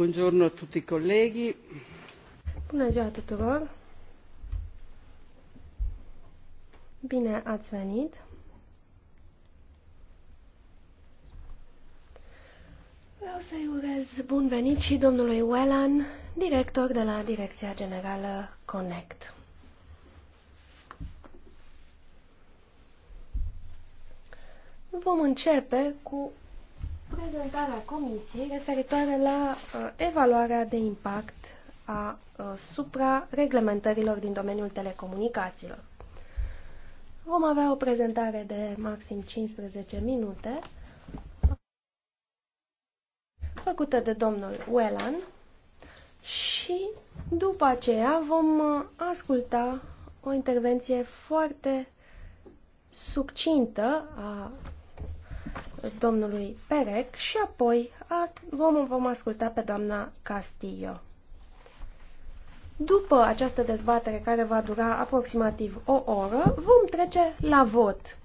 Buongiorno a tutti colleghi. Bună ziua tuturor. Bine ați venit. Vreau să-i urez bun venit și domnului Wellan, director de la Direcția Generală Connect. Vom începe cu prezentarea Comisiei referitoare la uh, evaluarea de impact a uh, supra-reglementărilor din domeniul telecomunicațiilor. Vom avea o prezentare de maxim 15 minute făcută de domnul Wellan și după aceea vom uh, asculta o intervenție foarte succintă a domnului Perec și apoi vom, vom asculta pe doamna Castillo. După această dezbatere care va dura aproximativ o oră, vom trece la vot.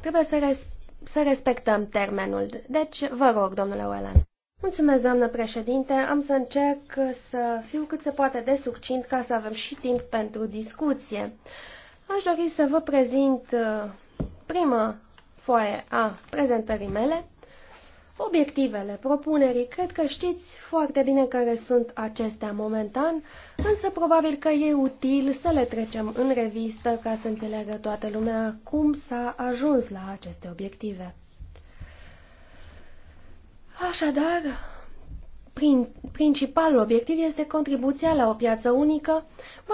Trebuie să, res să respectăm termenul. Deci, vă rog, domnule Oelan. Mulțumesc, doamnă președinte. Am să încerc să fiu cât se poate de succint ca să avem și timp pentru discuție. Aș dori să vă prezint prima foaie a prezentării mele, obiectivele propunerii. Cred că știți foarte bine care sunt acestea momentan, însă probabil că e util să le trecem în revistă ca să înțeleagă toată lumea cum s-a ajuns la aceste obiective. Așadar, prin, principalul obiectiv este contribuția la o piață unică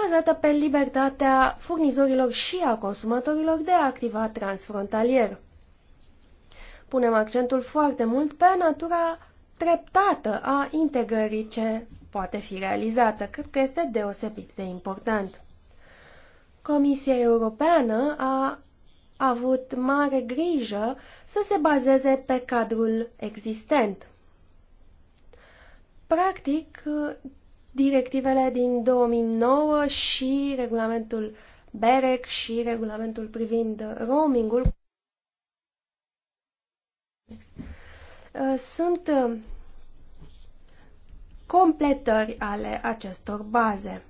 bazată pe libertatea furnizorilor și a consumatorilor de a activa transfrontalier. Punem accentul foarte mult pe natura treptată a integrării ce poate fi realizată. Cred că este deosebit de important. Comisia Europeană a avut mare grijă să se bazeze pe cadrul existent. Practic, directivele din 2009 și regulamentul BEREC și regulamentul privind roamingul sunt uh, completări ale acestor baze.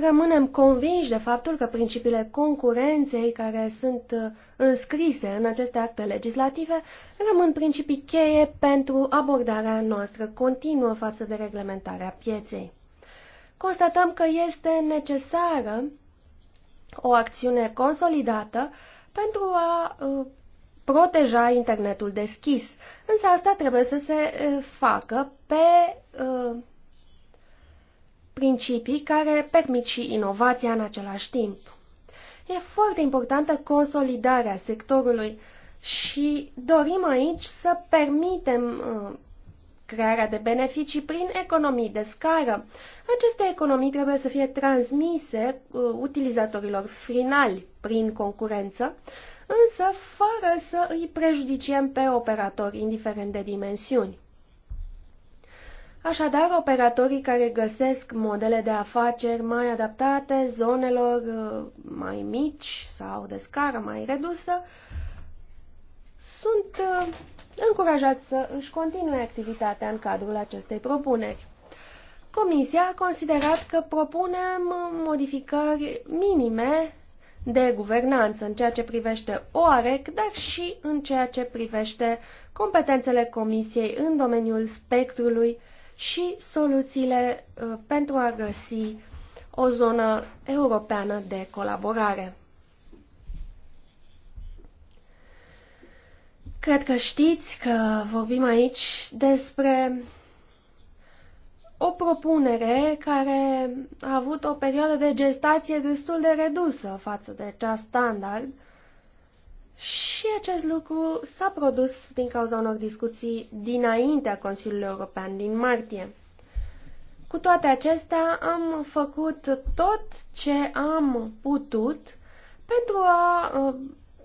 rămânem convinși de faptul că principiile concurenței care sunt uh, înscrise în aceste acte legislative rămân principii cheie pentru abordarea noastră continuă față de reglementarea pieței. Constatăm că este necesară o acțiune consolidată pentru a uh, proteja internetul deschis, însă asta trebuie să se uh, facă pe principii care permit și inovația în același timp. E foarte importantă consolidarea sectorului și dorim aici să permitem uh, crearea de beneficii prin economii de scară. Aceste economii trebuie să fie transmise uh, utilizatorilor finali prin concurență, însă fără să îi prejudiciem pe operatori indiferent de dimensiuni. Așadar, operatorii care găsesc modele de afaceri mai adaptate zonelor uh, mai mici sau de scară mai redusă sunt uh, încurajați să își continue activitatea în cadrul acestei propuneri. Comisia a considerat că propunem uh, modificări minime de guvernanță în ceea ce privește OAREC, dar și în ceea ce privește competențele Comisiei în domeniul spectrului și soluțiile uh, pentru a găsi o zonă europeană de colaborare. Cred că știți că vorbim aici despre o propunere care a avut o perioadă de gestație destul de redusă față de cea standard și acest lucru s-a produs din cauza unor discuții dinaintea Consiliului European din martie. Cu toate acestea, am făcut tot ce am putut pentru a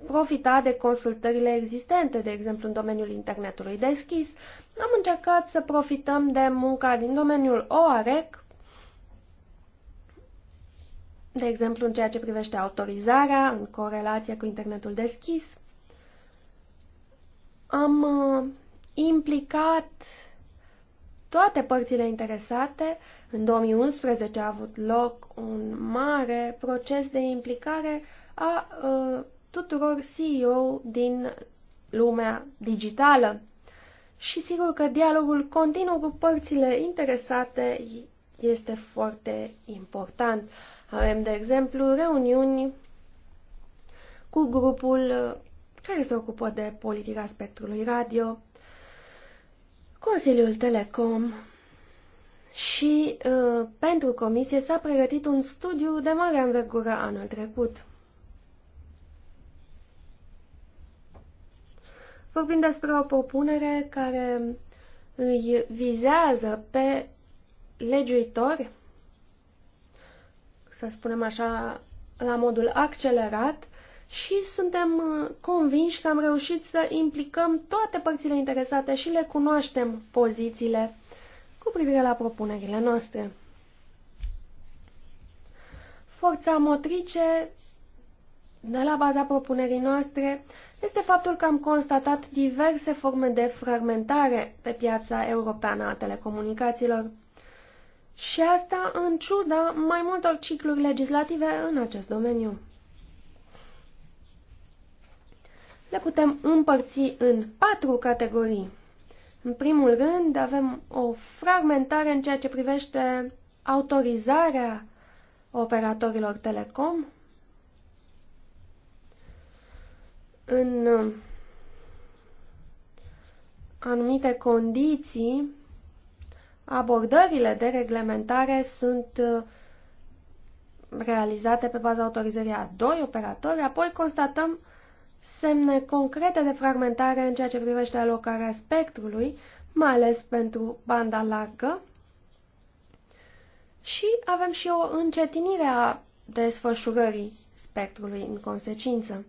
profita de consultările existente, de exemplu în domeniul internetului deschis. Am încercat să profităm de munca din domeniul OAREC de exemplu în ceea ce privește autorizarea, în corelație cu internetul deschis. Am uh, implicat toate părțile interesate. În 2011 a avut loc un mare proces de implicare a uh, tuturor CEO din lumea digitală. Și sigur că dialogul continuu cu părțile interesate este foarte important. Avem, de exemplu, reuniuni cu grupul care se ocupă de politica spectrului radio, Consiliul Telecom și uh, pentru comisie s-a pregătit un studiu de mare învergură anul trecut. Vorbim despre o propunere care îi vizează pe legiuitori să spunem așa, la modul accelerat și suntem uh, convinși că am reușit să implicăm toate părțile interesate și le cunoaștem pozițiile cu privire la propunerile noastre. Forța motrice de la baza propunerii noastre este faptul că am constatat diverse forme de fragmentare pe piața europeană a telecomunicațiilor. Și asta în ciuda mai multor cicluri legislative în acest domeniu. Le putem împărți în patru categorii. În primul rând, avem o fragmentare în ceea ce privește autorizarea operatorilor telecom. În anumite condiții, abordările de reglementare sunt uh, realizate pe baza autorizării a doi operatori, apoi constatăm semne concrete de fragmentare în ceea ce privește alocarea spectrului, mai ales pentru banda largă, și avem și o încetinire a desfășurării spectrului în consecință.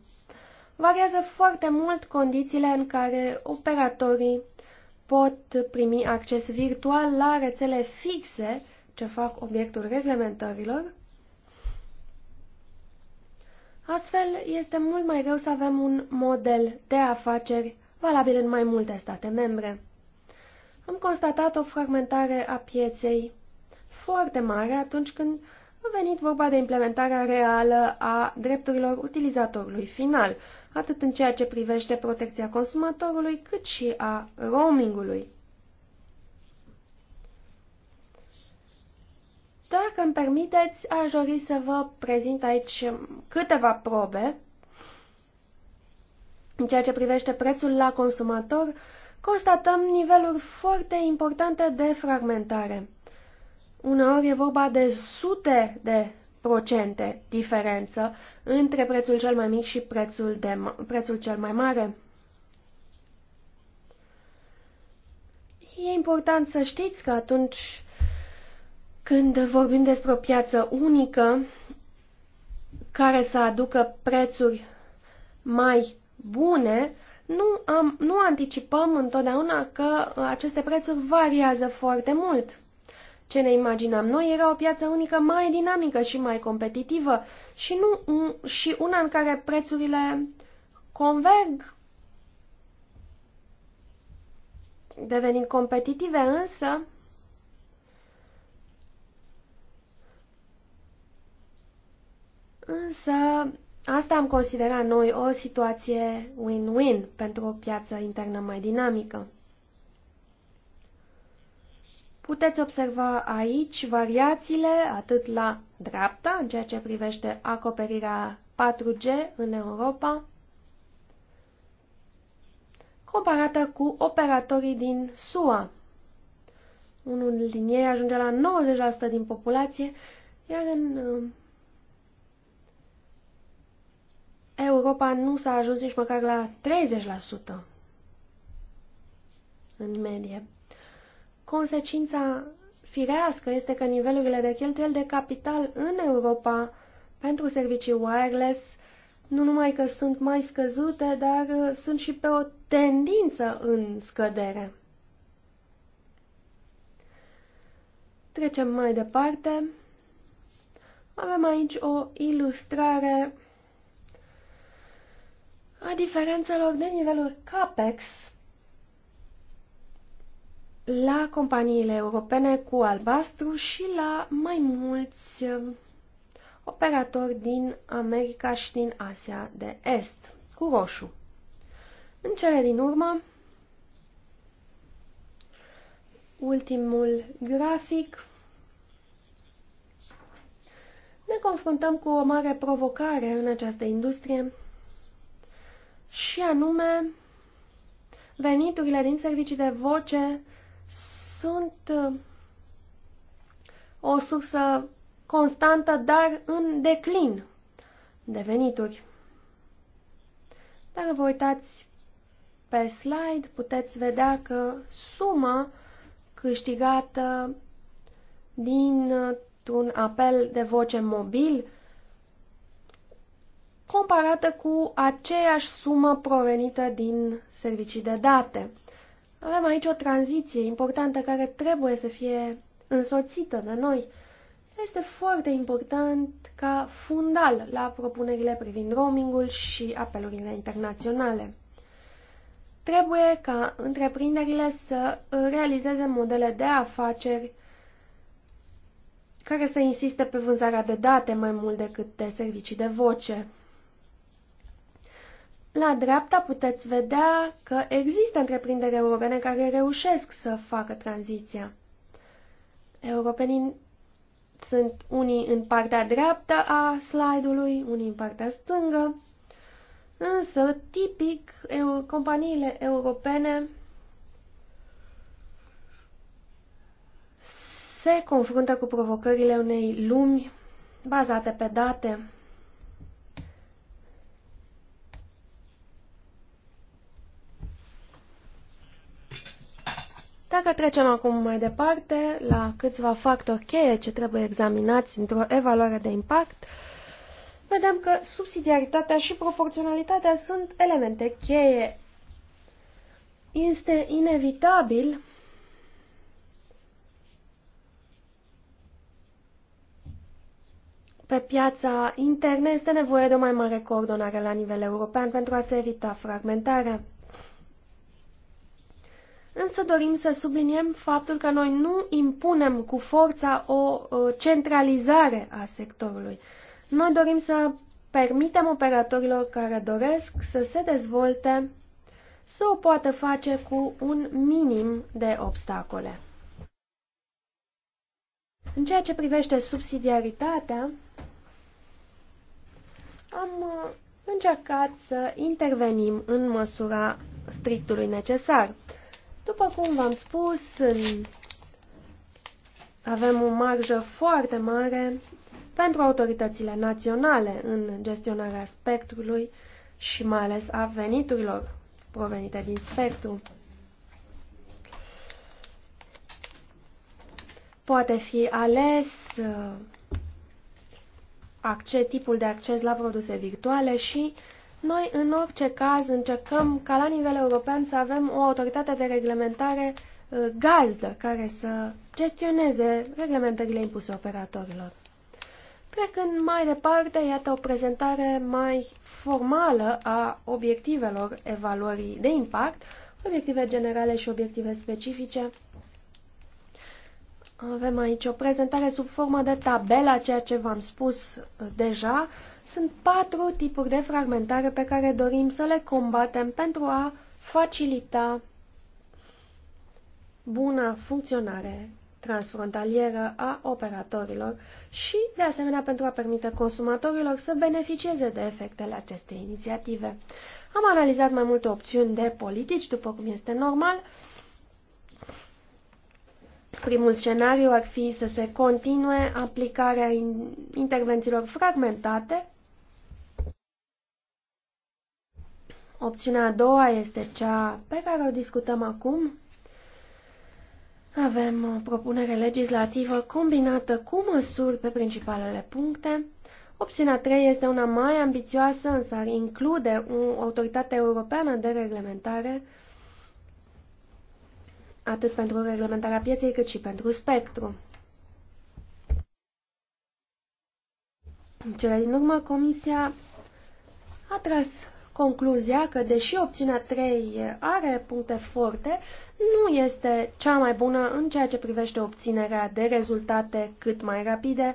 Variază foarte mult condițiile în care operatorii pot primi acces virtual la rețele fixe ce fac obiectul reglementărilor. Astfel, este mult mai greu să avem un model de afaceri valabil în mai multe state membre. Am constatat o fragmentare a pieței foarte mare atunci când a venit vorba de implementarea reală a drepturilor utilizatorului final atât în ceea ce privește protecția consumatorului, cât și a roamingului. Dacă îmi permiteți, aș dori să vă prezint aici câteva probe. În ceea ce privește prețul la consumator, constatăm niveluri foarte importante de fragmentare. Uneori e vorba de sute de procente diferență între prețul cel mai mic și prețul, de, prețul cel mai mare. E important să știți că atunci când vorbim despre o piață unică care să aducă prețuri mai bune, nu, am, nu anticipăm întotdeauna că aceste prețuri variază foarte mult ce ne imaginam noi era o piață unică mai dinamică și mai competitivă și, nu, și una în care prețurile converg, devenind competitive, însă Însă, asta am considerat noi o situație win-win pentru o piață internă mai dinamică. Puteți observa aici variațiile atât la dreapta, în ceea ce privește acoperirea 4G în Europa, comparată cu operatorii din SUA. Unul din ei ajunge la 90% din populație, iar în um, Europa nu s-a ajuns nici măcar la 30% în medie. Consecința firească este că nivelurile de cheltuieli de capital în Europa pentru servicii wireless nu numai că sunt mai scăzute, dar uh, sunt și pe o tendință în scădere. Trecem mai departe. Avem aici o ilustrare a diferențelor de niveluri CAPEX la companiile europene cu albastru și la mai mulți um, operatori din America și din Asia de Est, cu roșu. În cele din urmă, ultimul grafic, ne confruntăm cu o mare provocare în această industrie și anume veniturile din servicii de voce sunt uh, o sursă constantă, dar în declin de venituri. Dacă vă uitați pe slide, puteți vedea că suma câștigată din un apel de voce mobil comparată cu aceeași sumă provenită din servicii de date. Avem aici o tranziție importantă care trebuie să fie însoțită de noi. Este foarte important ca fundal la propunerile privind roamingul și apelurile internaționale. Trebuie ca întreprinderile să realizeze modele de afaceri care să insiste pe vânzarea de date mai mult decât de servicii de voce. La dreapta puteți vedea că există întreprinderi europene care reușesc să facă tranziția. Europenii sunt unii în partea dreaptă a slide-ului, unii în partea stângă, însă, tipic, eu, companiile europene se confruntă cu provocările unei lumi bazate pe date Dacă trecem acum mai departe la câțiva factori cheie ce trebuie examinați într-o evaluare de impact, vedem că subsidiaritatea și proporționalitatea sunt elemente cheie. Este inevitabil pe piața internă este nevoie de o mai mare coordonare la nivel european pentru a se evita fragmentarea însă dorim să subliniem faptul că noi nu impunem cu forța o centralizare a sectorului. Noi dorim să permitem operatorilor care doresc să se dezvolte să o poată face cu un minim de obstacole. În ceea ce privește subsidiaritatea, am uh, încercat să intervenim în măsura strictului necesar. După cum v-am spus, avem o marjă foarte mare pentru autoritățile naționale în gestionarea spectrului și mai ales a veniturilor provenite din spectru. Poate fi ales uh, acce, tipul de acces la produse virtuale și uh, noi, în orice caz, încercăm ca la nivel european să avem o autoritate de reglementare uh, gazdă care să gestioneze reglementările impuse operatorilor. Trecând mai departe, iată o prezentare mai formală a obiectivelor evaluării de impact, obiective generale și obiective specifice. Avem aici o prezentare sub formă de tabelă, ceea ce v-am spus uh, deja, sunt patru tipuri de fragmentare pe care dorim să le combatem pentru a facilita buna funcționare transfrontalieră a operatorilor și, de asemenea, pentru a permite consumatorilor să beneficieze de efectele acestei inițiative. Am analizat mai multe opțiuni de politici, după cum este normal. Primul scenariu ar fi să se continue aplicarea intervențiilor fragmentate Opțiunea a doua este cea pe care o discutăm acum. Avem o propunere legislativă combinată cu măsuri pe principalele puncte. Opțiunea 3 este una mai ambițioasă, însă ar include o autoritate europeană de reglementare, atât pentru reglementarea pieței cât și pentru spectru. În cele din urmă, Comisia a tras concluzia că, deși opțiunea 3 are puncte forte, nu este cea mai bună în ceea ce privește obținerea de rezultate cât mai rapide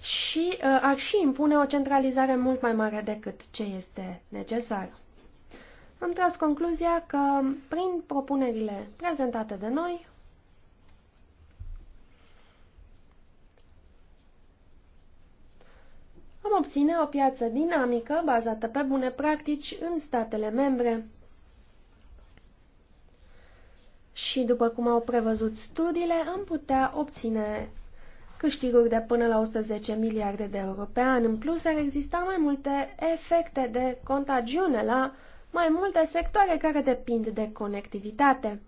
și uh, ar și impune o centralizare mult mai mare decât ce este necesar. Am tras concluzia că, prin propunerile prezentate de noi, am obține o piață dinamică bazată pe bune practici în statele membre. Și după cum au prevăzut studiile, am putea obține câștiguri de până la 110 miliarde de euro pe an. În plus, ar exista mai multe efecte de contagiune la mai multe sectoare care depind de conectivitate.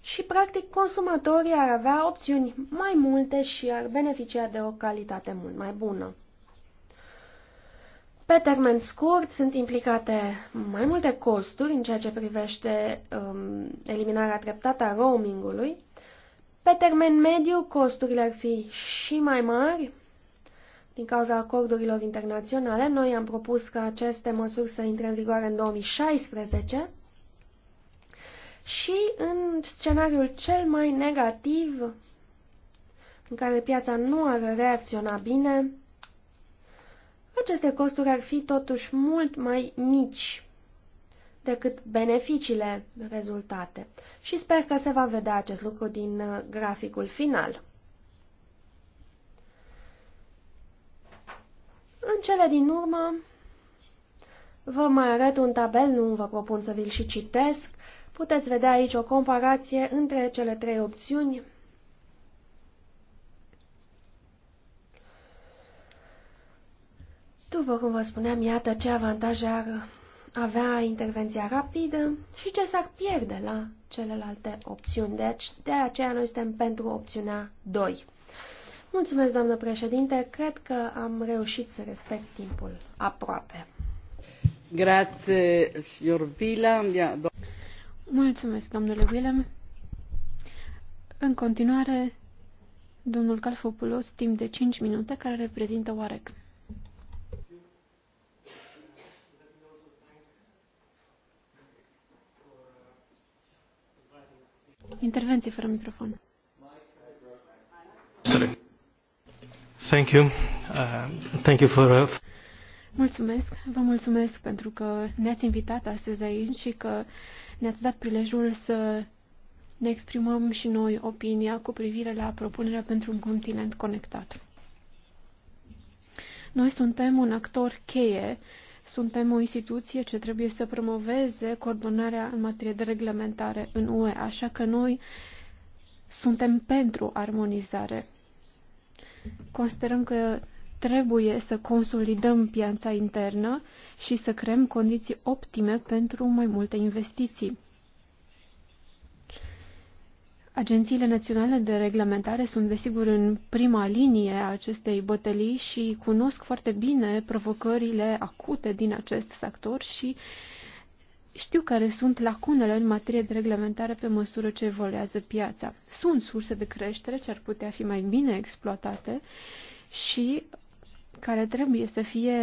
Și, practic, consumatorii ar avea opțiuni mai multe și ar beneficia de o calitate mult mai bună. Pe termen scurt sunt implicate mai multe costuri în ceea ce privește um, eliminarea treptată a roamingului. Pe termen mediu costurile ar fi și mai mari din cauza acordurilor internaționale. Noi am propus ca aceste măsuri să intre în vigoare în 2016 și în scenariul cel mai negativ în care piața nu ar reacționa bine, aceste costuri ar fi totuși mult mai mici decât beneficiile rezultate și sper că se va vedea acest lucru din uh, graficul final. În cele din urmă, vă mai arăt un tabel, nu vă propun să vi-l și citesc. Puteți vedea aici o comparație între cele trei opțiuni După cum vă spuneam, iată ce avantaje ar avea intervenția rapidă și ce s-ar pierde la celelalte opțiuni. Deci, de aceea noi suntem pentru opțiunea 2. Mulțumesc, doamnă președinte. Cred că am reușit să respect timpul aproape. Grazie, signor Willem. Mulțumesc, domnule Willem. În continuare, domnul Calfopulos, timp de 5 minute, care reprezintă OAREC. Intervenție fără microfon. Thank you. Uh, thank you for, uh... Mulțumesc, vă mulțumesc pentru că ne-ați invitat astăzi aici și că ne-ați dat prilejul să ne exprimăm și noi opinia cu privire la propunerea pentru un continent conectat. Noi suntem un actor cheie suntem o instituție ce trebuie să promoveze coordonarea în materie de reglementare în UE, așa că noi suntem pentru armonizare. Considerăm că trebuie să consolidăm piața internă și să creăm condiții optime pentru mai multe investiții. Agențiile naționale de reglementare sunt, desigur, în prima linie a acestei bătălii și cunosc foarte bine provocările acute din acest sector și știu care sunt lacunele în materie de reglementare pe măsură ce evoluează piața. Sunt surse de creștere ce ar putea fi mai bine exploatate și care trebuie să fie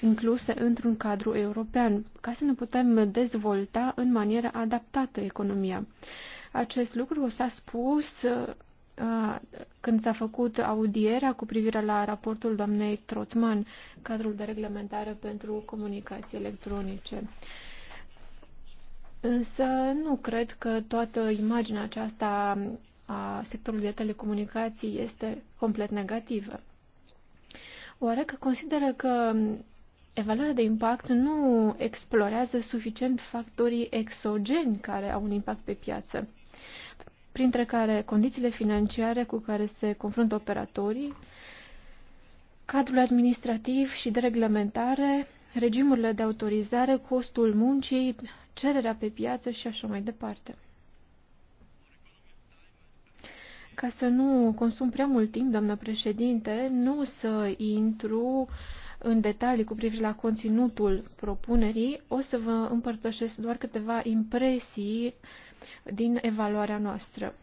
incluse într-un cadru european, ca să ne putem dezvolta în manieră adaptată economia. Acest lucru s-a spus uh, când s-a făcut audierea cu privire la raportul doamnei Trotman, cadrul de reglementare pentru comunicații electronice. Însă nu cred că toată imaginea aceasta a sectorului de telecomunicații este complet negativă. Oare că consideră că evaluarea de impact nu explorează suficient factorii exogeni care au un impact pe piață? printre care condițiile financiare cu care se confruntă operatorii, cadrul administrativ și de reglementare, regimurile de autorizare, costul muncii, cererea pe piață și așa mai departe. Ca să nu consum prea mult timp, doamnă președinte, nu o să intru în detalii cu privire la conținutul propunerii, o să vă împărtășesc doar câteva impresii din evaluarea noastră.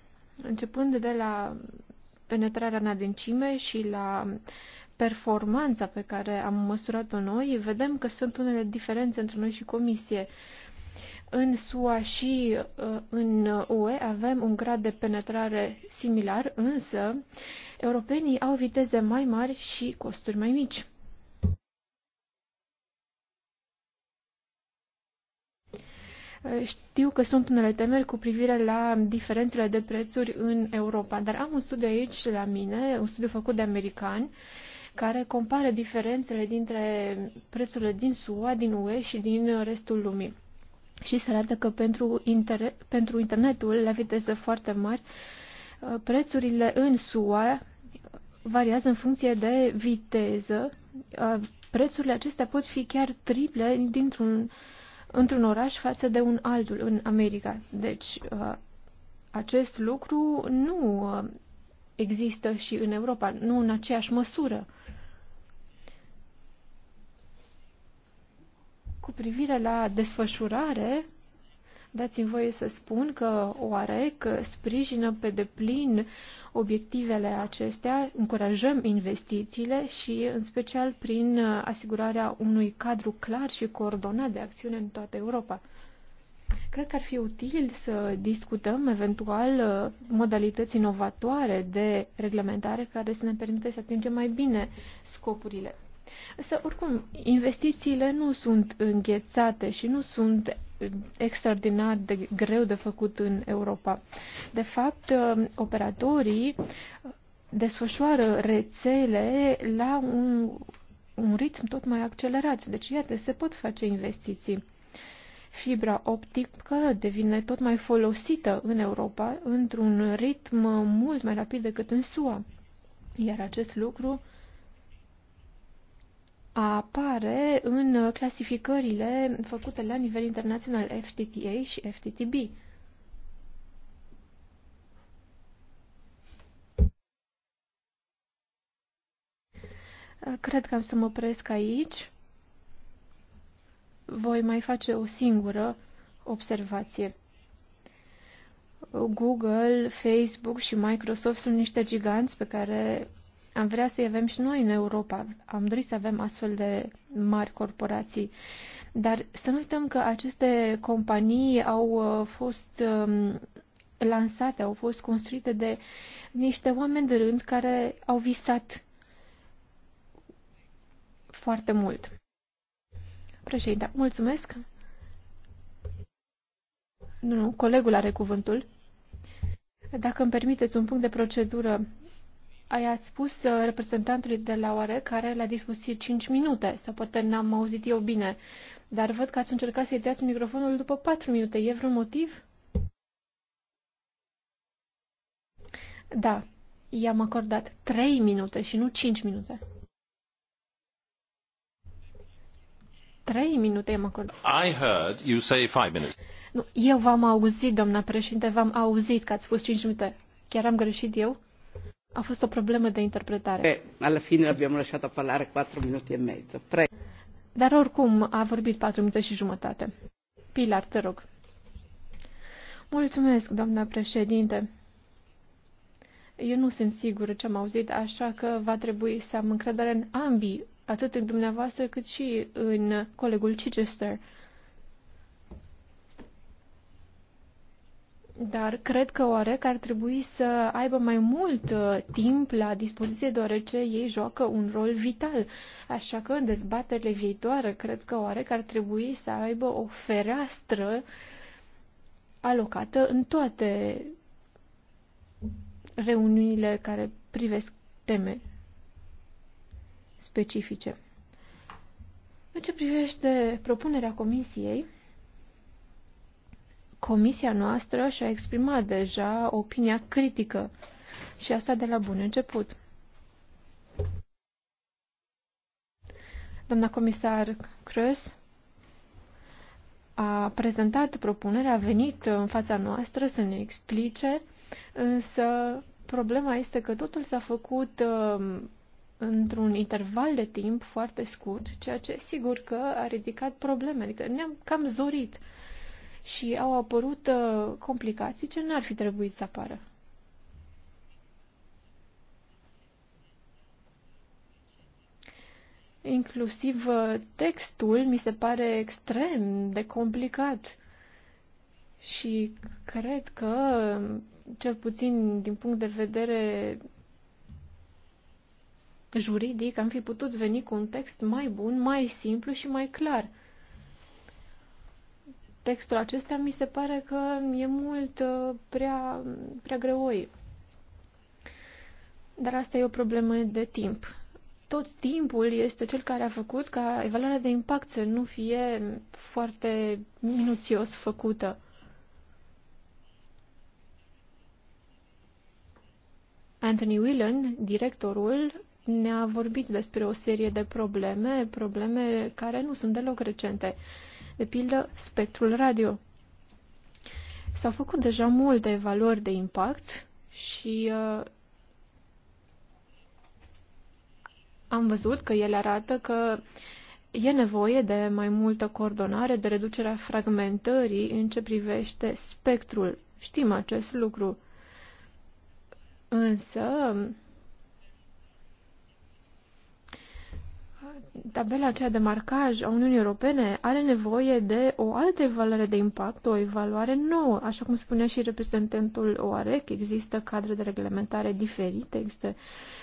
Începând de la penetrarea în adâncime și la performanța pe care am măsurat-o noi, vedem că sunt unele diferențe între noi și comisie. În SUA și uh, în UE avem un grad de penetrare similar, însă europenii au viteze mai mari și costuri mai mici. Eh, știu că sunt unele temeri cu privire la diferențele de prețuri în Europa, dar am un studiu aici la mine, un studiu făcut de americani, care compară diferențele dintre prețurile din SUA, din UE și din restul lumii. Și se arată că pentru, inter- pentru internetul la viteze foarte mari, eh, prețurile în SUA variază în funcție de viteză. Eh, prețurile acestea pot fi chiar triple dintr-un într-un oraș față de un altul în America. Deci, uh, acest lucru nu uh, există și în Europa, nu în aceeași măsură. Cu privire la desfășurare, Dați-mi voie să spun că OAREC sprijină pe deplin obiectivele acestea, încurajăm investițiile și în special prin asigurarea unui cadru clar și coordonat de acțiune în toată Europa. Cred că ar fi util să discutăm eventual modalități inovatoare de reglementare care să ne permite să atingem mai bine scopurile. Însă, oricum, investițiile nu sunt înghețate și nu sunt extraordinar de greu de făcut în Europa. De fapt, uh, operatorii desfășoară rețele la un, un ritm tot mai accelerat. Deci, iată, se pot face investiții. Fibra optică devine tot mai folosită în Europa într-un ritm mult mai rapid decât în SUA. Iar acest lucru apare în clasificările făcute la nivel internațional FTTA și FTTB. Cred că am să mă opresc aici. Voi mai face o singură observație. Google, Facebook și Microsoft sunt niște giganți pe care am vrea să avem și noi în Europa. Am dorit să avem astfel de mari corporații. Dar să nu uităm că aceste companii au uh, fost um, lansate, au fost construite de niște oameni de rând care au visat foarte mult. Președinte, mulțumesc. Nu, nu, colegul are cuvântul. Dacă îmi permiteți un punct de procedură, ai ați spus uh, reprezentantului de la OARE care le-a dispus 5 minute, sau poate n-am auzit eu bine, dar văd că ați încercat să-i dați microfonul după 4 minute. E vreun motiv? Da, i-am acordat 3 minute și nu 5 minute. 3 minute i-am acordat. I heard you say 5 minutes. Nu, eu v-am auzit, doamna președinte, v-am auzit că ați spus 5 minute. Chiar am greșit eu? A fost o problemă de interpretare. E, alla fine l'abbiamo lasciata parlare 4 minuti e mezzo. Prego. Dar oricum a vorbit 4 minute și jumătate. Pilar, te rog. Mulțumesc, doamna președinte. Eu nu sunt sigură ce am auzit, așa că va trebui să am încredere în ambii, atât în dumneavoastră cât și în colegul Chichester. dar cred că OAREC ar trebui să aibă mai mult uh, timp la dispoziție, deoarece ei joacă un rol vital. Așa că în dezbaterile viitoare, cred că OAREC ar trebui să aibă o fereastră alocată în toate reuniunile care privesc teme specifice. În ce privește propunerea Comisiei, comisia noastră și-a exprimat deja opinia critică și asta de la bun început. Doamna comisar Crăs a prezentat propunerea, a venit în fața noastră să ne explice, însă problema este că totul s-a făcut um, într-un interval de timp foarte scurt, ceea ce sigur că a ridicat probleme, adică ne-am cam zorit și au apărut uh, complicații ce n-ar fi trebuit să apară. Inclusiv uh, textul mi se pare extrem de complicat și cred că, cel puțin din punct de vedere juridic, am fi putut veni cu un text mai bun, mai simplu și mai clar textul acesta mi se pare că e mult uh, prea, prea greoi. Dar asta e o problemă de timp. Tot timpul este cel care a făcut ca evaluarea de impact să nu fie foarte minuțios făcută. Anthony Whelan, directorul, ne-a vorbit despre o serie de probleme, probleme care nu sunt deloc recente. Uh, de pildă spectrul radio. S-au făcut deja multe valori de impact și uh, am văzut că ele arată că e nevoie de mai multă coordonare, de reducerea fragmentării în ce privește spectrul. Știm acest lucru. Însă, tabela aceea de marcaj a Uniunii Europene are nevoie de o altă evaluare de impact, o evaluare nouă. Așa cum spunea și reprezentantul OAREC, există cadre de reglementare diferite, există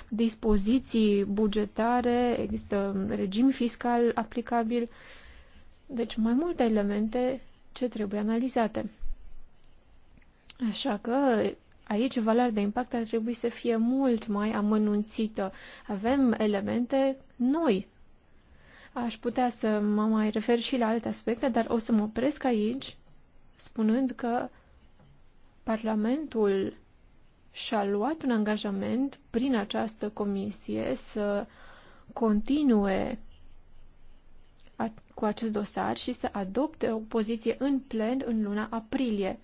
dispoziții bugetare, există regim fiscal aplicabil. Deci mai multe elemente ce trebuie analizate. Așa că Aici valoarea de impact ar trebui să fie mult mai amănunțită. Avem elemente noi Aș putea să mă mai refer și la alte aspecte, dar o să mă opresc aici spunând că Parlamentul și-a luat un angajament prin această comisie să continue cu acest dosar și să adopte o poziție în plen în luna aprilie.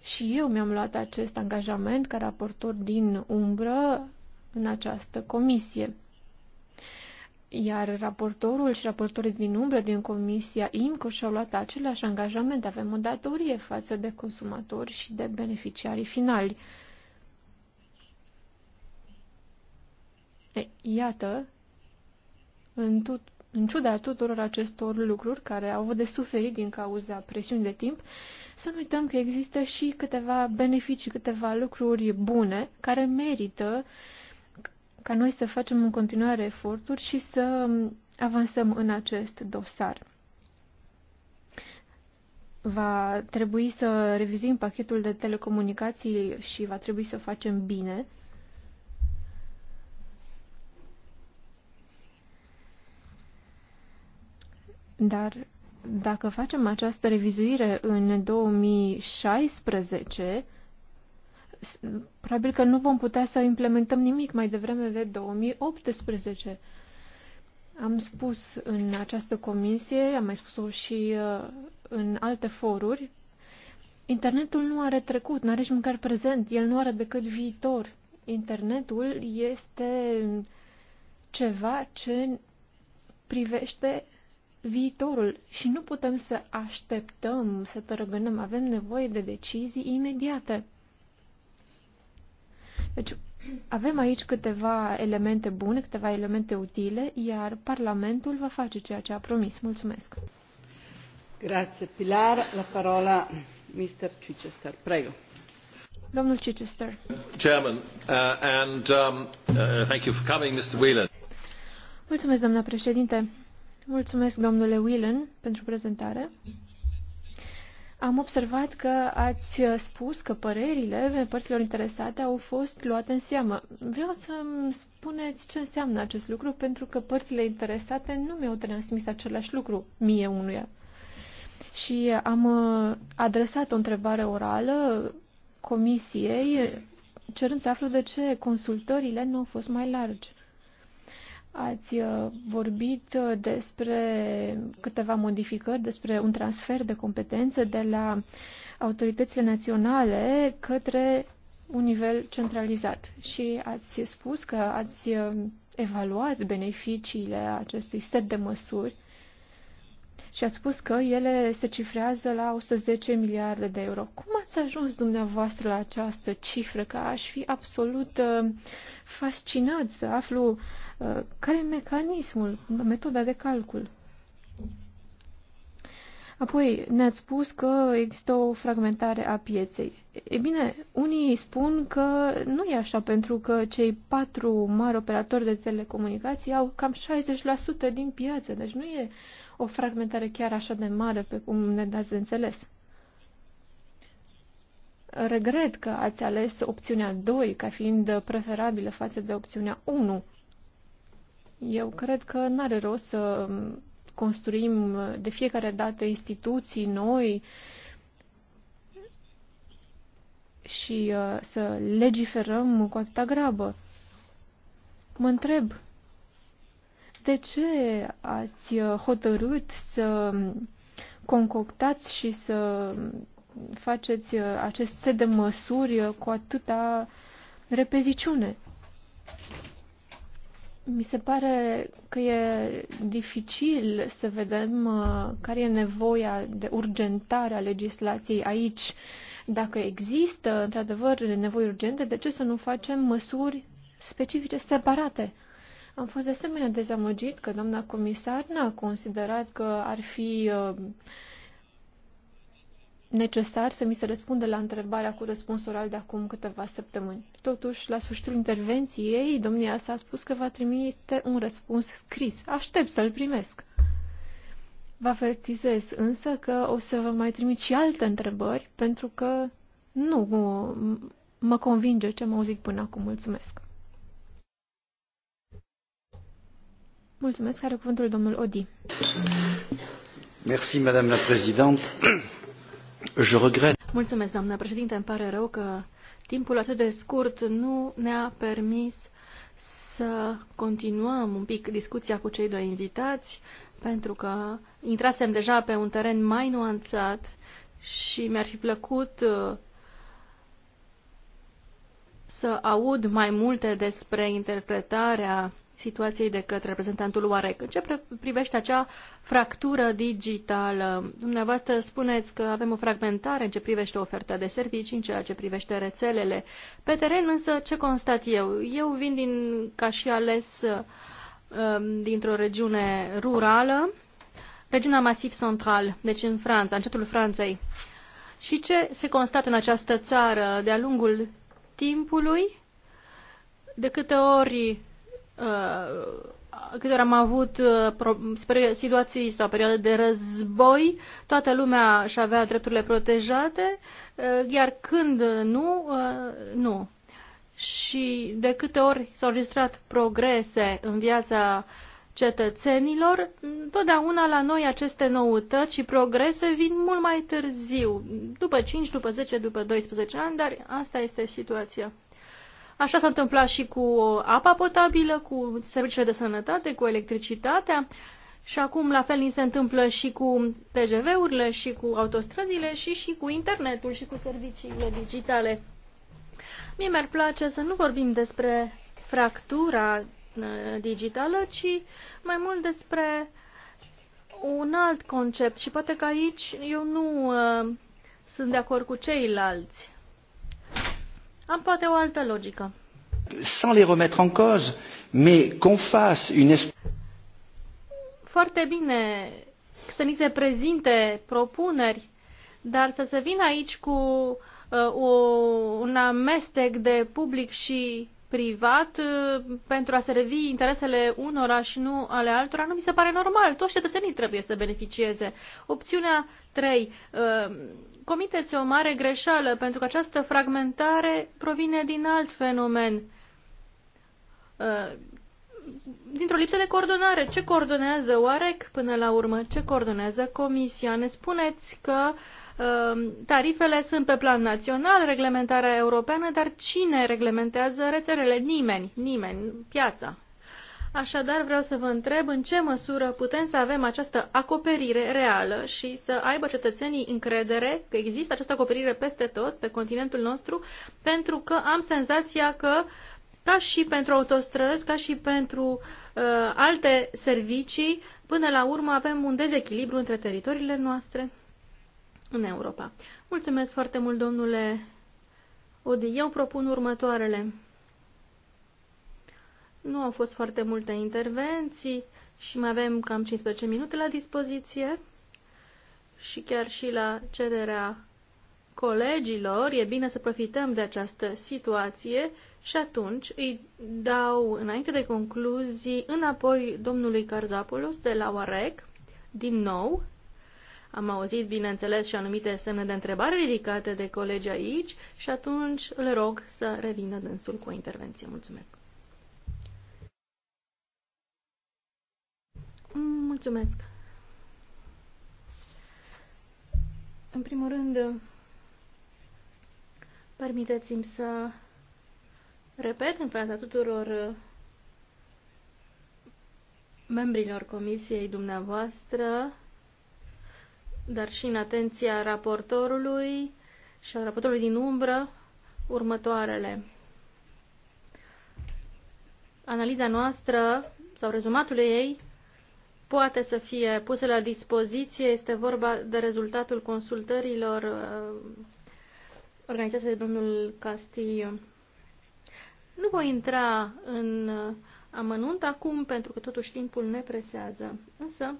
Și eu mi-am luat acest angajament ca raportor din umbră în această comisie. Iar raportorul și raportorii din umbră din Comisia IMCO și-au luat același angajament. Avem o datorie față de consumatori și de beneficiarii finali. E, iată, în, tut, în ciuda tuturor acestor lucruri care au avut de suferit din cauza presiunii de timp, să nu uităm că există și câteva beneficii, câteva lucruri bune care merită uh, ca noi să facem în continuare eforturi și să avansăm în acest dosar. Va trebui să revizuim pachetul de telecomunicații și va trebui să o facem bine. Dar dacă facem această revizuire în 2016, probabil că nu vom putea să implementăm nimic mai devreme de 2018. Am spus în această comisie, am mai spus-o și uh, în alte foruri, internetul nu are trecut, nu are nici măcar prezent, el nu are decât viitor. Internetul este ceva ce privește viitorul și nu putem să așteptăm, să tărăgânăm. Avem nevoie de decizii imediate. Deci avem aici câteva elemente bune, câteva elemente utile, iar Parlamentul va face ceea ce a promis. Mulțumesc. Grazie, Pilar. La parola Mr. Chichester. Prego. Domnul Chichester. Chairman, uh, and um, uh, thank you for coming, Mr. Whelan. Mulțumesc, doamna președinte. Mulțumesc, domnule Whelan, pentru prezentare. Am observat că ați spus că părerile părților interesate au fost luate în seamă. Vreau să mi spuneți ce înseamnă acest lucru, pentru că părțile interesate nu mi-au transmis același lucru mie unuia. Și am uh, adresat o întrebare orală comisiei, cerând să aflu de ce consultările nu au fost mai largi. Ați uh, vorbit uh, despre câteva modificări, despre un transfer de competențe de la autoritățile naționale către un nivel centralizat și ați spus că ați uh, evaluat beneficiile acestui set de măsuri și a spus că ele se cifrează la 110 miliarde de euro. Cum ați ajuns dumneavoastră la această cifră? Că aș fi absolut uh, fascinat să aflu uh, care e mecanismul, metoda de calcul. Apoi ne-ați spus că există o fragmentare a pieței. E bine, unii spun că nu e așa, pentru că cei patru mari operatori de telecomunicații au cam 60% din piață, deci nu e uh, o fragmentare chiar așa de mare pe cum ne dați de înțeles. Regret că ați ales opțiunea 2 ca fiind preferabilă față de opțiunea 1. Eu cred că n-are rost să construim de fiecare dată instituții noi și uh, să legiferăm cu atâta grabă. Mă întreb de ce ați uh, hotărât să concoctați și să faceți uh, acest set de măsuri uh, cu atâta repeziciune? Mi se pare că e dificil să vedem care e nevoia de urgentare a legislației aici. Dacă există, într-adevăr, nevoi urgente, de ce să nu facem măsuri specifice separate? Am fost de asemenea dezamăgit că doamna comisar n-a considerat că ar fi uh, necesar să mi se răspundă la întrebarea cu răspuns oral de acum câteva săptămâni. Totuși, la sfârșitul intervenției ei, domnia s-a spus că va trimite un răspuns scris. Aștept să-l primesc. Vă avertizez însă că o să vă mai trimit și alte întrebări, pentru că nu mă convinge ce am auzit până acum. Mulțumesc! Mulțumesc, are cuvântul domnul Odi. Merci, madame la présidente. Je regrette. Mulțumesc, doamna președinte. Îmi pare rău că timpul atât de scurt nu ne-a permis să continuăm un pic discuția cu cei doi invitați, pentru că intrasem deja pe un teren mai nuanțat și mi-ar fi plăcut uh, să aud mai multe despre interpretarea situației către reprezentantul OAREC. În ce privește acea fractură digitală, dumneavoastră spuneți că avem o fragmentare în ce privește oferta de servicii, în ceea ce privește rețelele. Pe teren însă, ce constat eu? Eu vin din, ca și ales um, dintr-o regiune rurală, regiunea Masiv Central, deci în Franța, cetul Franței. Și ce se constată în această țară de-a lungul timpului? De câte ori Uh, câte ori am avut uh, situații sau perioade de război, toată lumea și avea drepturile protejate, uh, iar când nu, nu. Și de câte ori s-au registrat progrese în viața cetățenilor, totdeauna la noi aceste noutăți și progrese vin mult mai târziu, după 5, după 10, după 12 ani, dar asta este situația. Așa s-a întâmplat și cu apa potabilă, cu serviciile de sănătate, cu electricitatea și acum la fel ni se întâmplă și cu TGV-urile și cu autostrăzile și și cu internetul și cu serviciile digitale. Mie mi-ar place să nu vorbim despre fractura uh, digitală, ci mai mult despre un alt concept și poate că aici eu nu uh, sunt de acord cu ceilalți. Am poate o altă logică. Sans les remettre en cause, mais qu'on fasse une Foarte bine să ni se prezinte propuneri, dar să se vină aici cu uh, o, un amestec de public și privat uh, pentru a servi interesele unora și nu ale altora, nu mi se pare normal. Toți cetățenii trebuie să beneficieze. Opțiunea 3 comiteți o mare greșeală, pentru că această fragmentare provine din alt fenomen, uh, dintr-o lipsă de coordonare. Ce coordonează OAREC până la urmă? Ce coordonează Comisia? Ne spuneți că uh, tarifele sunt pe plan național, reglementarea europeană, dar cine reglementează rețelele? Nimeni, nimeni, piața, Așadar, vreau să vă întreb în ce măsură putem să avem această acoperire reală și să aibă cetățenii încredere că există această acoperire peste tot, pe continentul nostru, pentru că am senzația că, ca și pentru autostrăzi, ca și pentru uh, alte servicii, până la urmă avem un dezechilibru între teritoriile noastre în Europa. Mulțumesc foarte mult, domnule Odi. Eu propun următoarele. Nu au fost foarte multe intervenții și mai avem cam 15 minute la dispoziție și chiar și la cererea colegilor e bine să profităm de această situație și atunci îi dau, înainte de concluzii, înapoi domnului Carzapolos de la OAREC, din nou. Am auzit, bineînțeles, și anumite semne de întrebare ridicate de colegi aici și atunci le rog să revină dânsul cu o intervenție. Mulțumesc! Mulțumesc. În primul rând, permiteți-mi să repet în fața tuturor uh, membrilor comisiei dumneavoastră, dar și în atenția raportorului și a raportorului din umbră, următoarele. Analiza noastră sau rezumatul ei poate să fie puse la dispoziție. Este vorba de rezultatul consultărilor uh, organizate de domnul Castillo. Nu voi intra în uh, amănunt acum, pentru că totuși timpul ne presează. Însă,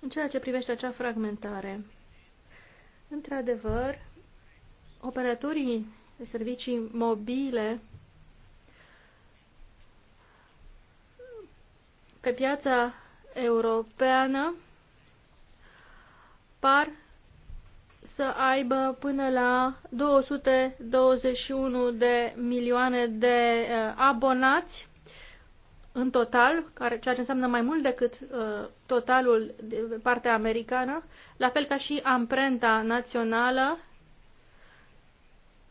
în ceea ce privește acea fragmentare, într-adevăr, operatorii de servicii mobile pe piața europeană par să aibă până la 221 de milioane de uh, abonați în total, care, ceea ce înseamnă mai mult decât uh, totalul de partea americană, la fel ca și amprenta națională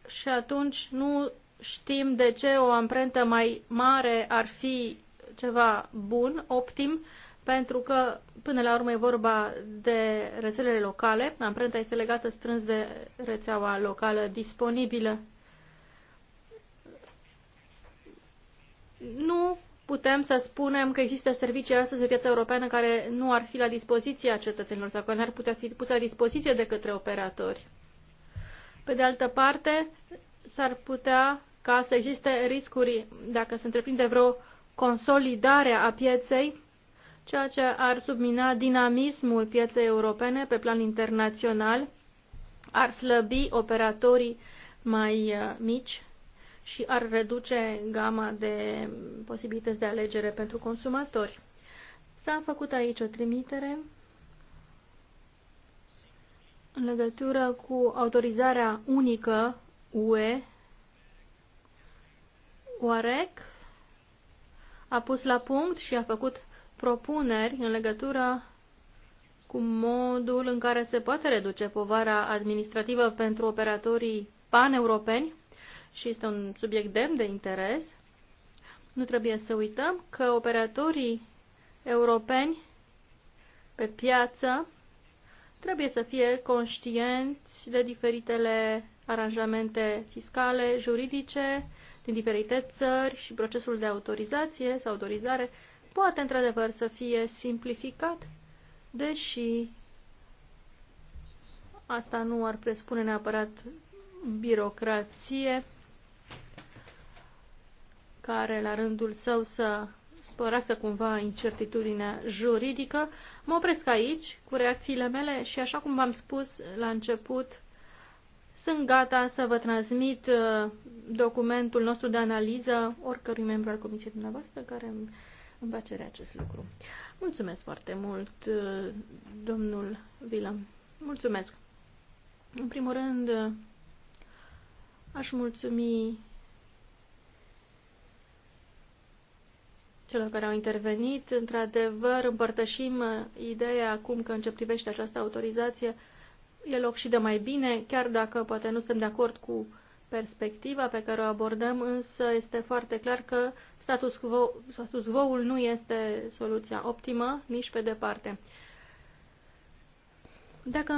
și atunci nu știm de ce o amprentă mai mare ar fi ceva bun, optim, pentru că până la urmă e vorba de rețelele locale, amprenta este legată strâns de rețeaua locală disponibilă. Nu putem să spunem că există servicii astăzi pe piața europeană care nu ar fi la dispoziția cetățenilor sau că nu ar putea fi puse la dispoziție de către operatori. Pe de altă parte, s-ar putea ca să existe riscuri dacă se întreprinde vreo consolidarea a pieței, ceea ce ar submina dinamismul pieței europene pe plan internațional, ar slăbi operatorii mai uh, mici și ar reduce gama de posibilități de alegere pentru consumatori. S-a făcut aici o trimitere în legătură cu autorizarea unică UE, OAREC, a pus la punct și a făcut propuneri în legătură cu modul în care se poate reduce povara administrativă pentru operatorii paneuropeni și este un subiect demn de interes. Nu trebuie să uităm că operatorii europeni pe piață trebuie să fie conștienți de diferitele aranjamente fiscale, juridice din diferite țări și procesul de autorizație sau autorizare poate într-adevăr să fie simplificat, deși asta nu ar presupune neapărat birocrație care la rândul său să sporească cumva incertitudinea juridică. Mă opresc aici cu reacțiile mele și așa cum v-am spus la început, sunt gata să vă transmit uh, documentul nostru de analiză oricărui membru al comisiei dumneavoastră care îmi va cere acest lucru. Mulțumesc foarte mult, uh, domnul Vilă. Mulțumesc. În primul rând, uh, aș mulțumi celor care au intervenit. Într-adevăr, împărtășim ideea acum că în ce privește această autorizație, e loc și de mai bine, chiar dacă poate nu suntem de acord cu perspectiva pe care o abordăm, însă este foarte clar că status, quo, status quo-ul nu este soluția optimă nici pe departe. Dacă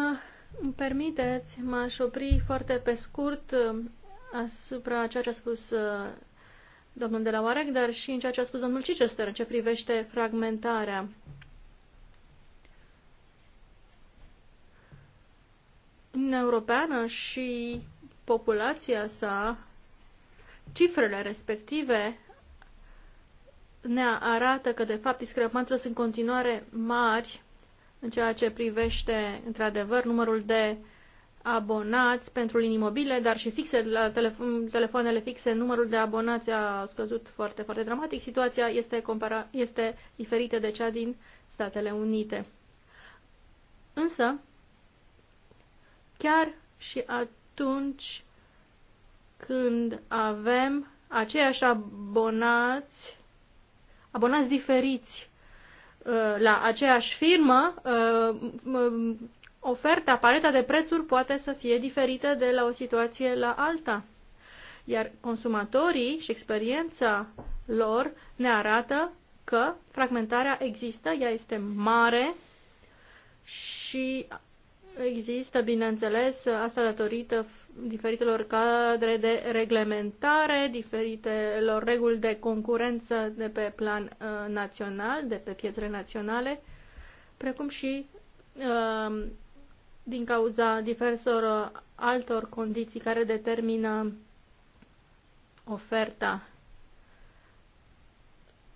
îmi permiteți, m-aș opri foarte pe scurt um, asupra ceea ce a spus uh, domnul de la Oareg, dar și în ceea ce a spus domnul Chichester în ce privește fragmentarea Uniunea Europeană și populația sa, cifrele respective ne arată că, de fapt, discrepanțele sunt în continuare mari în ceea ce privește, într-adevăr, numărul de abonați pentru linii mobile, dar și fixe, la telefo- telefoanele fixe, numărul de abonați a scăzut foarte, foarte dramatic. Situația este, compara- este diferită de cea din Statele Unite. Însă, chiar și atunci când avem aceiași abonați, abonați diferiți uh, la aceeași firmă, uh, oferta, paleta de prețuri poate să fie diferită de la o situație la alta. Iar consumatorii și experiența lor ne arată că fragmentarea există, ea este mare și Există, bineînțeles, asta datorită diferitelor cadre de reglementare, diferitelor reguli de concurență de pe plan uh, național, de pe piețele naționale, precum și uh, din cauza diversor uh, altor condiții care determină oferta.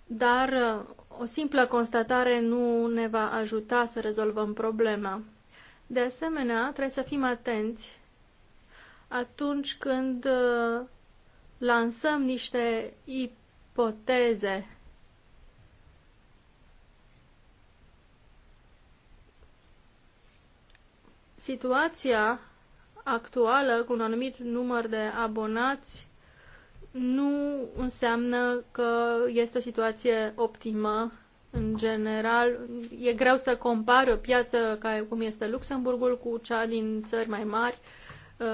Dar uh, o simplă constatare nu ne va ajuta să rezolvăm problema. De asemenea, trebuie să fim atenți atunci când uh, lansăm niște ipoteze. Situația actuală cu un anumit număr de abonați nu înseamnă că este o situație optimă în general, e greu să compari o piață ca cum este Luxemburgul cu cea din țări mai mari, uh,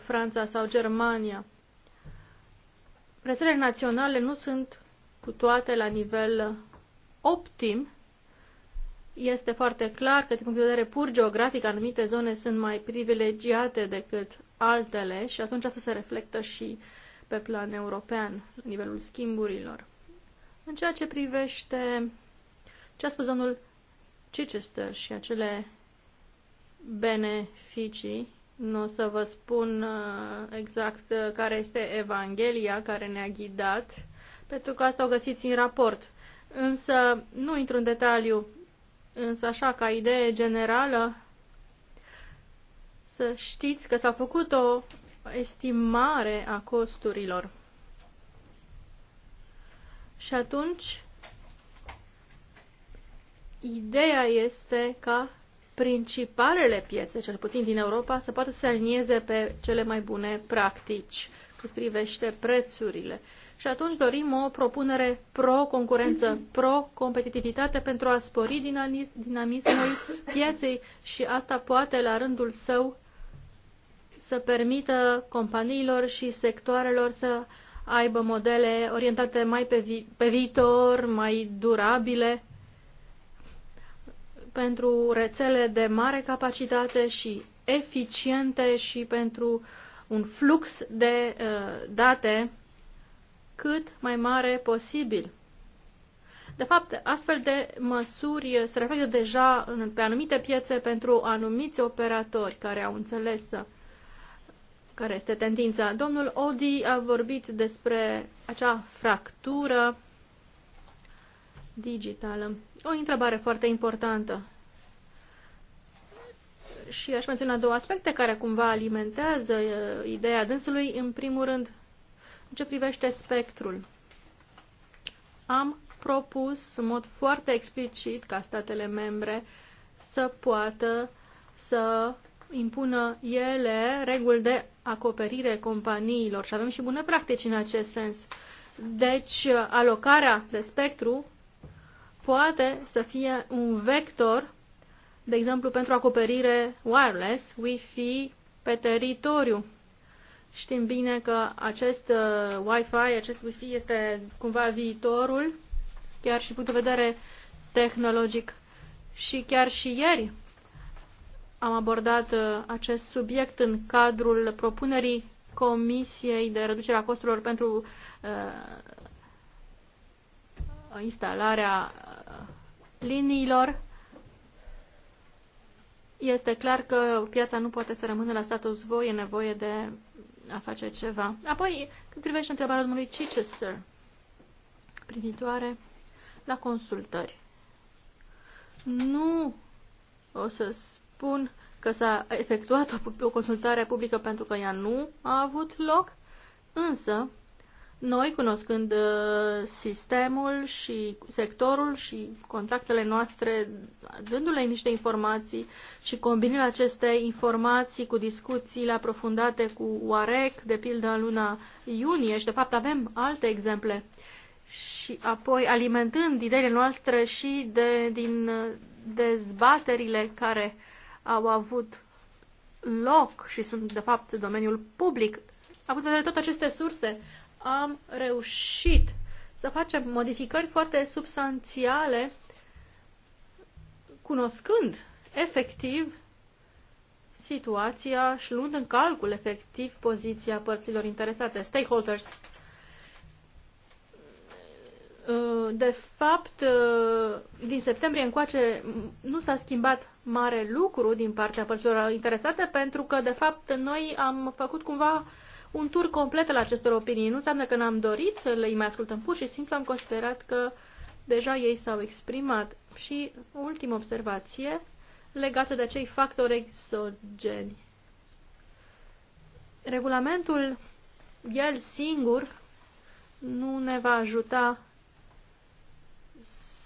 Franța sau Germania. Rețelele naționale nu sunt cu toate la nivel optim. Este foarte clar că, din punct de vedere pur geografic, anumite zone sunt mai privilegiate decât altele și atunci asta se reflectă și pe plan european, la nivelul schimburilor. În ceea ce privește ce a spus domnul Chichester și acele beneficii. Nu o să vă spun uh, exact uh, care este Evanghelia care ne-a ghidat, pentru că asta o găsiți în raport. Însă, nu intru în detaliu, însă așa ca idee generală, să știți că s-a făcut o estimare a costurilor. Și atunci Ideea este ca principalele piețe, cel puțin din Europa, să poată să se alinieze pe cele mai bune practici cât privește prețurile. Și atunci dorim o propunere pro-concurență, pro-competitivitate pentru a spori dinamismul pieței și asta poate la rândul său să permită companiilor și sectoarelor să aibă modele orientate mai pe, vi- pe viitor, mai durabile pentru rețele de mare capacitate și eficiente și pentru un flux de uh, date cât mai mare posibil. De fapt, astfel de măsuri se reflectă deja în, pe anumite piețe pentru anumiți operatori care au înțeles uh, care este tendința. Domnul Odi a vorbit despre acea fractură digitală. O întrebare foarte importantă. Și aș menționa două aspecte care cumva alimentează uh, ideea dânsului. În primul rând, în ce privește spectrul. Am propus în mod foarte explicit ca statele membre să poată să impună ele reguli de acoperire companiilor și avem și bune practici în acest sens. Deci, alocarea de spectru poate să fie un vector, de exemplu, pentru acoperire wireless, Wi-Fi, pe teritoriu. Știm bine că acest uh, Wi-Fi, acest Wi-Fi este cumva viitorul, chiar și punct de vedere tehnologic. Și chiar și ieri am abordat uh, acest subiect în cadrul propunerii Comisiei de reducere a costurilor pentru uh, instalarea liniilor, este clar că piața nu poate să rămână la status voi, e nevoie de a face ceva. Apoi, când privește întrebarea domnului Chichester, privitoare la consultări. Nu o să spun că s-a efectuat o, o consultare publică pentru că ea nu a avut loc, însă noi, cunoscând uh, sistemul și sectorul și contactele noastre, dându-le niște informații și combinând aceste informații cu discuțiile aprofundate cu OAREC, de pildă în luna iunie, și de fapt avem alte exemple, și apoi alimentând ideile noastre și de, din uh, dezbaterile care au avut loc și sunt de fapt domeniul public, având în vedere toate aceste surse, am reușit să facem modificări foarte substanțiale, cunoscând efectiv situația și luând în calcul efectiv poziția părților interesate, stakeholders. De fapt, din septembrie încoace nu s-a schimbat mare lucru din partea părților interesate pentru că, de fapt, noi am făcut cumva uh, un tur complet al acestor opinii. Nu înseamnă că n-am dorit să le mai ascultăm, pur și simplu am considerat că deja ei s-au exprimat. Și ultima observație legată de acei factori exogeni. Regulamentul el singur nu ne va ajuta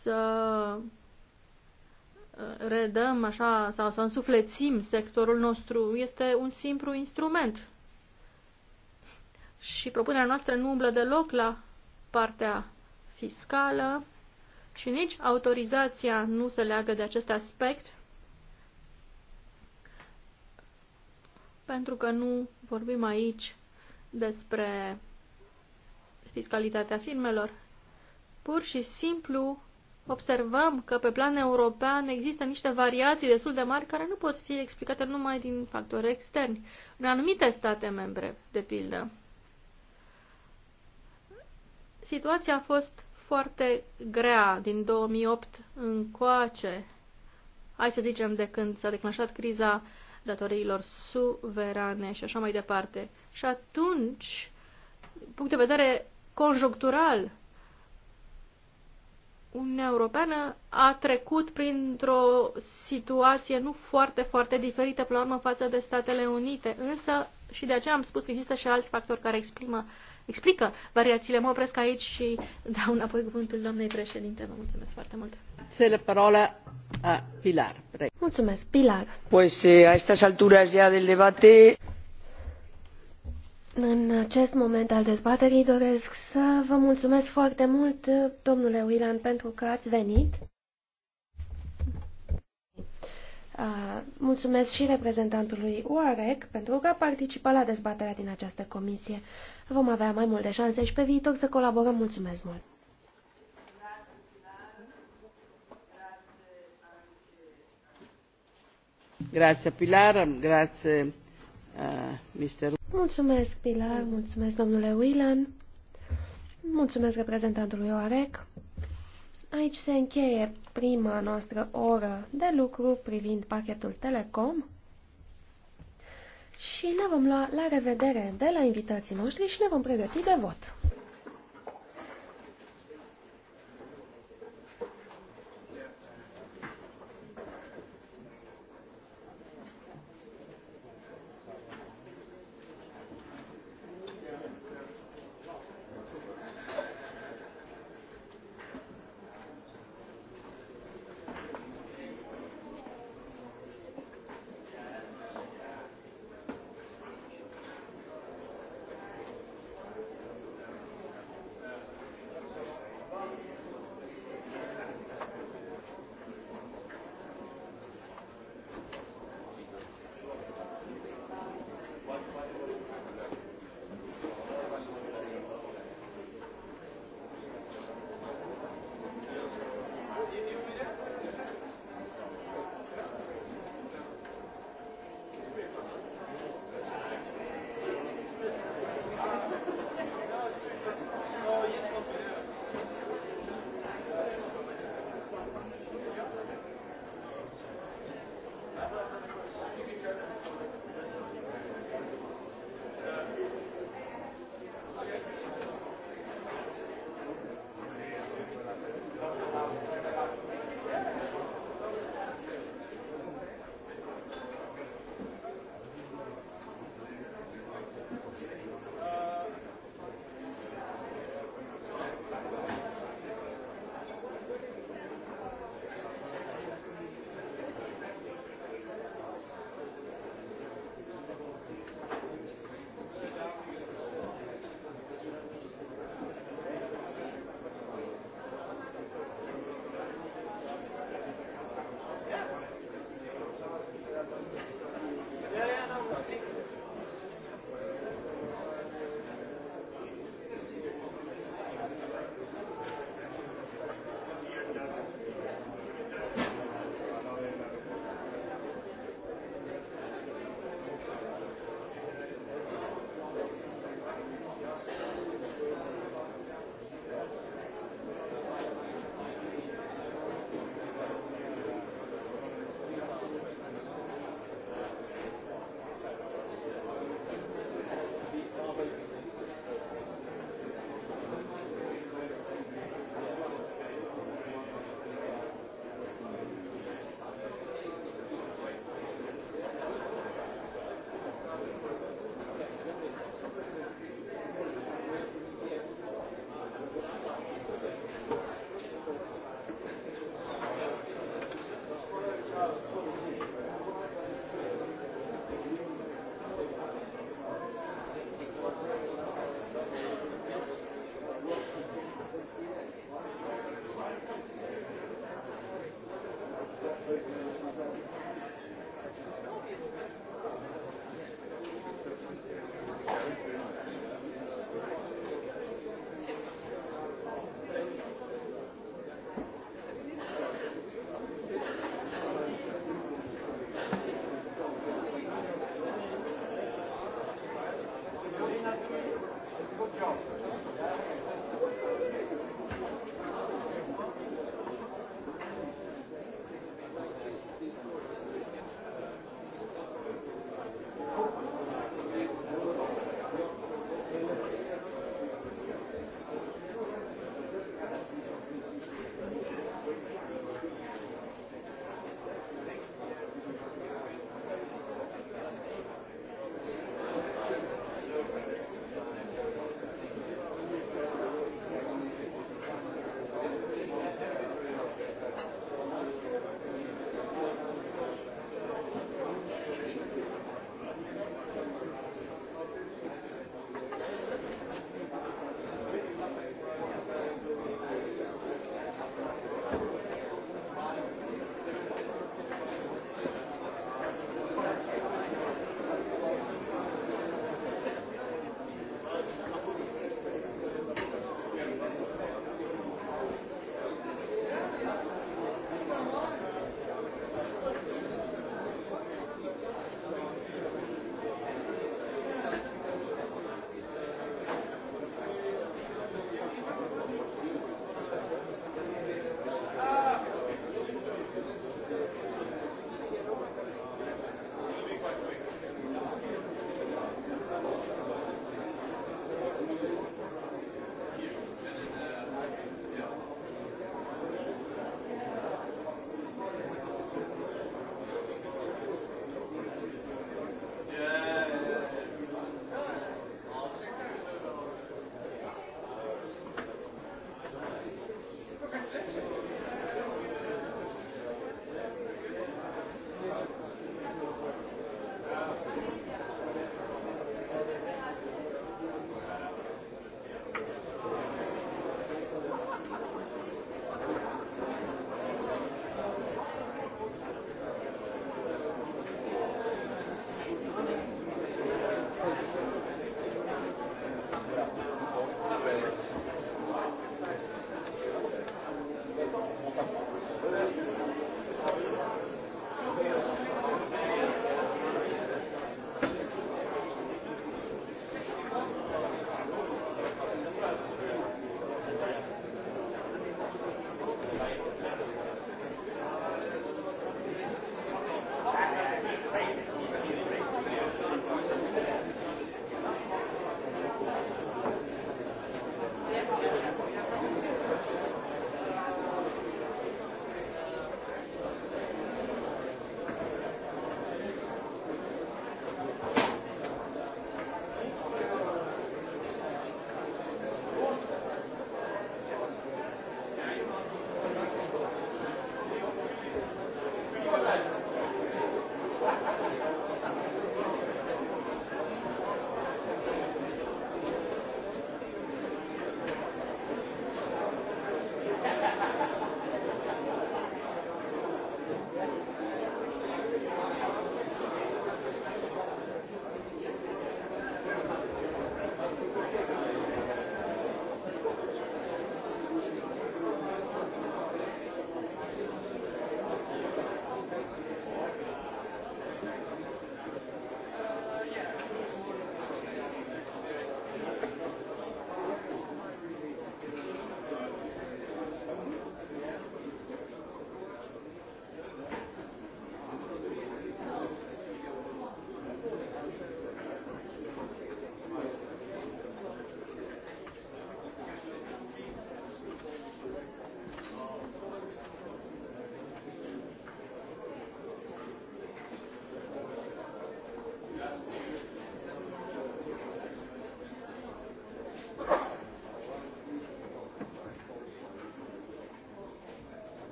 să uh, redăm așa sau să însuflețim sectorul nostru. Este un simplu instrument și propunerea noastră nu umblă deloc la partea fiscală și nici autorizația nu se leagă de acest aspect pentru că nu vorbim aici despre fiscalitatea firmelor. Pur și simplu observăm că pe plan european există niște variații destul de mari care nu pot fi explicate numai din factori externi. În anumite state membre, de pildă, Situația a fost foarte grea din 2008 încoace, hai să zicem de când s-a declanșat criza datoriilor suverane și așa mai departe. Și atunci, punct de vedere conjunctural, Uniunea Europeană a trecut printr-o situație nu foarte, foarte diferită, pe la urmă, față de Statele Unite. Însă, și de aceea am spus că există și alți factori care exprimă explică variațiile. Mă opresc aici și dau înapoi cuvântul doamnei președinte. Vă mulțumesc foarte mult. Se parola a Pilar. Mulțumesc, Pilar. Pues eh, a estas alturas ya del debate... În acest moment al dezbaterii doresc să vă mulțumesc foarte mult, domnule Willan, pentru că ați venit. Mulțumesc și reprezentantului UAREC pentru că a participat la dezbaterea din această comisie. Vom avea mai multe șanse și pe viitor să colaborăm. Mulțumesc mult! Grazie Pilar, grazie Mr. Mulțumesc Pilar, mulțumesc domnule Whelan, mulțumesc reprezentantului OAREC. Aici se încheie prima noastră oră de lucru privind pachetul Telecom și ne vom lua la revedere de la invitații noștri și ne vom pregăti de vot.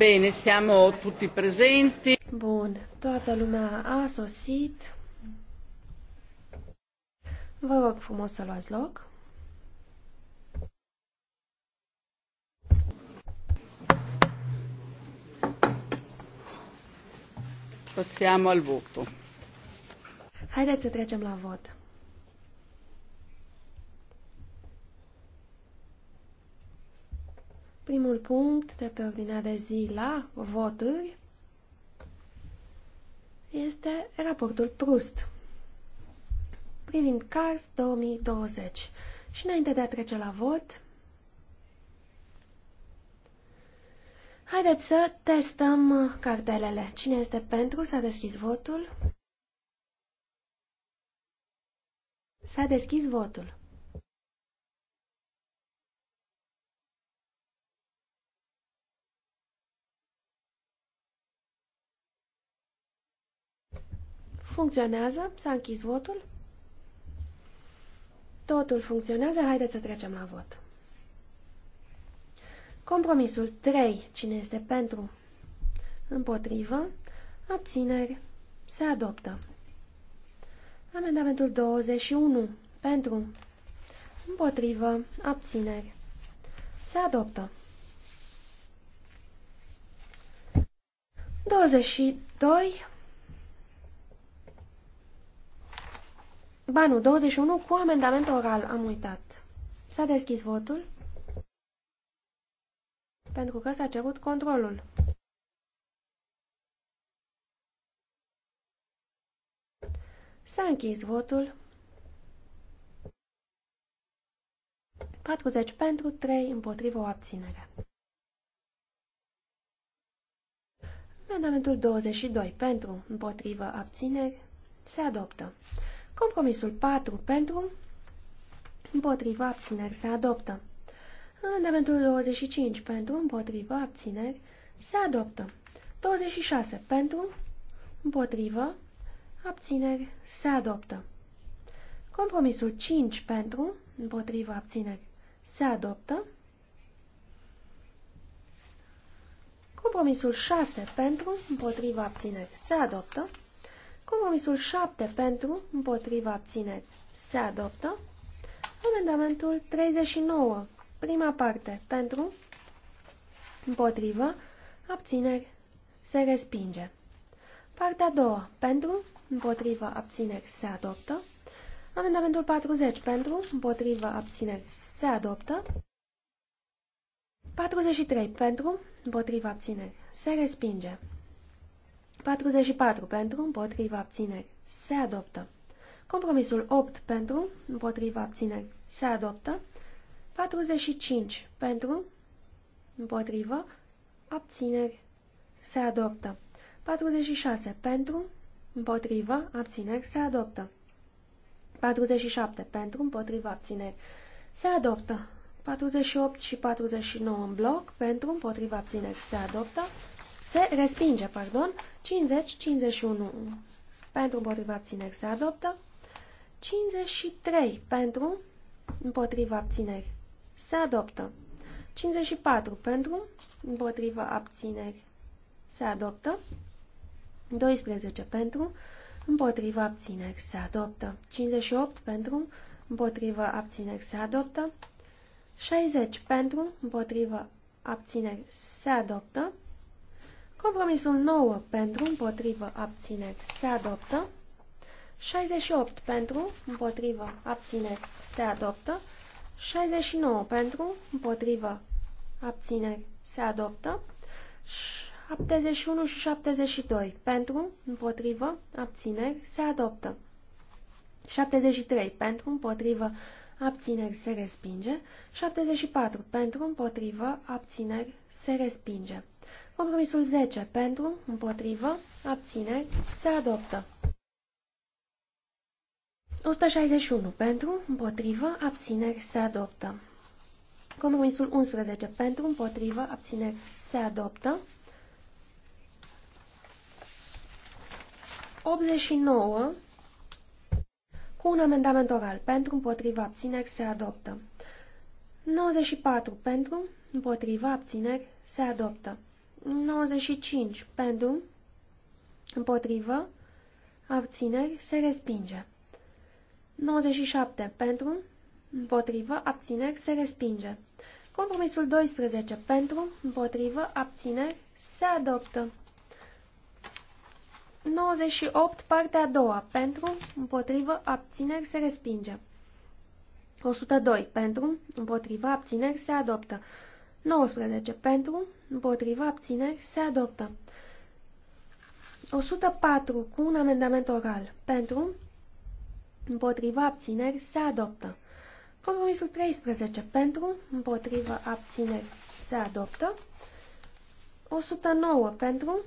Bine, siamo tutti presenti. Bun, toată lumea a sosit. Vă rog frumos să luați loc. Passiamo al voto. Haideți să trecem la vot. Primul punct de pe ordinea de zi la voturi este raportul Prust privind CARS 2020. Și înainte de a trece la vot, haideți să testăm cartelele. Cine este pentru? S-a deschis votul. S-a deschis votul. Funcționează? S-a închis votul? Totul funcționează, haideți să trecem la vot. Compromisul 3. Cine este pentru? Împotrivă. Abțineri. Se adoptă. Amendamentul 21. Pentru. Împotrivă. Abțineri. Se adoptă. 22. Ba nu, 21 cu amendament oral, am uitat. S-a deschis votul pentru că s-a cerut controlul. S-a închis votul. 40 pentru, 3 împotrivă o abținere. Amendamentul 22 pentru, împotrivă abțineri, se adoptă. Compromisul 4 pentru, împotriva abțineri se adoptă. Amendamentul 25 pentru, împotriva abțineri se adoptă. 26 pentru, împotriva abțineri se adoptă. Compromisul 5 pentru, împotriva abțineri se adoptă. Compromisul 6 pentru, împotriva abțineri se adoptă. Compromisul 7 pentru, împotriva abțineri, se adoptă. Amendamentul 39, prima parte, pentru, împotrivă, abțineri, se respinge. Partea a doua, pentru, împotrivă, abțineri, se adoptă. Amendamentul 40, pentru, împotrivă, abțineri, se adoptă. 43, pentru, împotrivă, abțineri, se respinge. 44 pentru, împotriva abțineri, se adoptă. Compromisul 8 pentru, împotriva abțineri, se adoptă. 45 pentru, împotriva, abțineri, se adoptă. 46 pentru, împotriva, abțineri, se adoptă. 47 pentru, împotriva, abțineri, se adoptă. 48 și 49 în bloc, pentru, împotriva, abțineri, se adoptă. Se respinge, pardon, 50-51 pentru împotriva abțineri se adoptă, 53 pentru împotriva abțineri se adoptă, 54 pentru împotriva abțineri se adoptă, 12 pentru împotriva abțineri se adoptă, 58 pentru împotriva abțineri se adoptă, 60 pentru împotriva abțineri se adoptă, Compromisul 9 pentru, împotrivă, abțineri, se adoptă. 68 pentru, împotrivă, abțineri, se adoptă. 69 pentru, împotrivă, abțineri, se adoptă. 71 și 72 pentru, împotrivă, abțineri, se adoptă. 73 pentru, împotrivă, abțineri, se respinge. 74 pentru, împotrivă, abțineri, se respinge. Compromisul 10 pentru, împotrivă, abține, se adoptă. 161 pentru, împotrivă, abțineri, se adoptă. Compromisul 11 pentru, împotrivă, abțineri, se adoptă. 89 cu un amendament oral pentru, împotrivă, abțineri, se adoptă. 94 pentru, împotrivă, abțineri, se adoptă. 95 pentru, împotrivă, abțineri, se respinge. 97 pentru, împotrivă, abțineri, se respinge. Compromisul 12 pentru, împotrivă, abțineri, se adoptă. 98, partea a doua, pentru, împotrivă, abțineri, se respinge. 102, pentru, împotrivă, abțineri, se adoptă. 19 pentru, împotriva abțineri, se adoptă. 104 cu un amendament oral pentru, împotriva abțineri, se adoptă. Compromisul 13 pentru, împotriva abțineri, se adoptă. 109 pentru,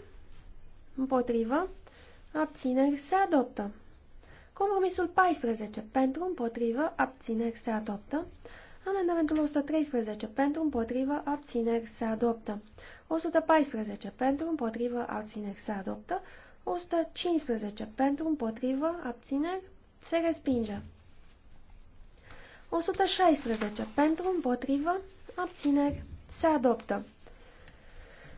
împotriva, abțineri, se adoptă. Compromisul 14 pentru, împotriva abțineri, se adoptă. Amendamentul 113 pentru împotrivă abțineri se adoptă. 114 pentru împotrivă abțineri se adoptă. 115 pentru împotrivă abțineri se respinge. 116 pentru împotrivă abțineri se adoptă.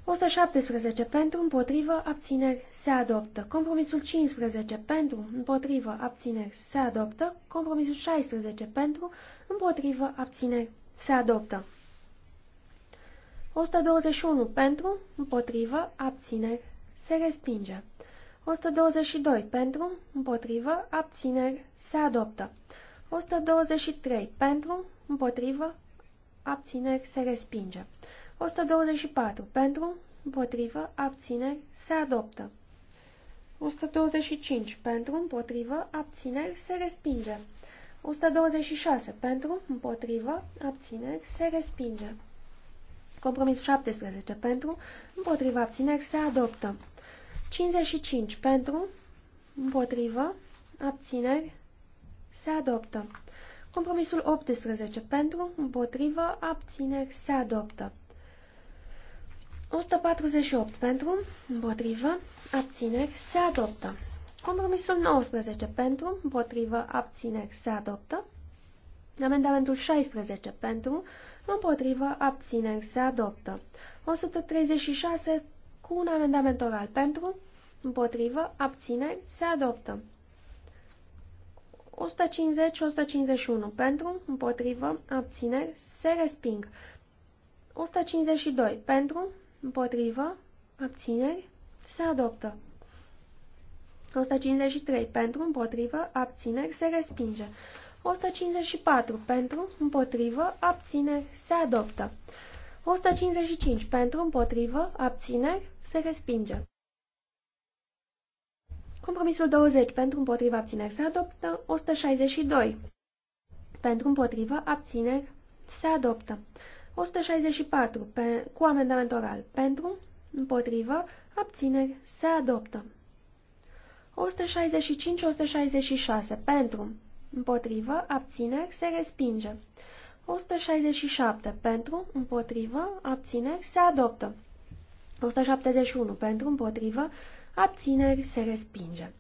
117 pentru, împotrivă, abțineri, se adoptă. Compromisul 15 pentru, împotrivă, abțineri, se adoptă. Compromisul 16 pentru, împotrivă, abțineri, se adoptă. 121 pentru, împotrivă, abțineri, se respinge. 122 pentru, împotrivă, abțineri, se adoptă. 123 pentru, împotrivă, abțineri, se respinge. 124. Pentru, împotrivă, abțineri, se adoptă. 125. Pentru, împotrivă, abțineri, se respinge. 126. Pentru, împotrivă, abțineri, se respinge. Compromisul 17. Pentru, împotrivă, abțineri, se adoptă. 55. Pentru, împotrivă, abțineri, se adoptă. Compromisul 18. Pentru, împotrivă, abțineri, se adoptă. 148 pentru, împotrivă, abțineri, se adoptă. Compromisul 19 pentru, împotrivă, abțineri, se adoptă. Amendamentul 16 pentru, împotrivă, abțineri, se adoptă. 136 cu un amendament oral pentru, împotrivă, abțineri, se adoptă. 150-151 pentru, împotrivă, abțineri, se resping. 152 pentru, Împotrivă. Abțineri. Se adoptă. 153. Pentru, împotrivă, abțineri, se respinge. 154. Pentru, împotrivă, abțineri, se adoptă. 155. Pentru, împotrivă, abțineri, se respinge. Compromisul 20. Pentru, împotrivă, abțineri, se adoptă. 162. Pentru, împotrivă, abțineri, se adoptă. 164 pe, cu amendament oral pentru, împotrivă, abțineri, se adoptă. 165-166 pentru, împotrivă, abțineri, se respinge. 167 pentru, împotrivă, abțineri, se adoptă. 171 pentru, împotrivă, abțineri, se respinge.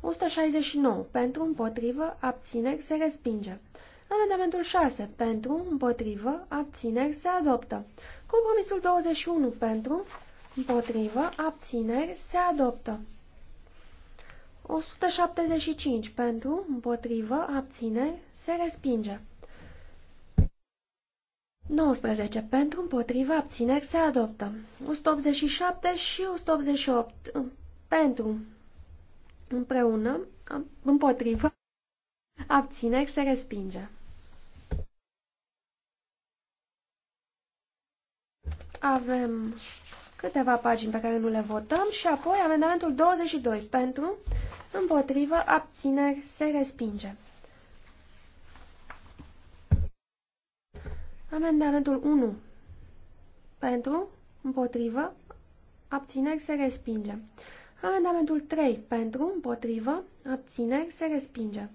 169 pentru, împotrivă, abțineri, se respinge. Amendamentul 6. Pentru, împotrivă, abțineri, se adoptă. Compromisul 21. Pentru, împotrivă, abțineri, se adoptă. 175. Pentru, împotrivă, abțineri, se respinge. 19. Pentru, împotrivă, abțineri, se adoptă. 187 și 188. Pentru, împreună, împotrivă, abțineri, se respinge. Avem câteva pagini pe care nu le votăm și apoi amendamentul 22 pentru, împotrivă, abțineri, se respinge. Amendamentul 1 pentru, împotrivă, abțineri, se respinge. Amendamentul 3 pentru, împotrivă, abțineri, se respinge.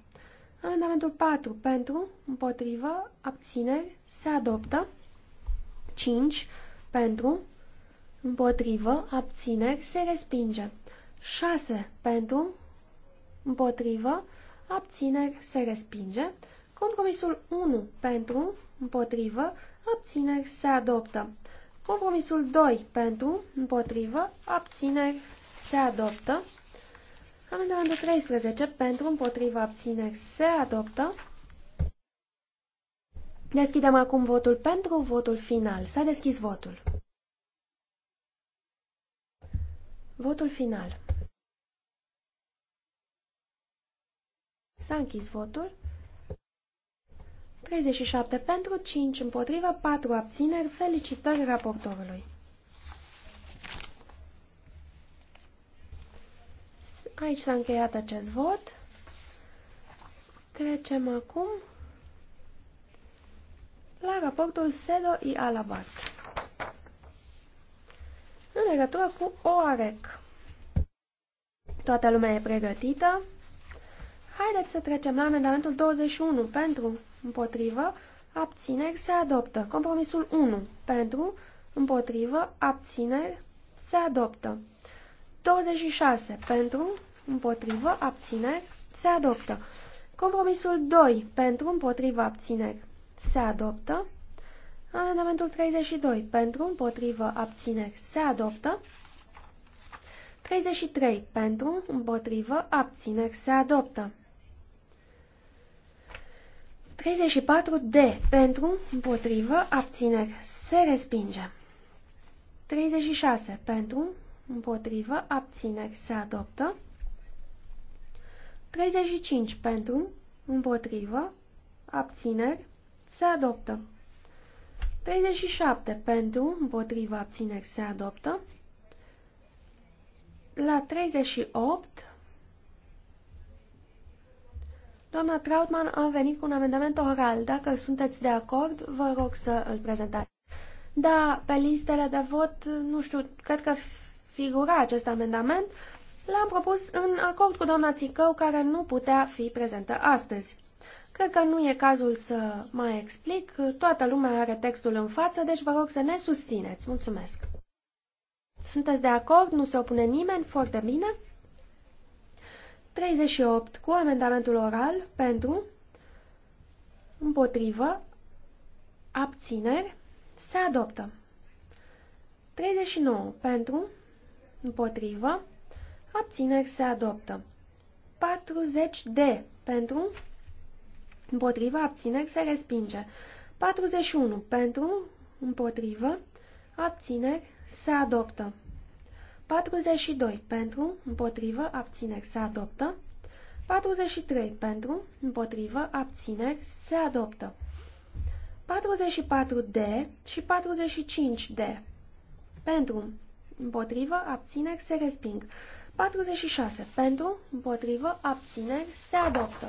Amendamentul 4 pentru, împotrivă, abțineri, se adoptă. 5 pentru, împotrivă, abțineri, se respinge. 6 pentru, împotrivă, abțineri, se respinge. Compromisul 1 pentru, împotrivă, abțineri, se adoptă. Compromisul 2 pentru, împotrivă, abțineri, se adoptă. Amendamentul 13 pentru, împotrivă, abțineri, se adoptă. Deschidem acum votul pentru votul final. S-a deschis votul. Votul final. S-a închis votul. 37 pentru, 5 împotrivă, 4 abțineri. Felicitări raportorului. Aici s-a încheiat acest vot. Trecem acum la raportul SEDO i Alabat în legătură cu OAREC. Toată lumea e pregătită. Haideți să trecem la amendamentul 21 pentru, împotrivă, abțineri se adoptă. Compromisul 1 pentru, împotrivă, abțineri se adoptă. 26 pentru, împotrivă, abțineri se adoptă. Compromisul 2 pentru, împotrivă, abțineri se adoptă. Amendamentul 32 pentru, împotrivă, abțineri se adoptă. 33 pentru, împotrivă, abțineri se adoptă. 34 D pentru, împotrivă, abțineri se respinge. 36 pentru, împotrivă, abțineri se adoptă. 35 pentru, împotrivă, abțineri se adoptă. 37 pentru, împotriva abțineri se adoptă. La 38, doamna Trautman a venit cu un amendament oral. Dacă sunteți de acord, vă rog să îl prezentați. Da, pe listele de vot, nu știu, cred că figura acest amendament, l-am propus în acord cu doamna Țicău, care nu putea fi prezentă astăzi. Cred că nu e cazul să mai explic. Toată lumea are textul în față, deci vă rog să ne susțineți. Mulțumesc! Sunteți de acord? Nu se opune nimeni? Foarte bine! 38 cu amendamentul oral pentru, împotrivă, abțineri, se adoptă. 39 pentru, împotrivă, abțineri se adoptă. 40 de pentru, Împotriva abțineri, se respinge. 41. Pentru, împotrivă, abțineri, se adoptă. 42. Pentru, împotrivă, abțineri, se adoptă. 43. Pentru, împotrivă, abțineri, se adoptă. 44D și 45D. Pentru, împotrivă, abțineri, se resping. 46. Pentru, împotrivă, abțineri, se adoptă.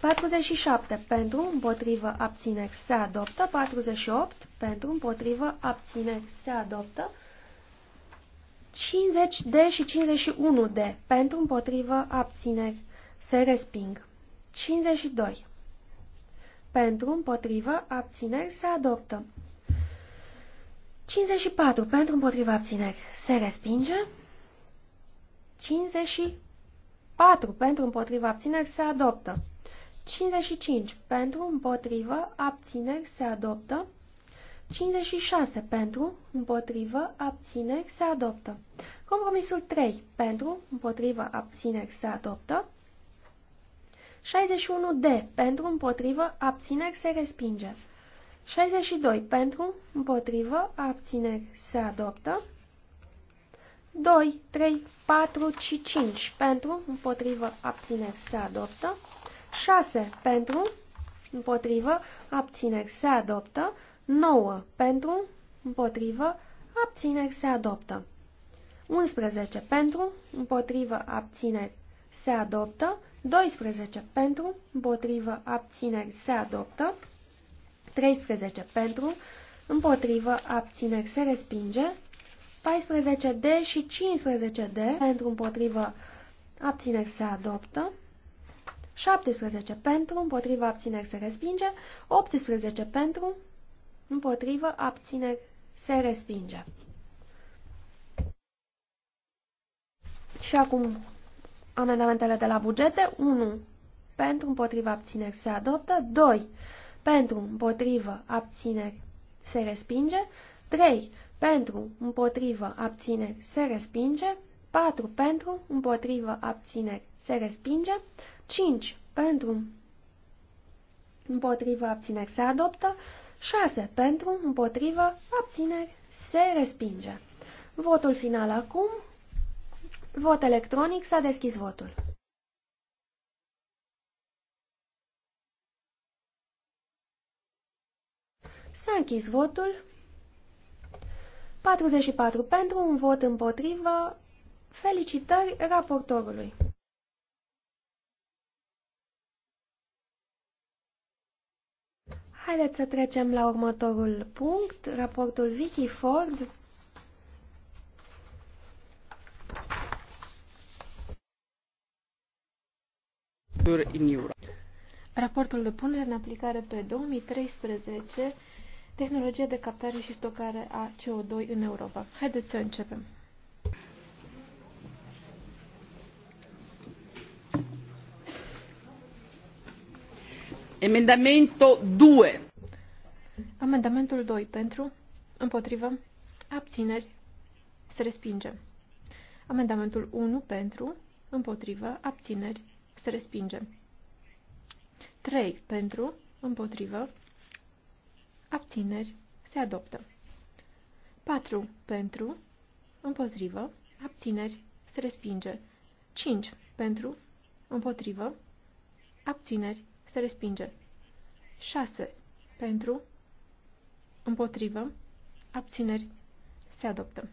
47 pentru, împotrivă, abține, se adoptă. 48 pentru, împotrivă, abține, se adoptă. 50D și 51D pentru, împotrivă, abține, se resping. 52 pentru, împotrivă, abține, se adoptă. 54 pentru, împotrivă, abține, se respinge. 54 pentru, împotrivă, abține, se adoptă. 55 pentru, împotrivă, abțineri se adoptă. 56 pentru, împotrivă, abțineri se adoptă. Compromisul 3 pentru, împotrivă, abțineri se adoptă. 61D pentru, împotrivă, abțineri se respinge. 62 pentru, împotrivă, abțineri se adoptă. 2, 3, 4 și 5 pentru, împotrivă, abțineri se adoptă. 6 pentru, împotrivă, abțineri se adoptă, 9 pentru, împotrivă, abțineri se adoptă, 11 pentru, împotrivă, abțineri se adoptă, 12 pentru, împotrivă, abțineri se adoptă, 13 pentru, împotrivă, abțineri se respinge, 14 de și 15 de pentru împotrivă, abțineri se adoptă, 17 pentru, împotriva abțineri se respinge, 18 pentru, împotriva abțineri se respinge. Și acum amendamentele de la bugete, 1 pentru, împotriva abțineri se adoptă, 2 pentru, împotriva abțineri se respinge, 3 pentru, împotrivă, abțineri, se respinge, 4 pentru, împotrivă, abțineri, se respinge, 5. Pentru. Împotrivă abțineri se adoptă. 6. Pentru. Împotrivă abțineri se respinge. Votul final acum. Vot electronic. S-a deschis votul. S-a închis votul. 44 pentru, un vot împotrivă. Felicitări raportorului. Haideți să trecem la următorul punct, raportul Vicky Ford. Raportul de punere în aplicare pe 2013, Tehnologia de captare și stocare a CO2 în Europa. Haideți să începem. Emendamento 2. Amendamentul 2 pentru, împotrivă, abțineri, se respinge. Amendamentul 1 pentru, împotrivă, abțineri, se respinge. 3 pentru, împotrivă, abțineri, se adoptă. 4 pentru, împotrivă, abțineri, se respinge. 5 pentru, împotrivă, abțineri, se respinge. 6. Pentru. Împotrivă. Abțineri. Se adoptă.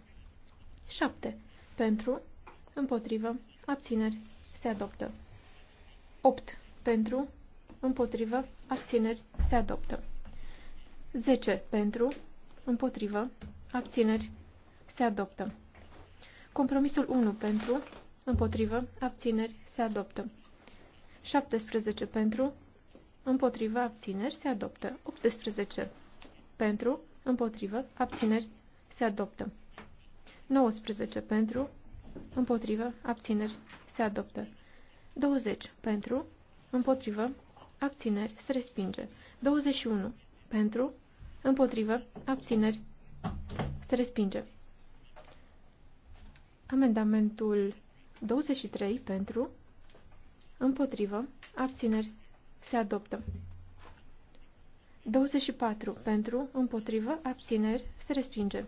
7. Pentru. Împotrivă. Abțineri. Se adoptă. 8. Pentru. Împotrivă. Abțineri. Se adoptă. 10. Pentru. Împotrivă. Abțineri. Se adoptă. Compromisul 1 pentru, împotrivă, abțineri, se adoptă. 17 pentru, împotriva abțineri se adoptă. 18 pentru, împotrivă, abțineri se adoptă. 19 pentru, împotrivă, abțineri se adoptă. 20 pentru, împotrivă, abțineri se respinge. 21 pentru, împotrivă, abțineri se respinge. Amendamentul 23 pentru, împotrivă, abțineri se adoptă. 24. Pentru, împotrivă, abțineri, se respinge.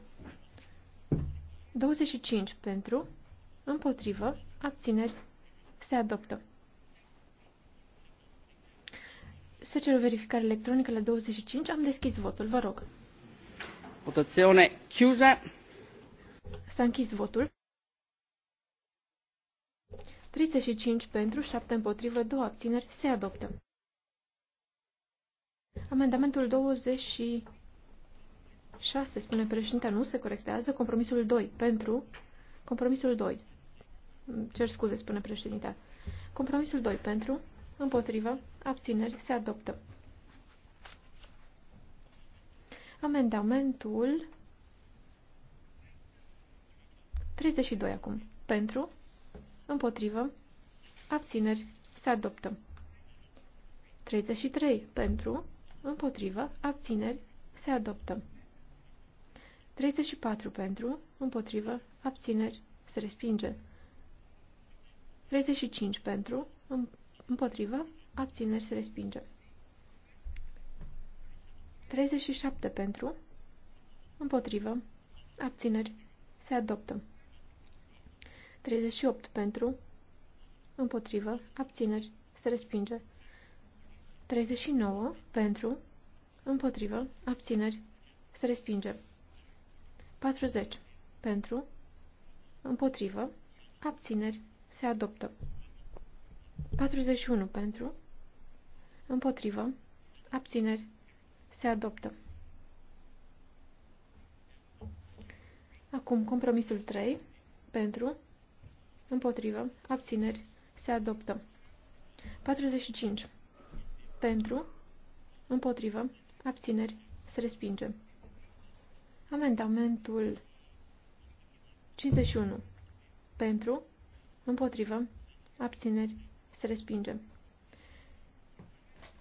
25. Pentru, împotrivă, abțineri, se adoptă. Să cer o verificare electronică la 25. Am deschis votul, vă rog. Votazione chiusa. S-a închis votul. 35 pentru, 7 împotrivă, 2 abțineri, se adoptă. Amendamentul 26, spune președinte, nu se corectează. Compromisul 2, pentru. Compromisul 2. Cer scuze, spune președinte. Compromisul 2, pentru. Împotrivă. Abțineri. Se adoptă. Amendamentul 32 acum. Pentru. Împotrivă. Abțineri. Se adoptă. 33. Pentru împotrivă, abțineri, se adoptă. 34 pentru, împotrivă, abțineri, se respinge. 35 pentru, împotrivă, abțineri, se respinge. 37 pentru, împotrivă, abțineri, se adoptă. 38 pentru, împotrivă, abțineri, se respinge. 39 pentru, împotrivă, abțineri, se respinge. 40 pentru, împotrivă, abțineri, se adoptă. 41 pentru, împotrivă, abțineri, se adoptă. Acum, compromisul 3, pentru, împotrivă, abțineri, se adoptă. 45 pentru. Împotrivă. Abțineri. Se respinge. Amendamentul 51. Pentru. Împotrivă. Abțineri. Se respinge.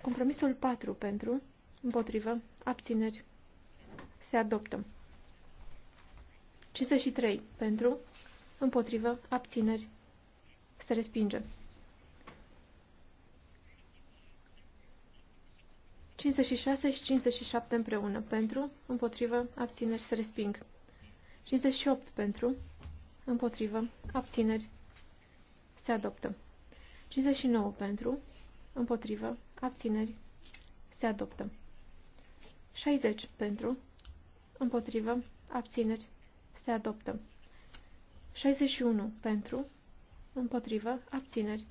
Compromisul 4. Pentru. Împotrivă. Abțineri. Se adoptă. 53. Pentru. Împotrivă. Abțineri. Se respinge. 56 și 57 împreună. Pentru, împotrivă, abțineri, se resping. 58 pentru, împotrivă, abțineri, se adoptă. 59 pentru, împotrivă, abțineri, se adoptă. 60 pentru, împotrivă, abțineri, se adoptă. 61 pentru, împotrivă, abțineri,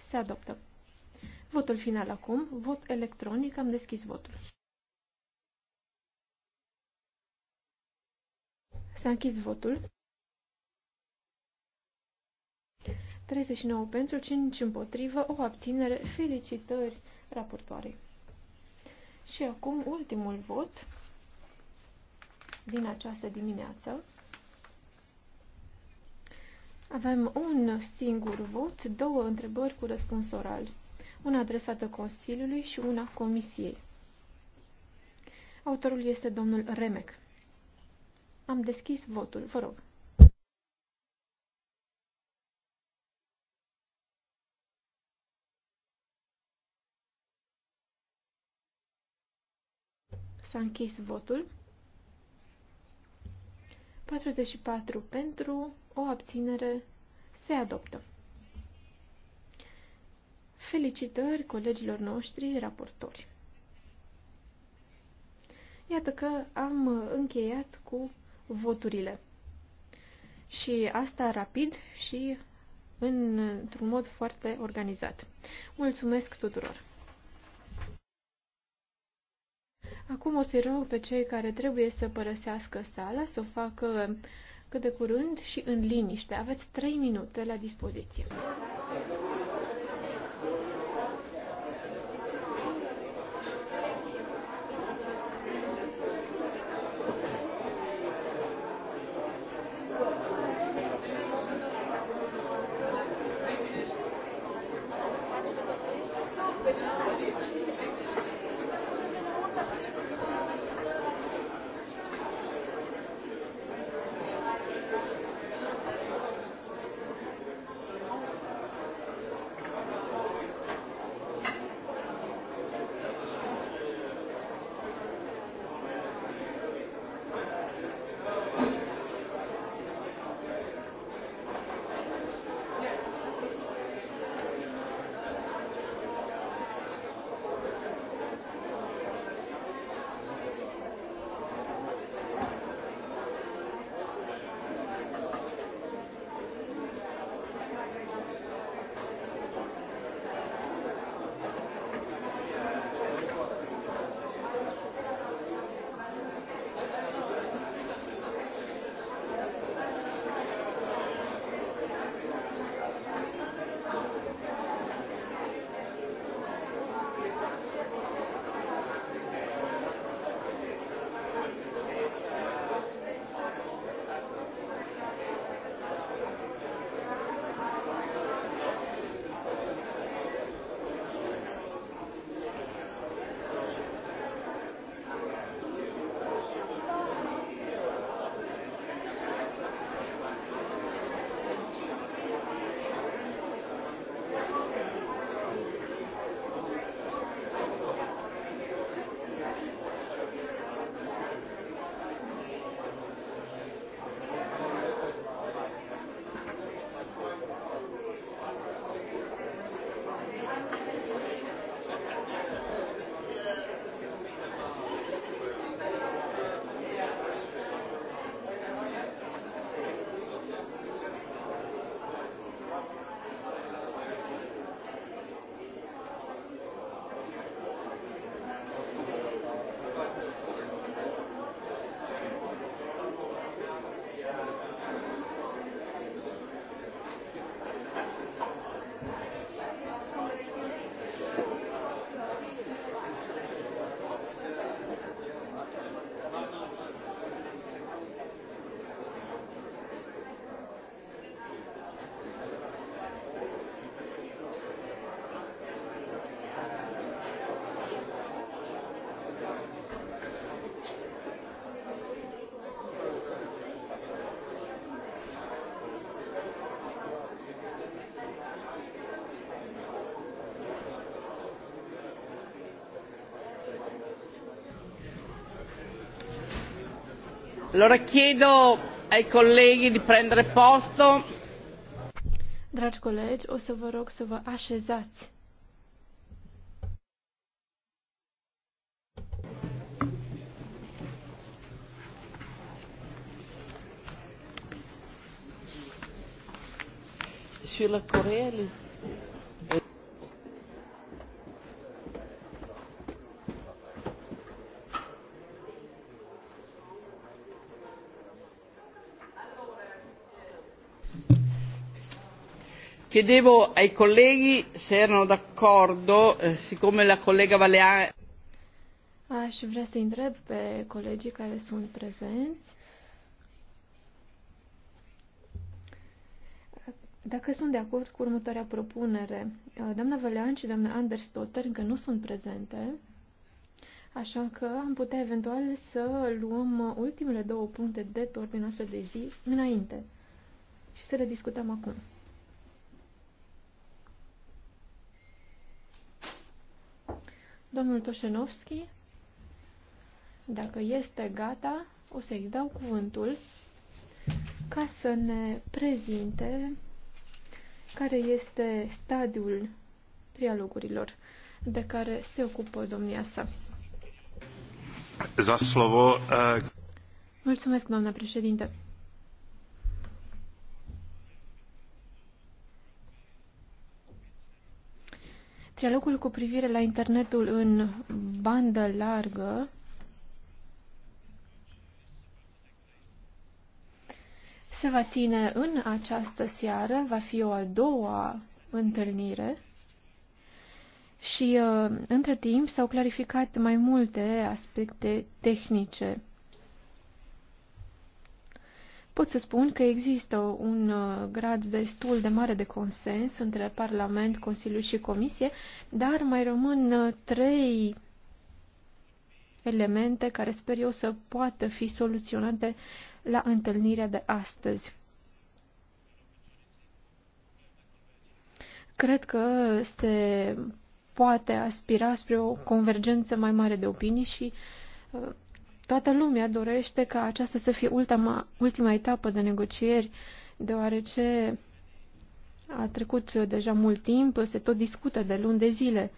se adoptă. Votul final acum, vot electronic, am deschis votul. S-a închis votul. 39 pentru, 5 împotrivă, o abținere. Felicitări raportoarei. Și acum ultimul vot din această dimineață. Avem un singur vot, două întrebări cu răspuns oral una adresată Consiliului și una Comisiei. Autorul este domnul Remec. Am deschis votul, vă rog. S-a închis votul. 44 pentru, o abținere, se adoptă. Felicitări colegilor noștri raportori. Iată că am încheiat cu voturile. Și asta rapid și în, într-un mod foarte organizat. Mulțumesc tuturor! Acum o să-i rog pe cei care trebuie să părăsească sala să o facă cât de curând și în liniște. Aveți 3 minute la dispoziție. Allora chiedo ai colleghi di prendere posto. Dragi colegi, o să vă rog să vă așezați. Chiedevo ai colleghi se erano d'accordo, eh, siccome la collega Valean... Aș vrea să întreb pe colegii care sunt prezenți dacă sunt de acord cu următoarea propunere. Eh, doamna Valean și doamna Anders Dotter încă nu sunt prezente, așa că am putea eventual să luăm ultimele două puncte de pe ordinea de zi înainte și să le discutăm acum. Domnul Toșenovski, dacă este gata, o să-i dau cuvântul ca să ne prezinte care este stadiul trialogurilor de care se ocupă domnia sa. Za slovo. Uh... Mulțumesc, doamna președinte. Dialogul cu privire la internetul în bandă largă se va ține în această seară, va fi o a doua întâlnire și uh, între timp s-au clarificat mai multe aspecte tehnice pot să spun că există un uh, grad destul de mare de consens între Parlament, Consiliu și Comisie, dar mai rămân uh, trei elemente care sper eu să poată fi soluționate la întâlnirea de astăzi. Cred că se poate aspira spre o convergență mai mare de opinii și uh, Toată lumea dorește ca aceasta să fie ultima, ultima etapă de negocieri, deoarece a trecut deja mult timp, se tot discută de luni de zile.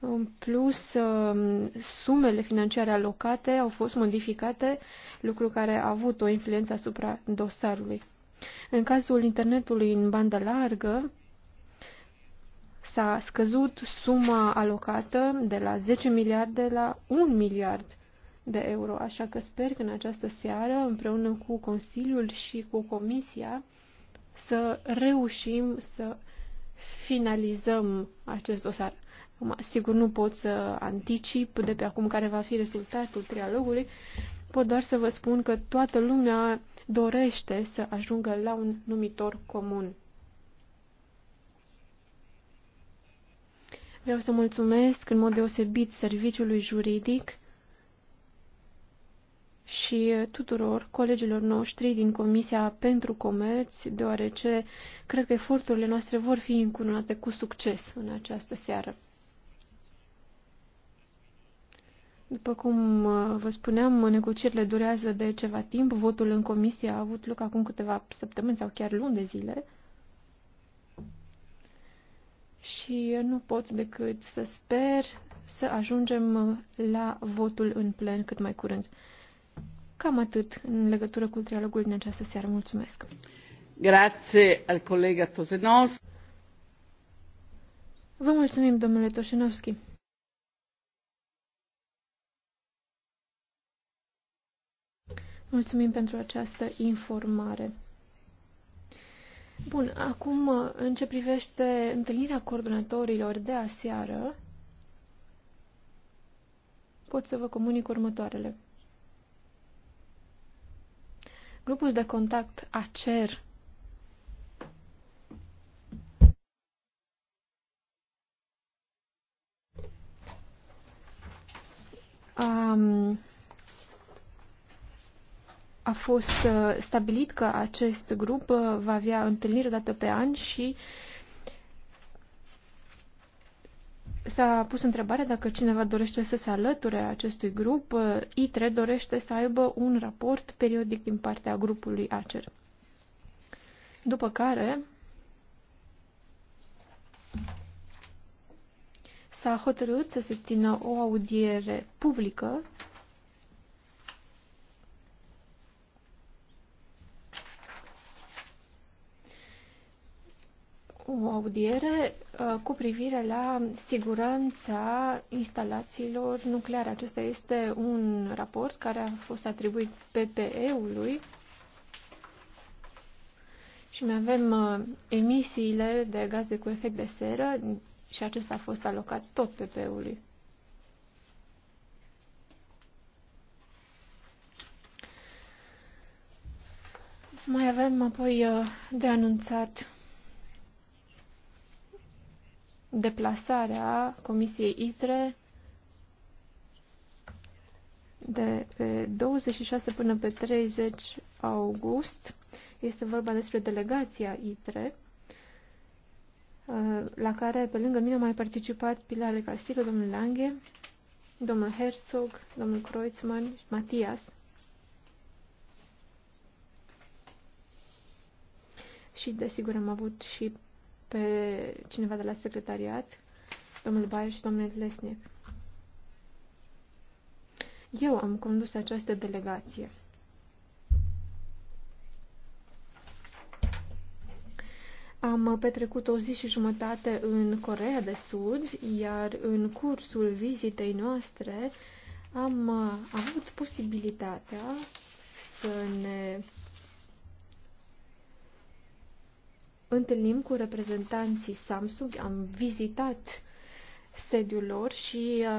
În plus, um, sumele financiare alocate au fost modificate, lucru care a avut o influență asupra dosarului. În cazul internetului în bandă largă, s-a scăzut suma alocată de la 10 miliarde la 1 miliard de euro. Așa că sper că în această seară, împreună cu Consiliul și cu Comisia, să reușim să finalizăm acest dosar. Acum, sigur, nu pot să anticip de pe acum care va fi rezultatul trialogului, pot doar să vă spun că toată lumea dorește să ajungă la un numitor comun. Vreau să mulțumesc în mod deosebit serviciului juridic și tuturor colegilor noștri din Comisia pentru Comerț, deoarece cred că eforturile noastre vor fi încununate cu succes în această seară. După cum uh, vă spuneam, negocierile durează de ceva timp. Votul în comisie a avut loc acum câteva săptămâni sau chiar luni de zile și nu pot decât să sper să ajungem la votul în plen cât mai curând. Cam atât în legătură cu trialogul din această seară. Mulțumesc! Grazie al colega Tosenos. Vă mulțumim, domnule Toșenovski. Mulțumim pentru această informare. Bun, acum în ce privește întâlnirea coordonatorilor de aseară, pot să vă comunic următoarele. Grupul de contact ACER um, a fost uh, stabilit că acest grup uh, va avea întâlniri dată pe an și s-a pus întrebarea dacă cineva dorește să se alăture acestui grup. Uh, ITRE dorește să aibă un raport periodic din partea grupului ACER. După care s-a hotărât să se țină o audiere publică o audiere uh, cu privire la siguranța instalațiilor nucleare. Acesta este un raport care a fost atribuit PPE-ului și mai avem uh, emisiile de gaze cu efect de seră și acesta a fost alocat tot ppe ului Mai avem apoi uh, de anunțat deplasarea Comisiei ITRE de pe 26 până pe 30 august. Este vorba despre delegația ITRE, uh, la care pe lângă mine au mai participat Pilare de Castillo, domnul Lange, domnul Herzog, domnul Kreutzmann, Matias. Și desigur am avut și pe cineva de la secretariat, domnul Baier și domnul Lesnic. Eu am condus această delegație. Am petrecut o zi și jumătate în Corea de Sud, iar în cursul vizitei noastre am avut posibilitatea să ne întâlnim cu reprezentanții Samsung, am vizitat sediul lor și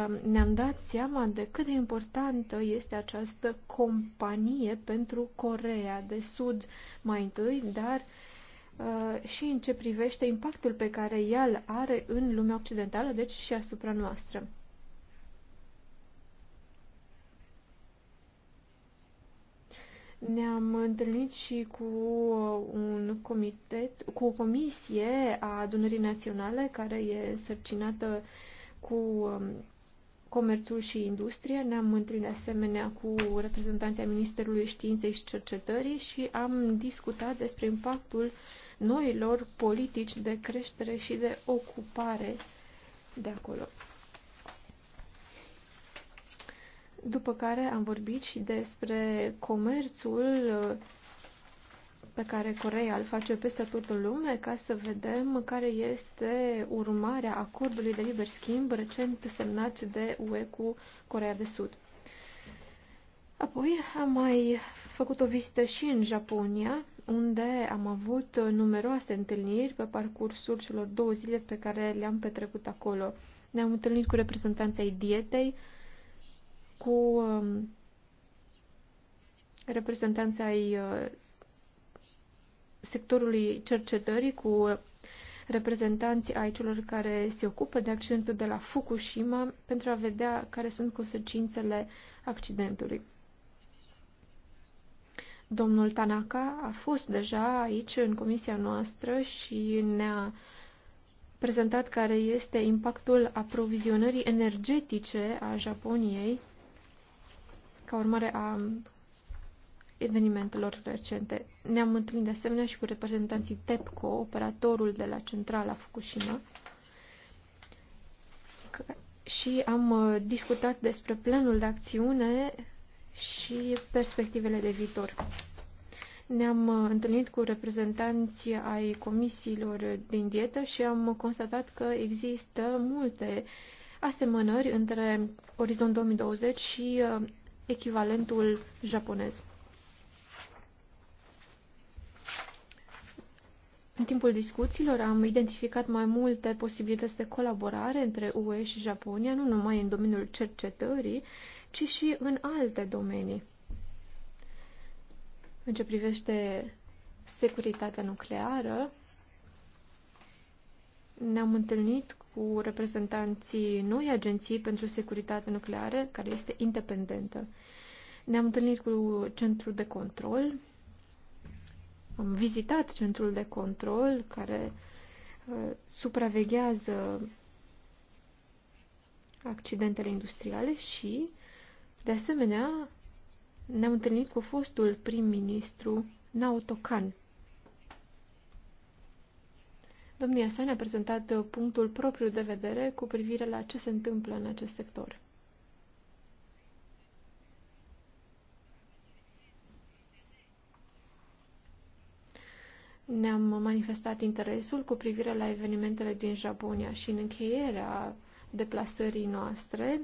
uh, ne-am dat seama de cât de importantă este această companie pentru Corea de Sud mai întâi, dar uh, și în ce privește impactul pe care el are în lumea occidentală, deci și asupra noastră. Ne-am întâlnit și cu un comitet, cu o comisie a adunării naționale care e sărcinată cu um, comerțul și industria. Ne-am întâlnit de asemenea cu reprezentanții Ministerului Științei și Cercetării și am discutat despre impactul noilor politici de creștere și de ocupare de acolo. După care am vorbit și despre comerțul uh, pe care Coreea îl face peste tot în lume ca să vedem care este urmarea acordului de liber schimb recent semnat de UE cu Corea de Sud. Apoi am mai făcut o vizită și în Japonia, unde am avut numeroase întâlniri pe parcursul celor două zile pe care le-am petrecut acolo. Ne-am întâlnit cu reprezentanții dietei, cu um, reprezentanții ai uh, sectorului cercetării, cu reprezentanții ai celor care se ocupă de accidentul de la Fukushima pentru a vedea care sunt consecințele accidentului. Domnul Tanaka a fost deja aici în comisia noastră și ne-a prezentat care este impactul aprovizionării energetice a Japoniei ca urmare a evenimentelor recente. Ne-am întâlnit de asemenea și cu reprezentanții TEPCO, operatorul de la centrala Fukushima, și am uh, discutat despre planul de acțiune și perspectivele de viitor. Ne-am uh, întâlnit cu reprezentanții ai comisiilor din dietă și am constatat că există multe asemănări între Orizont 2020 și uh, echivalentul japonez. În timpul discuțiilor am identificat mai multe posibilități de colaborare între UE și Japonia, nu numai în domeniul cercetării, ci și în alte domenii. În ce privește securitatea nucleară, ne-am întâlnit cu reprezentanții noi agenții pentru securitate nucleară, care este independentă. Ne-am întâlnit cu centrul de control, am vizitat centrul de control care uh, supraveghează accidentele industriale și, de asemenea, ne-am întâlnit cu fostul prim-ministru Naotokan, Domnia sa ne-a prezentat uh, punctul propriu de vedere cu privire la ce se întâmplă în acest sector. Ne-am manifestat interesul cu privire la evenimentele din Japonia și în încheierea deplasării noastre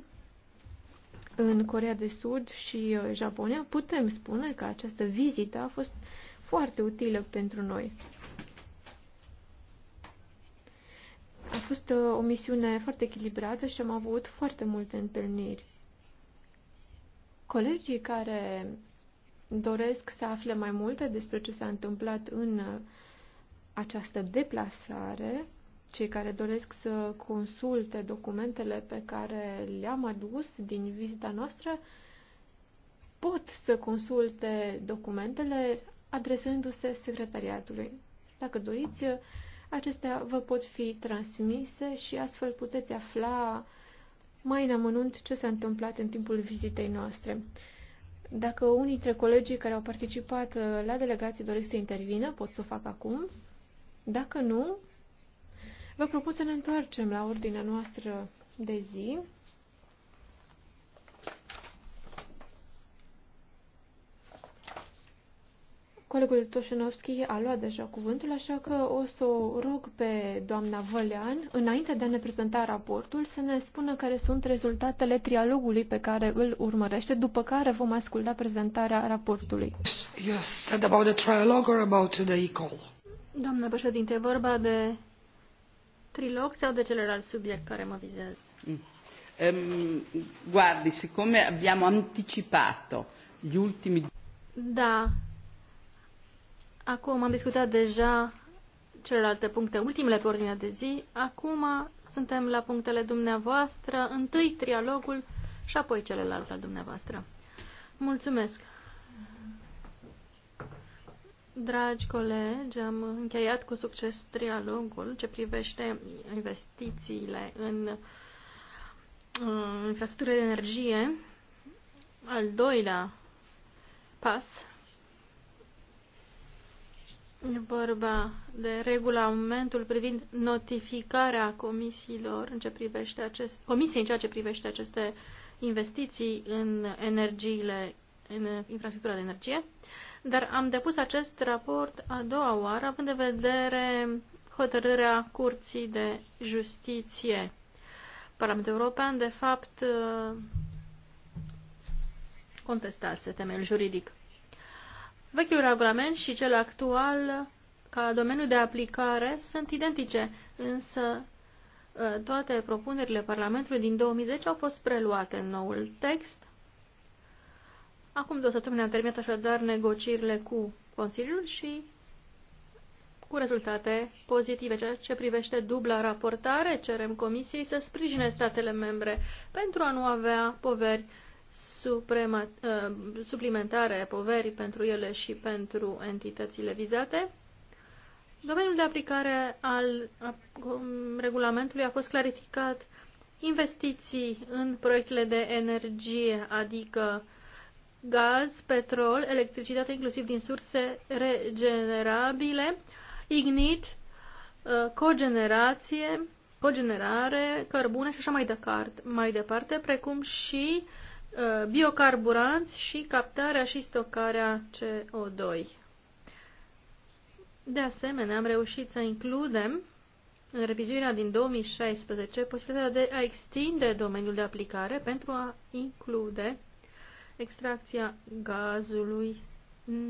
în Corea de Sud și uh, Japonia, putem spune că această vizită a fost foarte utilă pentru noi. A fost uh, o misiune foarte echilibrată și am avut foarte multe întâlniri. Colegii care doresc să afle mai multe despre ce s-a întâmplat în uh, această deplasare, cei care doresc să consulte documentele pe care le-am adus din vizita noastră, pot să consulte documentele adresându-se secretariatului. Dacă doriți, uh, Acestea vă pot fi transmise și astfel puteți afla mai în amănunt ce s-a întâmplat în timpul vizitei noastre. Dacă unii dintre colegii care au participat uh, la delegație doresc să intervină, pot să o fac acum. Dacă nu, vă propun să ne întoarcem la ordinea noastră de zi Colegul Toșenovski a luat deja cuvântul, așa că o să o rog pe doamna Vălean, înainte de a ne prezenta raportul, să ne spună care sunt rezultatele trialogului pe care îl urmărește, după care vom asculta prezentarea raportului. You said about the trialogue or about the e-call? Doamna președinte, e vorba de trilog sau de celălalt subiect care mă vizează? Mm. Um, guardi, siccome abbiamo anticipato gli ultimi... Da, Acum am discutat deja celelalte puncte, ultimele pe ordinea de zi. Acum suntem la punctele dumneavoastră, întâi trialogul și apoi celelalte al dumneavoastră. Mulțumesc! Dragi colegi, am încheiat cu succes trialogul ce privește investițiile în infrastructură de energie. Al doilea pas vorba de regulamentul privind notificarea comisiilor în ce privește acest, comisiei în ceea ce privește aceste investiții în energiile, în infrastructura de energie, dar am depus acest raport a doua oară, având de vedere hotărârea Curții de Justiție. Parlamentul European, de fapt, contestase temeiul juridic. Vechiul regulament și cel actual, ca domeniu de aplicare, sunt identice, însă ă, toate propunerile Parlamentului din 2010 au fost preluate în noul text. Acum două săptămâni am terminat așadar negocierile cu Consiliul și cu rezultate pozitive. Ceea ce privește dubla raportare, cerem Comisiei să sprijine statele membre pentru a nu avea poveri suprema, uh, suplimentare poverii pentru ele și pentru entitățile vizate. Domeniul de aplicare al regulamentului a fost clarificat investiții în proiectele de energie, adică gaz, petrol, electricitate, inclusiv din surse regenerabile, ignit, uh, cogenerație, cogenerare, cărbune și așa mai departe, mai departe precum și uh, Uh, biocarburanți și captarea și stocarea CO2. De asemenea, am reușit să includem în revizuirea din 2016 posibilitatea de a extinde domeniul de aplicare pentru a include extracția gazului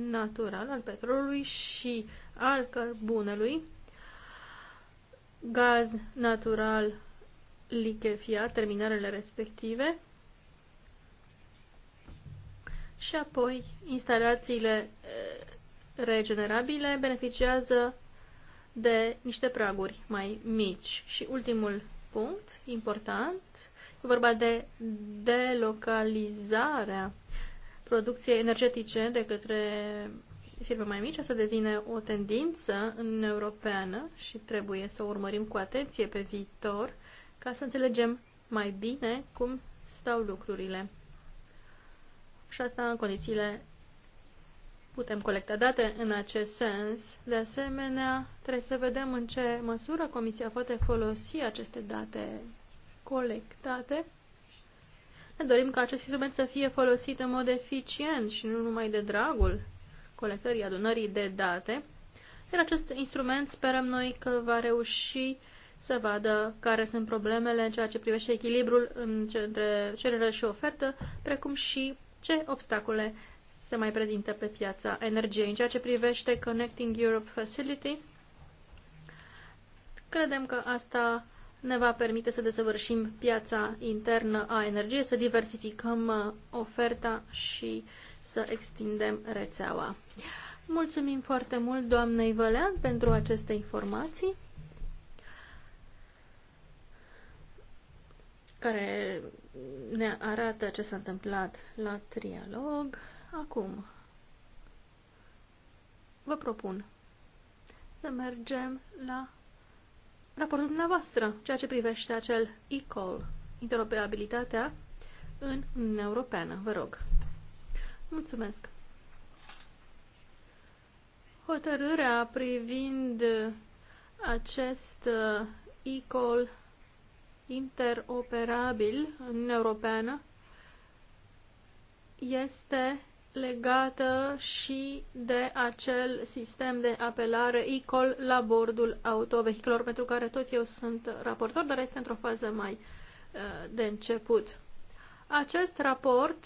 natural, al petrolului și al cărbunelui, gaz natural lichefiat, terminarele respective, și apoi instalațiile regenerabile beneficiază de niște praguri mai mici. Și ultimul punct important, e vorba de delocalizarea producției energetice de către firme mai mici. Asta devine o tendință în europeană și trebuie să o urmărim cu atenție pe viitor ca să înțelegem mai bine cum stau lucrurile și asta în condițiile putem colecta date în acest sens. De asemenea, trebuie să vedem în ce măsură Comisia poate folosi aceste date colectate. Ne dorim ca acest instrument să fie folosit în mod eficient și nu numai de dragul colectării, adunării de date. Iar acest instrument sperăm noi că va reuși să vadă care sunt problemele în ceea ce privește echilibrul între cerere și ofertă, precum și ce obstacole se mai prezintă pe piața energiei. În ceea ce privește Connecting Europe Facility, credem că asta ne va permite să desăvârșim piața internă a energiei, să diversificăm uh, oferta și să extindem rețeaua. Mulțumim foarte mult doamnei Vălean pentru aceste informații care ne arată ce s-a întâmplat la trialog. Acum, vă propun să mergem la raportul dumneavoastră, ceea ce privește acel e-call, interoperabilitatea în Uniunea Europeană. Vă rog. Mulțumesc. Hotărârea privind acest uh, e-call interoperabil în Uniunea Europeană este legată și de acel sistem de apelare ICOL la bordul autovehiculor, pentru care tot eu sunt raportor, dar este într-o fază mai uh, de început. Acest raport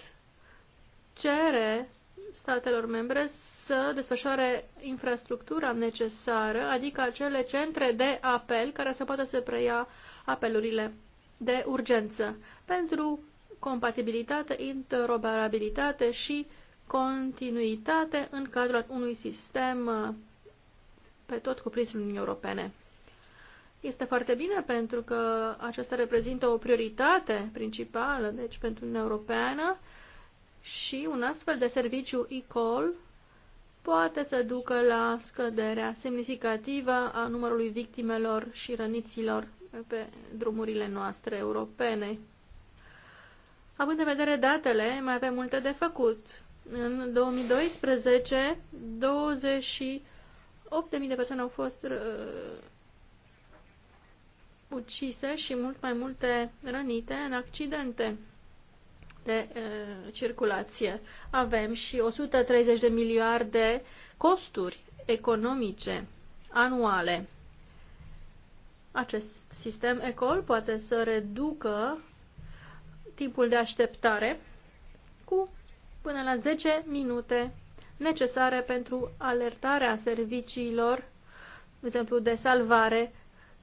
cere statelor membre să desfășoare infrastructura necesară, adică acele centre de apel care să poată să preia uh, apelurile de urgență pentru compatibilitate, interoperabilitate și continuitate în cadrul unui sistem uh, pe tot cuprinsul Uniunii Europene. Este foarte bine pentru că aceasta reprezintă o prioritate principală deci pentru Uniunea Europeană și un astfel de serviciu e-call poate să ducă la scăderea semnificativă a numărului victimelor și răniților pe drumurile noastre europene. Având în vedere datele, mai avem multe de făcut. În 2012, 28.000 de persoane au fost uh, ucise și mult mai multe rănite în accidente de uh, circulație. Avem și 130 de miliarde costuri economice anuale acest sistem ECOL poate să reducă timpul de așteptare cu până la 10 minute necesare pentru alertarea serviciilor, de exemplu, de salvare,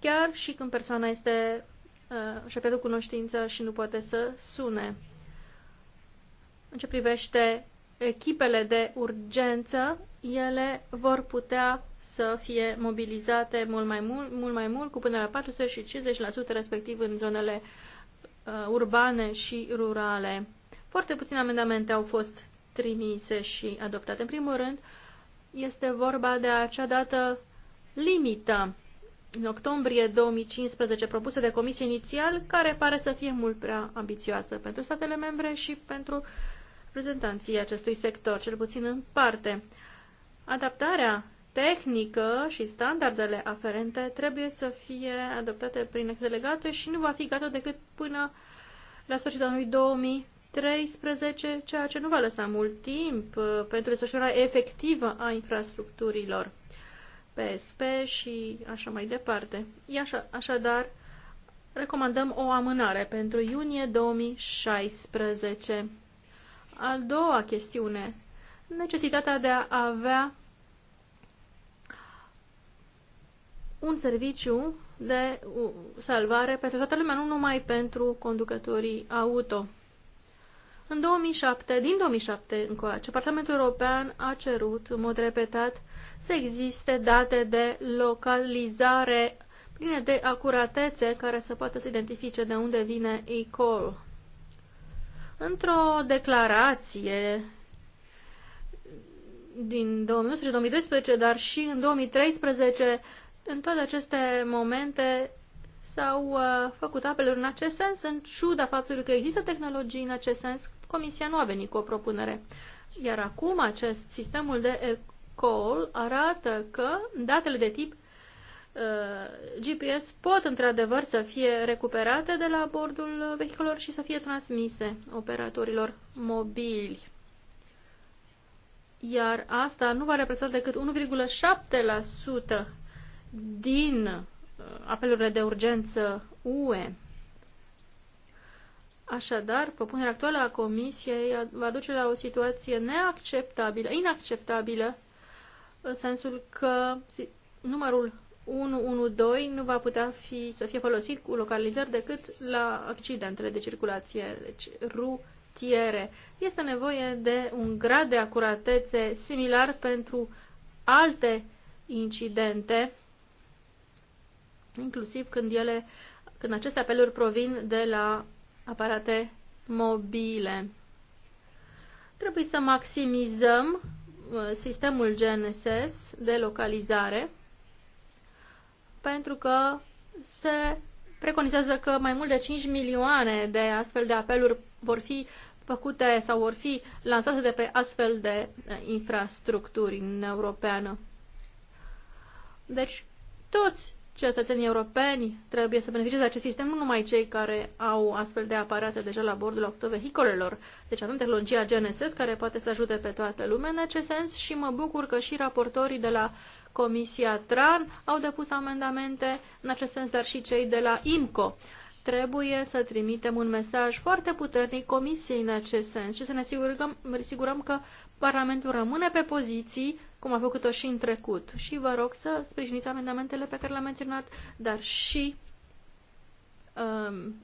chiar și când persoana este uh, și-a pierdut cunoștință și nu poate să sune. În ce privește echipele de urgență, ele vor putea să fie mobilizate mult mai mult, mult mai mult cu până la 450% respectiv în zonele uh, urbane și rurale. Foarte puține amendamente au fost trimise și adoptate. În primul rând, este vorba de acea dată limită în octombrie 2015 propusă de comisie inițial, care pare să fie mult prea ambițioasă pentru statele membre și pentru uh, reprezentanții acestui sector, cel puțin în parte. Adaptarea tehnică și standardele aferente trebuie să fie adoptate prin delegate și nu va fi gata decât până la sfârșitul anului 2013, ceea ce nu va lăsa mult timp uh, pentru desfășurarea efectivă a infrastructurilor PSP și așa mai departe. Așa, așadar, recomandăm o amânare pentru iunie 2016. Al doua chestiune, necesitatea de a avea un serviciu de salvare pentru toată lumea, nu numai pentru conducătorii auto. În 2007, din 2007 încoace, Parlamentul European a cerut în mod repetat să existe date de localizare pline de acuratețe care să poată să identifice de unde vine e-call într-o declarație din 2011-2012, dar și în 2013, în toate aceste momente s-au uh, făcut apeluri în acest sens, în ciuda faptului că există tehnologii în acest sens, Comisia nu a venit cu o propunere. Iar acum acest sistemul de call arată că datele de tip Uh, GPS pot într-adevăr să fie recuperate de la bordul vehiculor și să fie transmise operatorilor mobili. Iar asta nu va reprezenta decât 1,7% din uh, apelurile de urgență UE. Așadar, propunerea actuală a Comisiei va duce la o situație neacceptabilă, inacceptabilă, în sensul că numărul 112 nu va putea fi, să fie folosit cu localizări decât la accidentele de circulație, deci rutiere. Este nevoie de un grad de acuratețe similar pentru alte incidente, inclusiv când, ele, când aceste apeluri provin de la aparate mobile. Trebuie să maximizăm uh, sistemul GNSS de localizare pentru că se preconizează că mai mult de 5 milioane de astfel de apeluri vor fi făcute sau vor fi lansate de pe astfel de eh, infrastructuri în europeană. Deci, toți cetățenii europeni trebuie să beneficieze de acest sistem, nu numai cei care au astfel de aparate deja la bordul autovehicolelor. Deci avem tehnologia GNSS care poate să ajute pe toată lumea în acest sens și mă bucur că și raportorii de la Comisia TRAN au depus amendamente în acest sens, dar și cei de la IMCO. Trebuie să trimitem un mesaj foarte puternic Comisiei în acest sens și să ne asigurăm, asigurăm că Parlamentul rămâne pe poziții, cum a făcut-o și în trecut. Și vă rog să sprijiniți amendamentele pe care le-am menționat, dar și um,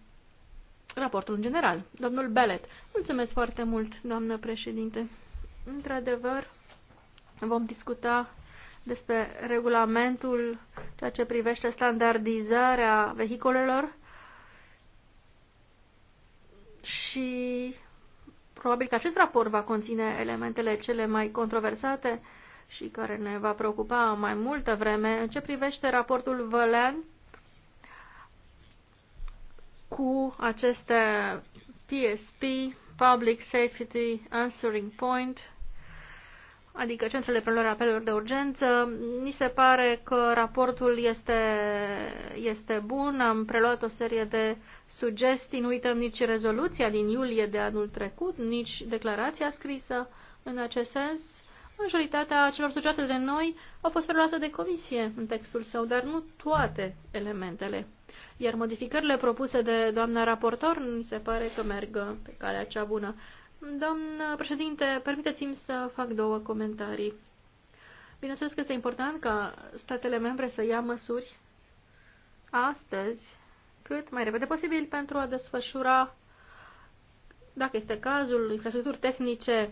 raportul în general. Domnul Belet, mulțumesc foarte mult, doamnă președinte. Într-adevăr, vom discuta despre regulamentul ceea ce privește standardizarea vehiculelor și probabil că acest raport va conține elementele cele mai controversate și care ne va preocupa mai multă vreme în ce privește raportul Vălean cu aceste PSP, Public Safety Answering Point, adică centrele preluării apelurilor de urgență. Mi se pare că raportul este, este bun, am preluat o serie de sugestii, nu uităm nici rezoluția din iulie de anul trecut, nici declarația scrisă în acest sens. Majoritatea celor sugerate de noi au fost preluate de comisie în textul său, dar nu toate elementele. Iar modificările propuse de doamna raportor mi se pare că merg pe calea cea bună. Doamnă președinte, permiteți-mi să fac două comentarii. Bineînțeles că este important ca statele membre să ia măsuri astăzi cât mai repede posibil pentru a desfășura, dacă este cazul, infrastructuri tehnice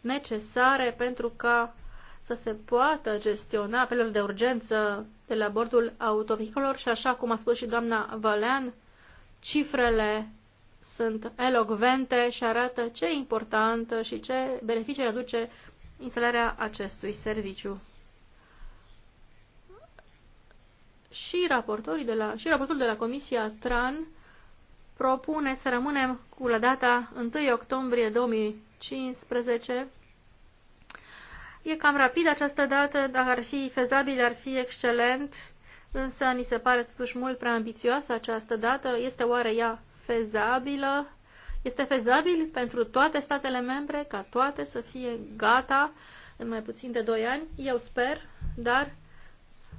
necesare pentru ca să se poată gestiona apelul de urgență de la bordul autovehiculor și așa cum a spus și doamna Valean, cifrele sunt elogvente și arată ce importantă și ce beneficii aduce instalarea acestui serviciu. Și, raportorii de la, și raportul de la Comisia TRAN propune să rămânem cu la data 1 octombrie 2015. E cam rapid această dată, dacă ar fi fezabil, ar fi excelent, însă ni se pare totuși mult prea ambițioasă această dată. Este oare ea fezabilă, este fezabil pentru toate statele membre ca toate să fie gata în mai puțin de 2 ani? Eu sper, dar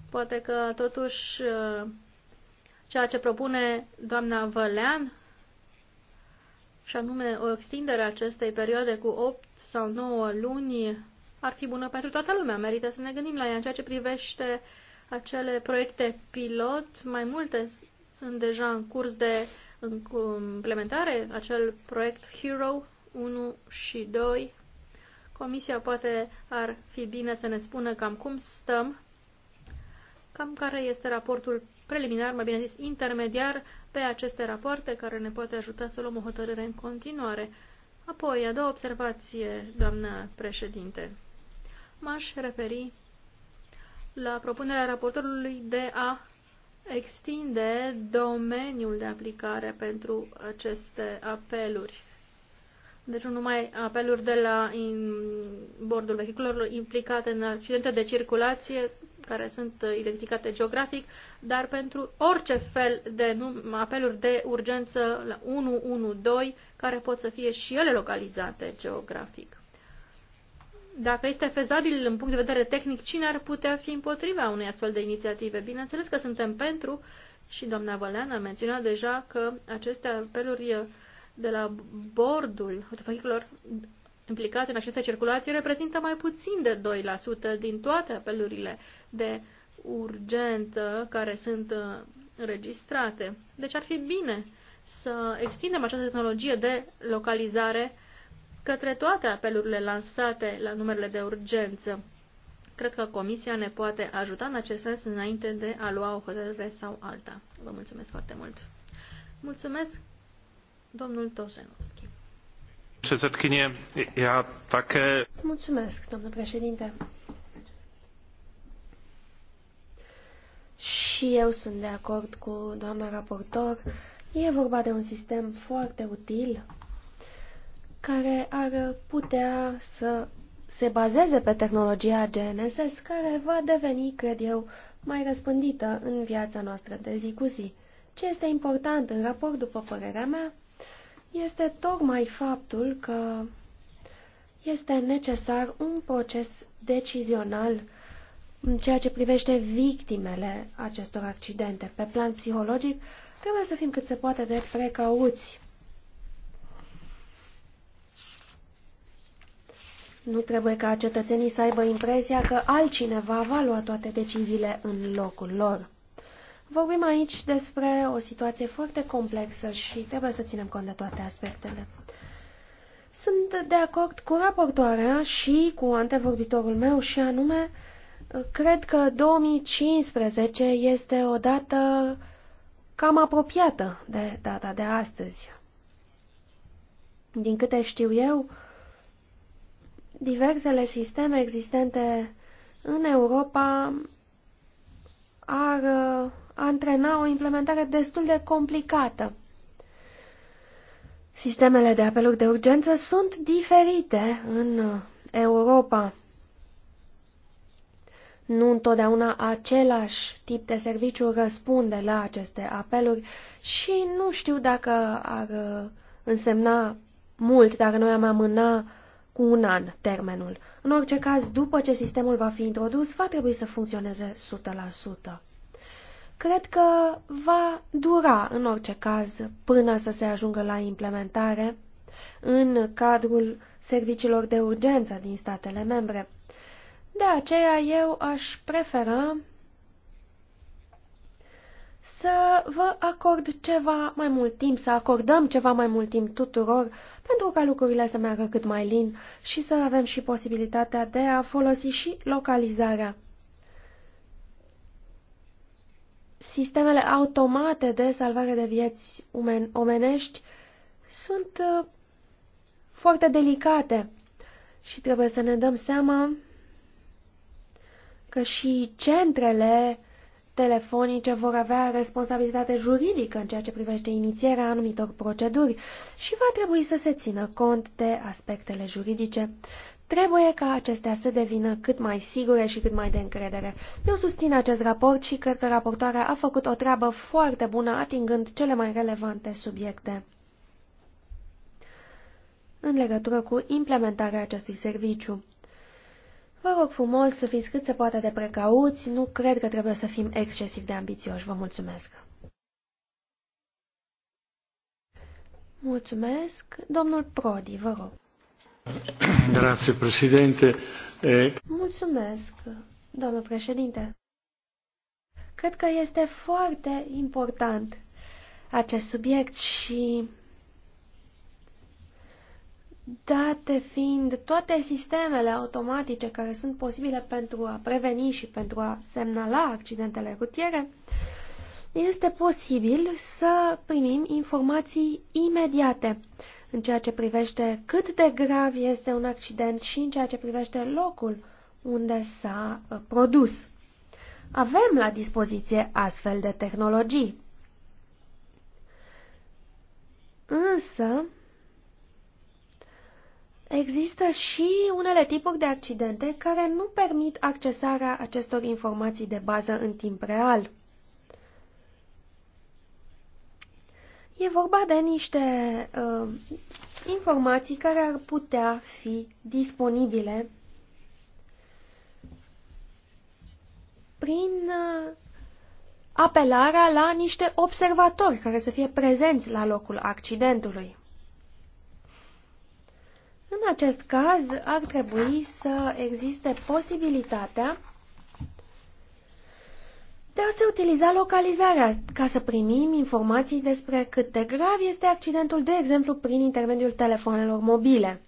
poate că totuși uh, ceea ce propune doamna Vălean și anume o extindere a acestei perioade cu 8 sau 9 luni ar fi bună pentru toată lumea. Merită să ne gândim la ea. În ceea ce privește acele proiecte pilot, mai multe sunt deja în curs de în complementare acel proiect Hero 1 și 2. Comisia poate ar fi bine să ne spună cam cum stăm, cam care este raportul preliminar, mai bine zis intermediar, pe aceste rapoarte care ne poate ajuta să luăm o hotărâre în continuare. Apoi, a doua observație, doamnă președinte. M-aș referi la propunerea raportorului de a extinde domeniul de aplicare pentru aceste apeluri. Deci nu numai apeluri de la bordul vehiculelor implicate în accidente de circulație, care sunt identificate geografic, dar pentru orice fel de apeluri de urgență la 112, care pot să fie și ele localizate geografic dacă este fezabil în punct de vedere tehnic, cine ar putea fi împotriva unei astfel de inițiative? Bineînțeles că suntem pentru și doamna Vălean a menționat deja că aceste apeluri de la bordul autovehiculor implicate în aceste circulații reprezintă mai puțin de 2% din toate apelurile de urgentă care sunt uh, înregistrate. Deci ar fi bine să extindem această tehnologie de localizare către toate apelurile lansate la numerele de urgență. Cred că Comisia ne poate ajuta în acest sens înainte de a lua o hotărâre sau alta. Vă mulțumesc foarte mult. Mulțumesc, domnul Toșenovski. Předsedkyně, já také... Mulțumesc, domnul președinte. Și eu sunt de acord cu doamna raportor. E vorba de un sistem foarte util care ar putea să se bazeze pe tehnologia GNSS, care va deveni, cred eu, mai răspândită în viața noastră de zi cu zi. Ce este important în raport, după părerea mea, este tocmai faptul că este necesar un proces decizional în ceea ce privește victimele acestor accidente. Pe plan psihologic, trebuie să fim cât se poate de precauți Nu trebuie ca cetățenii să aibă impresia că altcineva va lua toate deciziile în locul lor. Vorbim aici despre o situație foarte complexă și trebuie să ținem cont de toate aspectele. Sunt de acord cu raportoarea și cu antevorbitorul meu și anume, cred că 2015 este o dată cam apropiată de data de astăzi. Din câte știu eu, diversele sisteme existente în Europa ar uh, antrena o implementare destul de complicată. Sistemele de apeluri de urgență sunt diferite în uh, Europa. Nu întotdeauna același tip de serviciu răspunde la aceste apeluri și nu știu dacă ar uh, însemna mult dacă noi am amâna cu un an termenul. În orice caz, după ce sistemul va fi introdus, va trebui să funcționeze 100%. Cred că va dura, în orice caz, până să se ajungă la implementare în cadrul serviciilor de urgență din statele membre. De aceea eu aș prefera să vă acord ceva mai mult timp, să acordăm ceva mai mult timp tuturor pentru ca lucrurile să meargă cât mai lin și să avem și posibilitatea de a folosi și localizarea. Sistemele automate de salvare de vieți omenești sunt uh, foarte delicate și trebuie să ne dăm seama că și centrele telefonice vor avea responsabilitate juridică în ceea ce privește inițierea anumitor proceduri și va trebui să se țină cont de aspectele juridice. Trebuie ca acestea să devină cât mai sigure și cât mai de încredere. Eu susțin acest raport și cred că raportoarea a făcut o treabă foarte bună atingând cele mai relevante subiecte în legătură cu implementarea acestui serviciu. Vă rog frumos să fiți cât se poate de precauți, nu cred că trebuie să fim excesiv de ambițioși. Vă mulțumesc! Mulțumesc. Domnul Prodi, vă rog. Grazie, președinte. Mulțumesc, domnul președinte. Cred că este foarte important acest subiect și date fiind toate sistemele automatice care sunt posibile pentru a preveni și pentru a semnala accidentele rutiere, este posibil să primim informații imediate în ceea ce privește cât de grav este un accident și în ceea ce privește locul unde s-a uh, produs. Avem la dispoziție astfel de tehnologii. Însă, Există și unele tipuri de accidente care nu permit accesarea acestor informații de bază în timp real. E vorba de niște uh, informații care ar putea fi disponibile prin uh, apelarea la niște observatori care să fie prezenți la locul accidentului. În acest caz ar trebui să existe posibilitatea de a se utiliza localizarea ca să primim informații despre cât de grav este accidentul, de exemplu, prin intermediul telefonelor mobile.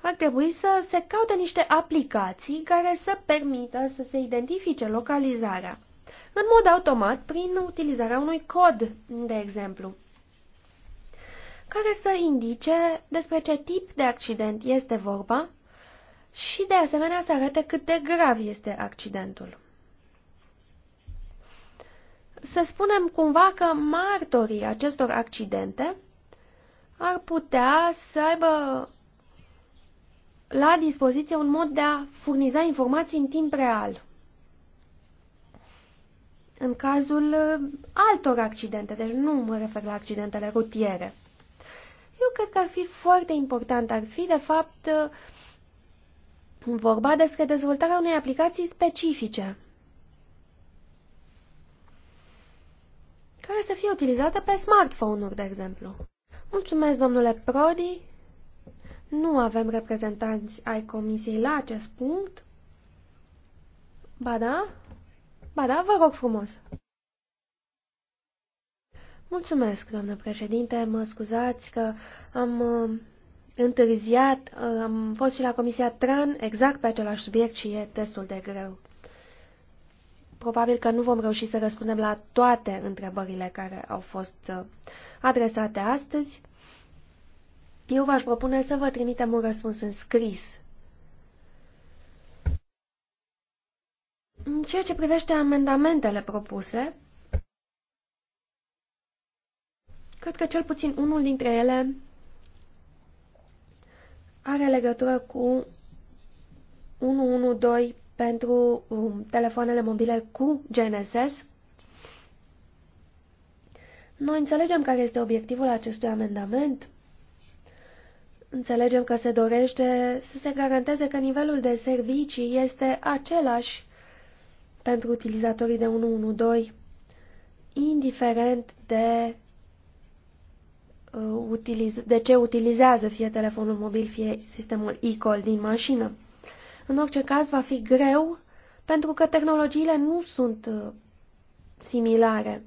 Ar trebui să se caute niște aplicații care să permită să se identifice localizarea, în mod automat prin utilizarea unui cod, de exemplu care să indice despre ce tip de accident este vorba și de asemenea să arate cât de grav este accidentul. Să spunem cumva că martorii acestor accidente ar putea să aibă la dispoziție un mod de a furniza informații în timp real. În cazul uh, altor accidente, deci nu mă refer la accidentele rutiere. Eu cred că ar fi foarte important, ar fi de fapt vorba despre dezvoltarea unei aplicații specifice care să fie utilizată pe smartphone-uri, de exemplu. Mulțumesc, domnule Prodi. Nu avem reprezentanți ai comisiei la acest punct. Ba da? Ba da, vă rog frumos. Mulțumesc, doamnă președinte. Mă scuzați că am uh, întârziat. Uh, am fost și la Comisia TRAN exact pe același subiect și e destul de greu. Probabil că nu vom reuși să răspundem la toate întrebările care au fost uh, adresate astăzi. Eu v-aș propune să vă trimitem un răspuns în scris. În ceea ce privește amendamentele propuse, Cred că cel puțin unul dintre ele are legătură cu 112 pentru um, telefoanele mobile cu GNSS. Noi înțelegem care este obiectivul acestui amendament. Înțelegem că se dorește să se garanteze că nivelul de servicii este același pentru utilizatorii de 112, indiferent de Uh, de ce utilizează fie telefonul mobil, fie sistemul e-call din mașină. În orice caz, va fi greu pentru că tehnologiile nu sunt uh, similare.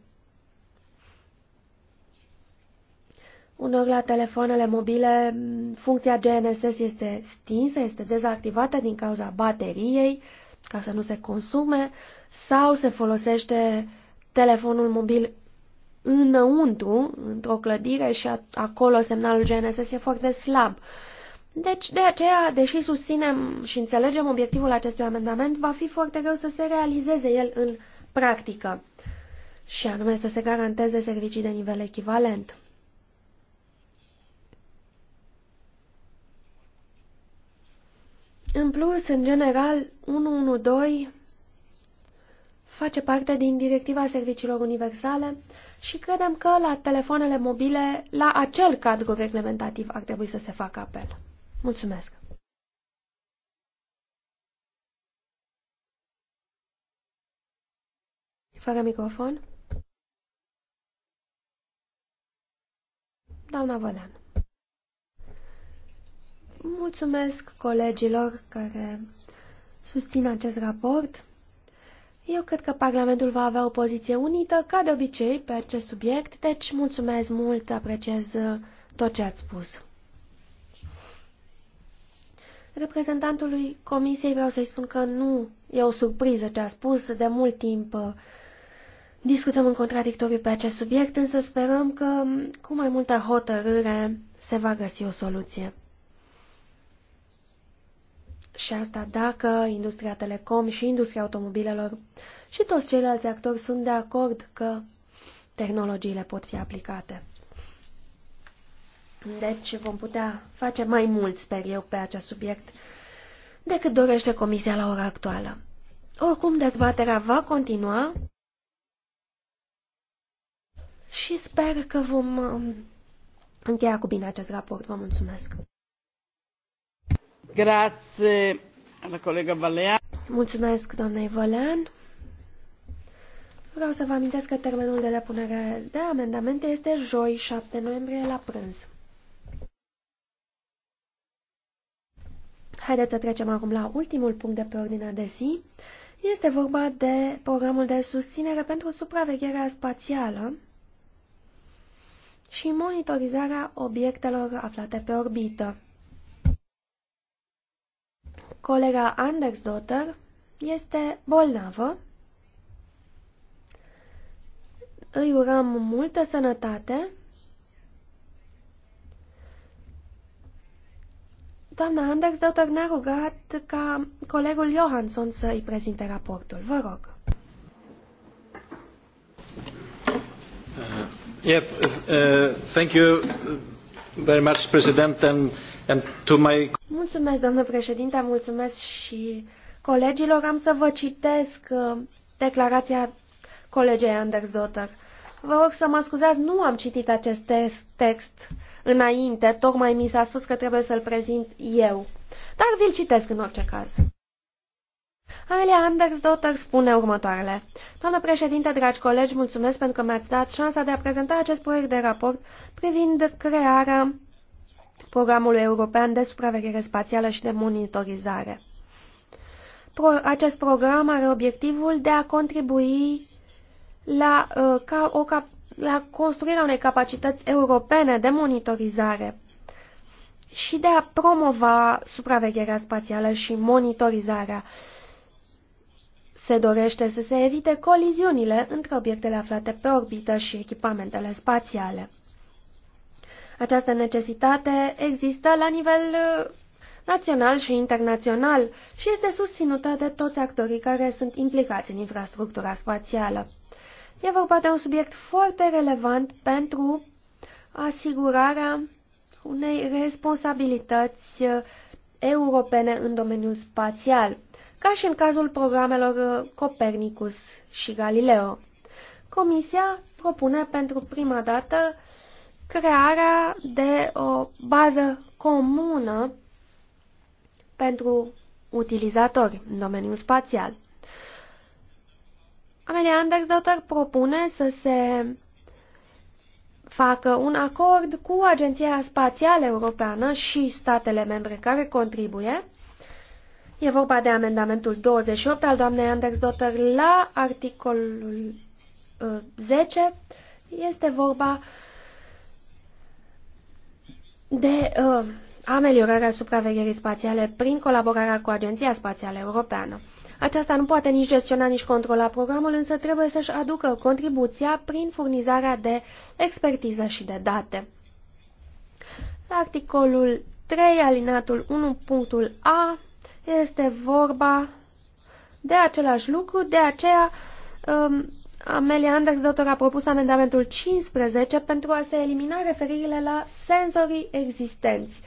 Unor la telefoanele mobile funcția GNSS este stinsă, este dezactivată din cauza bateriei, ca să nu se consume, sau se folosește telefonul mobil înăuntru, într-o clădire și acolo semnalul GNSS e foarte slab. Deci, de aceea, deși susținem și înțelegem obiectivul acestui amendament, va fi foarte greu să se realizeze el în practică, și anume să se garanteze servicii de nivel echivalent. În plus, în general, 112 face parte din Directiva Serviciilor Universale, și credem că la telefoanele mobile, la acel cadru reglementativ ar trebui să se facă apel. Mulțumesc! Fără microfon. Doamna Vălean. Mulțumesc colegilor care susțin acest raport. Eu cred că Parlamentul va avea o poziție unită, ca de obicei, pe acest subiect, deci mulțumesc mult, apreciez uh, tot ce ați spus. Reprezentantului Comisiei vreau să-i spun că nu e o surpriză ce a spus, de mult timp uh, discutăm în contradictoriu pe acest subiect, însă sperăm că cu mai multă hotărâre se va găsi o soluție. Și asta dacă industria telecom și industria automobilelor și toți ceilalți actori sunt de acord că tehnologiile pot fi aplicate. Deci vom putea face mai mult, sper eu, pe acest subiect decât dorește Comisia la ora actuală. Oricum, dezbaterea va continua și sper că vom um, încheia cu bine acest raport. Vă mulțumesc! Grazie la colega Valean. Mulțumesc, doamnei Ivolean. Vreau să vă amintesc că termenul de depunere de amendamente este joi, 7 noiembrie, la prânz. Haideți să trecem acum la ultimul punct de pe ordinea de zi. Este vorba de programul de susținere pentru supravegherea spațială și monitorizarea obiectelor aflate pe orbită. Colega Dotter este bolnavă. Îi urăm multă sănătate. Doamna Dotter ne-a rugat ca colegul Johansson să îi prezinte raportul. Vă rog. Uh, yes, uh, thank you very much, President, and, and to my... Mulțumesc, domnule președinte, mulțumesc și colegilor. Am să vă citesc uh, declarația colegei Anders Dotter. Vă rog să mă scuzați, nu am citit acest text înainte, tocmai mi s-a spus că trebuie să-l prezint eu. Dar vi-l citesc în orice caz. Amelia Anders Dotter spune următoarele. Doamnă președinte, dragi colegi, mulțumesc pentru că mi-ați dat șansa de a prezenta acest proiect de raport privind crearea Programul European de Supraveghere Spațială și de Monitorizare. Pro acest program are obiectivul de a contribui la, uh, ca o cap la construirea unei capacități europene de monitorizare și de a promova supravegherea spațială și monitorizarea. Se dorește să se evite coliziunile între obiectele aflate pe orbită și echipamentele spațiale. Această necesitate există la nivel uh, național și internațional și este susținută de toți actorii care sunt implicați în infrastructura spațială. E vorba de un subiect foarte relevant pentru asigurarea unei responsabilități uh, europene în domeniul spațial, ca și în cazul programelor uh, Copernicus și Galileo. Comisia propune pentru prima dată crearea de o bază comună pentru utilizatori în domeniul spațial. Amelia Andersdotter propune să se facă un acord cu Agenția Spațială Europeană și statele membre care contribuie. E vorba de amendamentul 28 al doamnei Andersdotter la articolul 10. Uh, este vorba de uh, ameliorarea supravegherii spațiale prin colaborarea cu Agenția Spațială Europeană. Aceasta nu poate nici gestiona, nici controla programul, însă trebuie să-și aducă contribuția prin furnizarea de expertiză și de date. Articolul 3, alinatul 1, punctul A, este vorba de același lucru, de aceea um, Amelia Anders doctor, a propus amendamentul 15 pentru a se elimina referirile la senzorii existenți,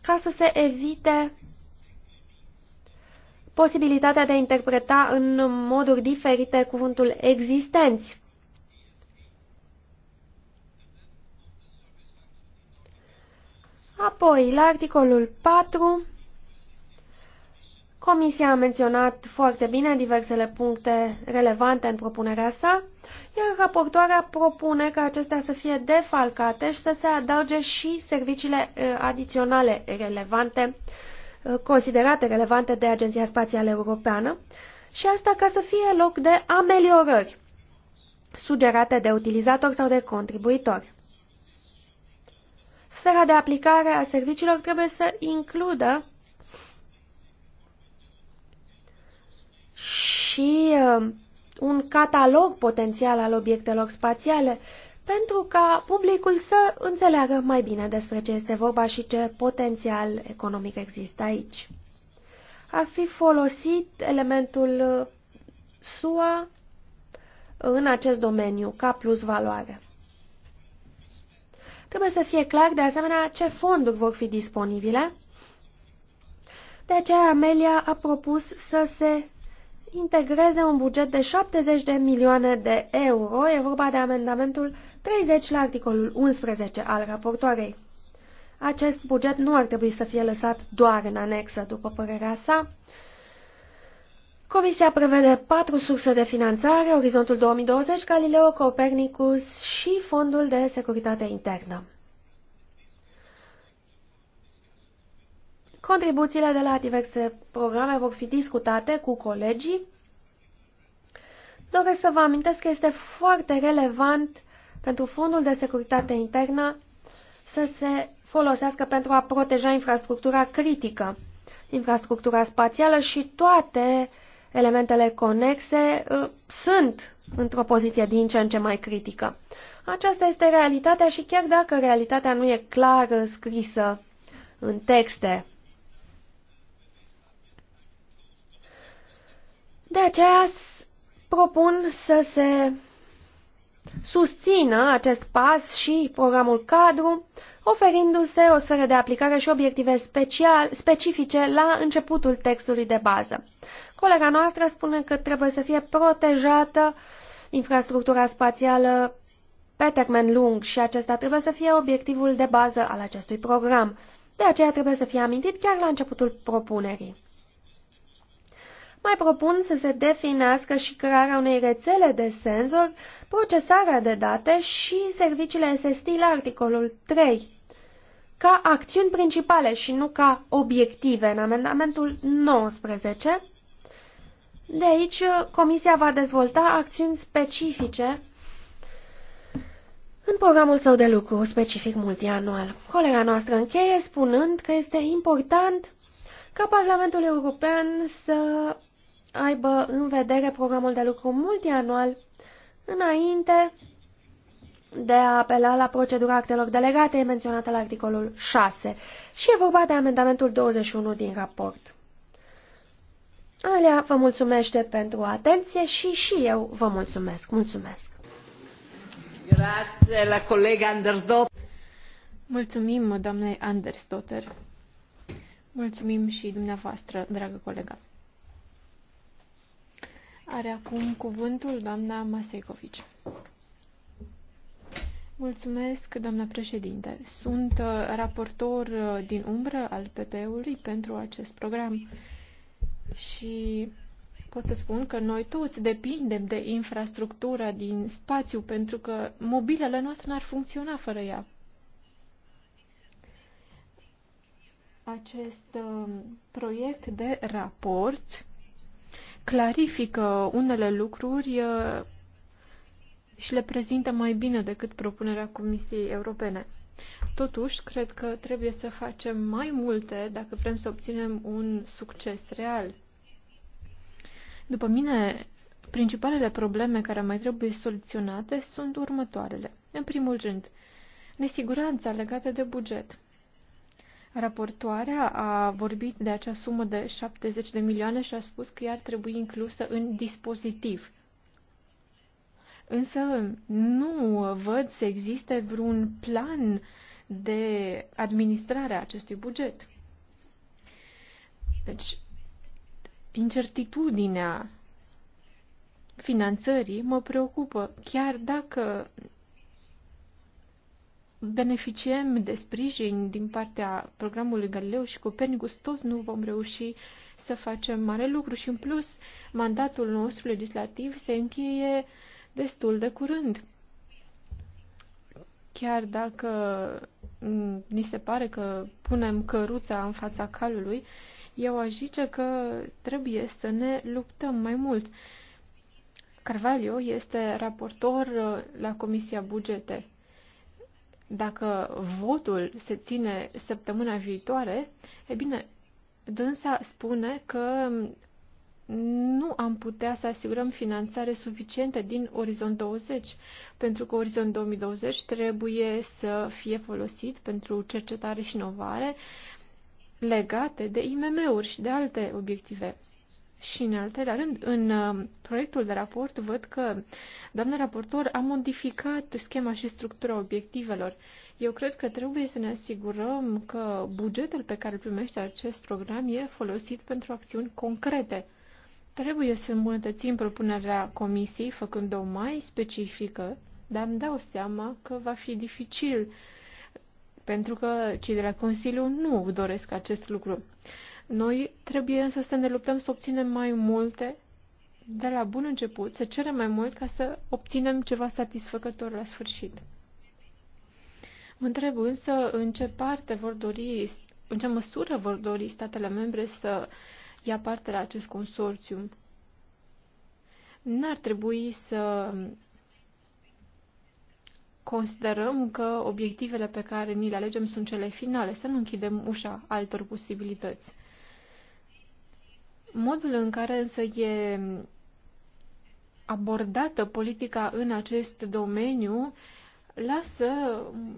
ca să se evite posibilitatea de a interpreta în moduri diferite cuvântul existenți. Apoi, la articolul 4, Comisia a menționat foarte bine diversele puncte relevante în propunerea sa, iar raportoarea propune ca acestea să fie defalcate și să se adauge și serviciile eh, adiționale relevante, eh, considerate relevante de Agenția Spațială Europeană, și asta ca să fie loc de ameliorări sugerate de utilizator sau de contribuitor. Sfera de aplicare a serviciilor trebuie să includă și uh, un catalog potențial al obiectelor spațiale, pentru ca publicul să înțeleagă mai bine despre ce este vorba și ce potențial economic există aici. Ar fi folosit elementul uh, SUA în acest domeniu ca plus valoare. Trebuie să fie clar de asemenea ce fonduri vor fi disponibile. De aceea Amelia a propus să se integreze un buget de 70 de milioane de euro. E vorba de amendamentul 30 la articolul 11 al raportoarei. Acest buget nu ar trebui să fie lăsat doar în anexă, după părerea sa. Comisia prevede patru surse de finanțare, Orizontul 2020, Galileo, Copernicus și Fondul de Securitate Internă. Contribuțiile de la diverse programe vor fi discutate cu colegii. Doresc să vă amintesc că este foarte relevant pentru Fondul de Securitate Internă să se folosească pentru a proteja infrastructura critică, infrastructura spațială și toate elementele conexe uh, sunt într-o poziție din ce în ce mai critică. Aceasta este realitatea și chiar dacă realitatea nu e clar scrisă în texte, De aceea propun să se susțină acest pas și programul cadru, oferindu-se o sferă de aplicare și obiective special, specifice la începutul textului de bază. Colega noastră spune că trebuie să fie protejată infrastructura spațială pe termen lung și acesta trebuie să fie obiectivul de bază al acestui program. De aceea trebuie să fie amintit chiar la începutul propunerii. Mai propun să se definească și crearea unei rețele de senzori, procesarea de date și serviciile SST la articolul 3, ca acțiuni principale și nu ca obiective în amendamentul 19. De aici, Comisia va dezvolta acțiuni specifice în programul său de lucru specific multianual. Colega noastră încheie spunând că este important ca Parlamentul European să aibă în vedere programul de lucru multianual înainte de a apela la procedura actelor delegate menționată la articolul 6 și e vorba de amendamentul 21 din raport. Alea vă mulțumește pentru atenție și și eu vă mulțumesc. Mulțumesc! Grazie la colega Andersdotter. Mulțumim, doamnei Andersdotter. Mulțumim și dumneavoastră, dragă colegă. Are acum cuvântul doamna Masecovici. Mulțumesc, doamna președinte. Sunt uh, raportor uh, din umbră al PP-ului pentru acest program și pot să spun că noi toți depindem de infrastructura din spațiu pentru că mobilele noastre n-ar funcționa fără ea. Acest uh, proiect de raport clarifică unele lucruri și le prezintă mai bine decât propunerea Comisiei Europene. Totuși, cred că trebuie să facem mai multe dacă vrem să obținem un succes real. După mine, principalele probleme care mai trebuie soluționate sunt următoarele. În primul rând, nesiguranța legată de buget. Raportoarea a vorbit de acea sumă de 70 de milioane și a spus că ea ar trebui inclusă în dispozitiv. Însă nu văd să existe vreun plan de administrare a acestui buget. Deci, incertitudinea finanțării mă preocupă, chiar dacă beneficiem de sprijin din partea programului Galileu și Copernicus, tot nu vom reuși să facem mare lucru și în plus mandatul nostru legislativ se încheie destul de curând. Chiar dacă ni se pare că punem căruța în fața calului, eu aș zice că trebuie să ne luptăm mai mult. Carvalho este raportor la Comisia Bugete dacă votul se ține săptămâna viitoare, e bine, dânsa spune că nu am putea să asigurăm finanțare suficientă din Orizont 20, pentru că Orizont 2020 trebuie să fie folosit pentru cercetare și inovare legate de IMM-uri și de alte obiective. Și în al treilea rând, în um, proiectul de raport văd că doamna raportor a modificat schema și structura obiectivelor. Eu cred că trebuie să ne asigurăm că bugetul pe care îl primește acest program e folosit pentru acțiuni concrete. Trebuie să îmbunătățim propunerea comisiei, făcând-o mai specifică, dar îmi dau seama că va fi dificil, pentru că cei de la Consiliu nu doresc acest lucru. Noi trebuie însă să ne luptăm să obținem mai multe de la bun început, să cerem mai mult ca să obținem ceva satisfăcător la sfârșit. Mă întreb însă în ce parte vor dori, în ce măsură vor dori statele membre să ia parte la acest consorțiu. N-ar trebui să considerăm că obiectivele pe care ni le alegem sunt cele finale, să nu închidem ușa altor posibilități. Modul în care însă e abordată politica în acest domeniu lasă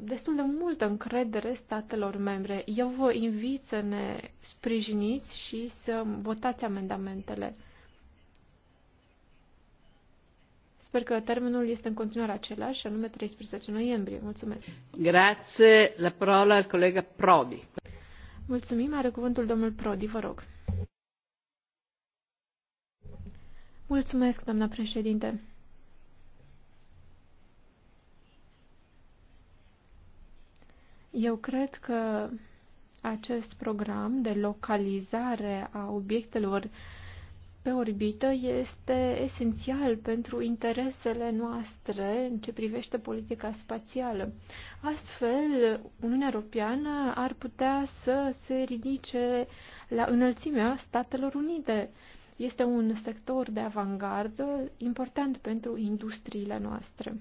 destul de multă încredere statelor membre. Eu vă invit să ne sprijiniți și să votați amendamentele. Sper că termenul este în continuare același, anume 13 noiembrie. Mulțumesc. Grazie. La parola al colega Prodi. Mulțumim. Are cuvântul domnul Prodi, vă rog. Mulțumesc, doamna președinte. Eu cred că acest program de localizare a obiectelor pe orbită este esențial pentru interesele noastre în ce privește politica spațială. Astfel, Uniunea Europeană ar putea să se ridice la înălțimea Statelor Unite este un sector de avangardă important pentru industriile noastre.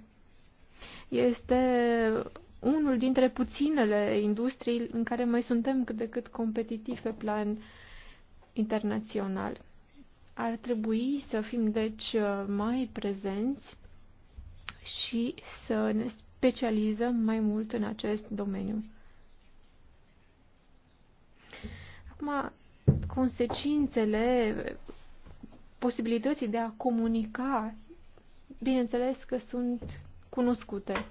Este unul dintre puținele industrii în care mai suntem cât de cât competitivi pe plan internațional. Ar trebui să fim, deci, mai prezenți și să ne specializăm mai mult în acest domeniu. Acum, consecințele posibilității de a comunica, bineînțeles că sunt cunoscute.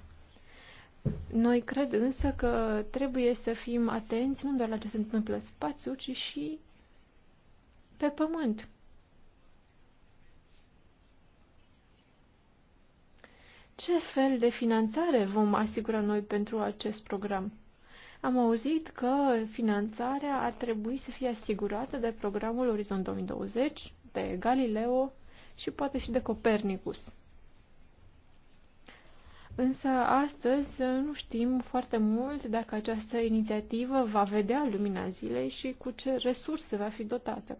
Noi cred însă că trebuie să fim atenți nu doar la ce se întâmplă în spațiu, ci și pe pământ. Ce fel de finanțare vom asigura noi pentru acest program? Am auzit că finanțarea ar trebui să fie asigurată de programul Orizont 2020 de Galileo și poate și de Copernicus. Însă astăzi nu știm foarte mult dacă această inițiativă va vedea lumina zilei și cu ce resurse va fi dotată.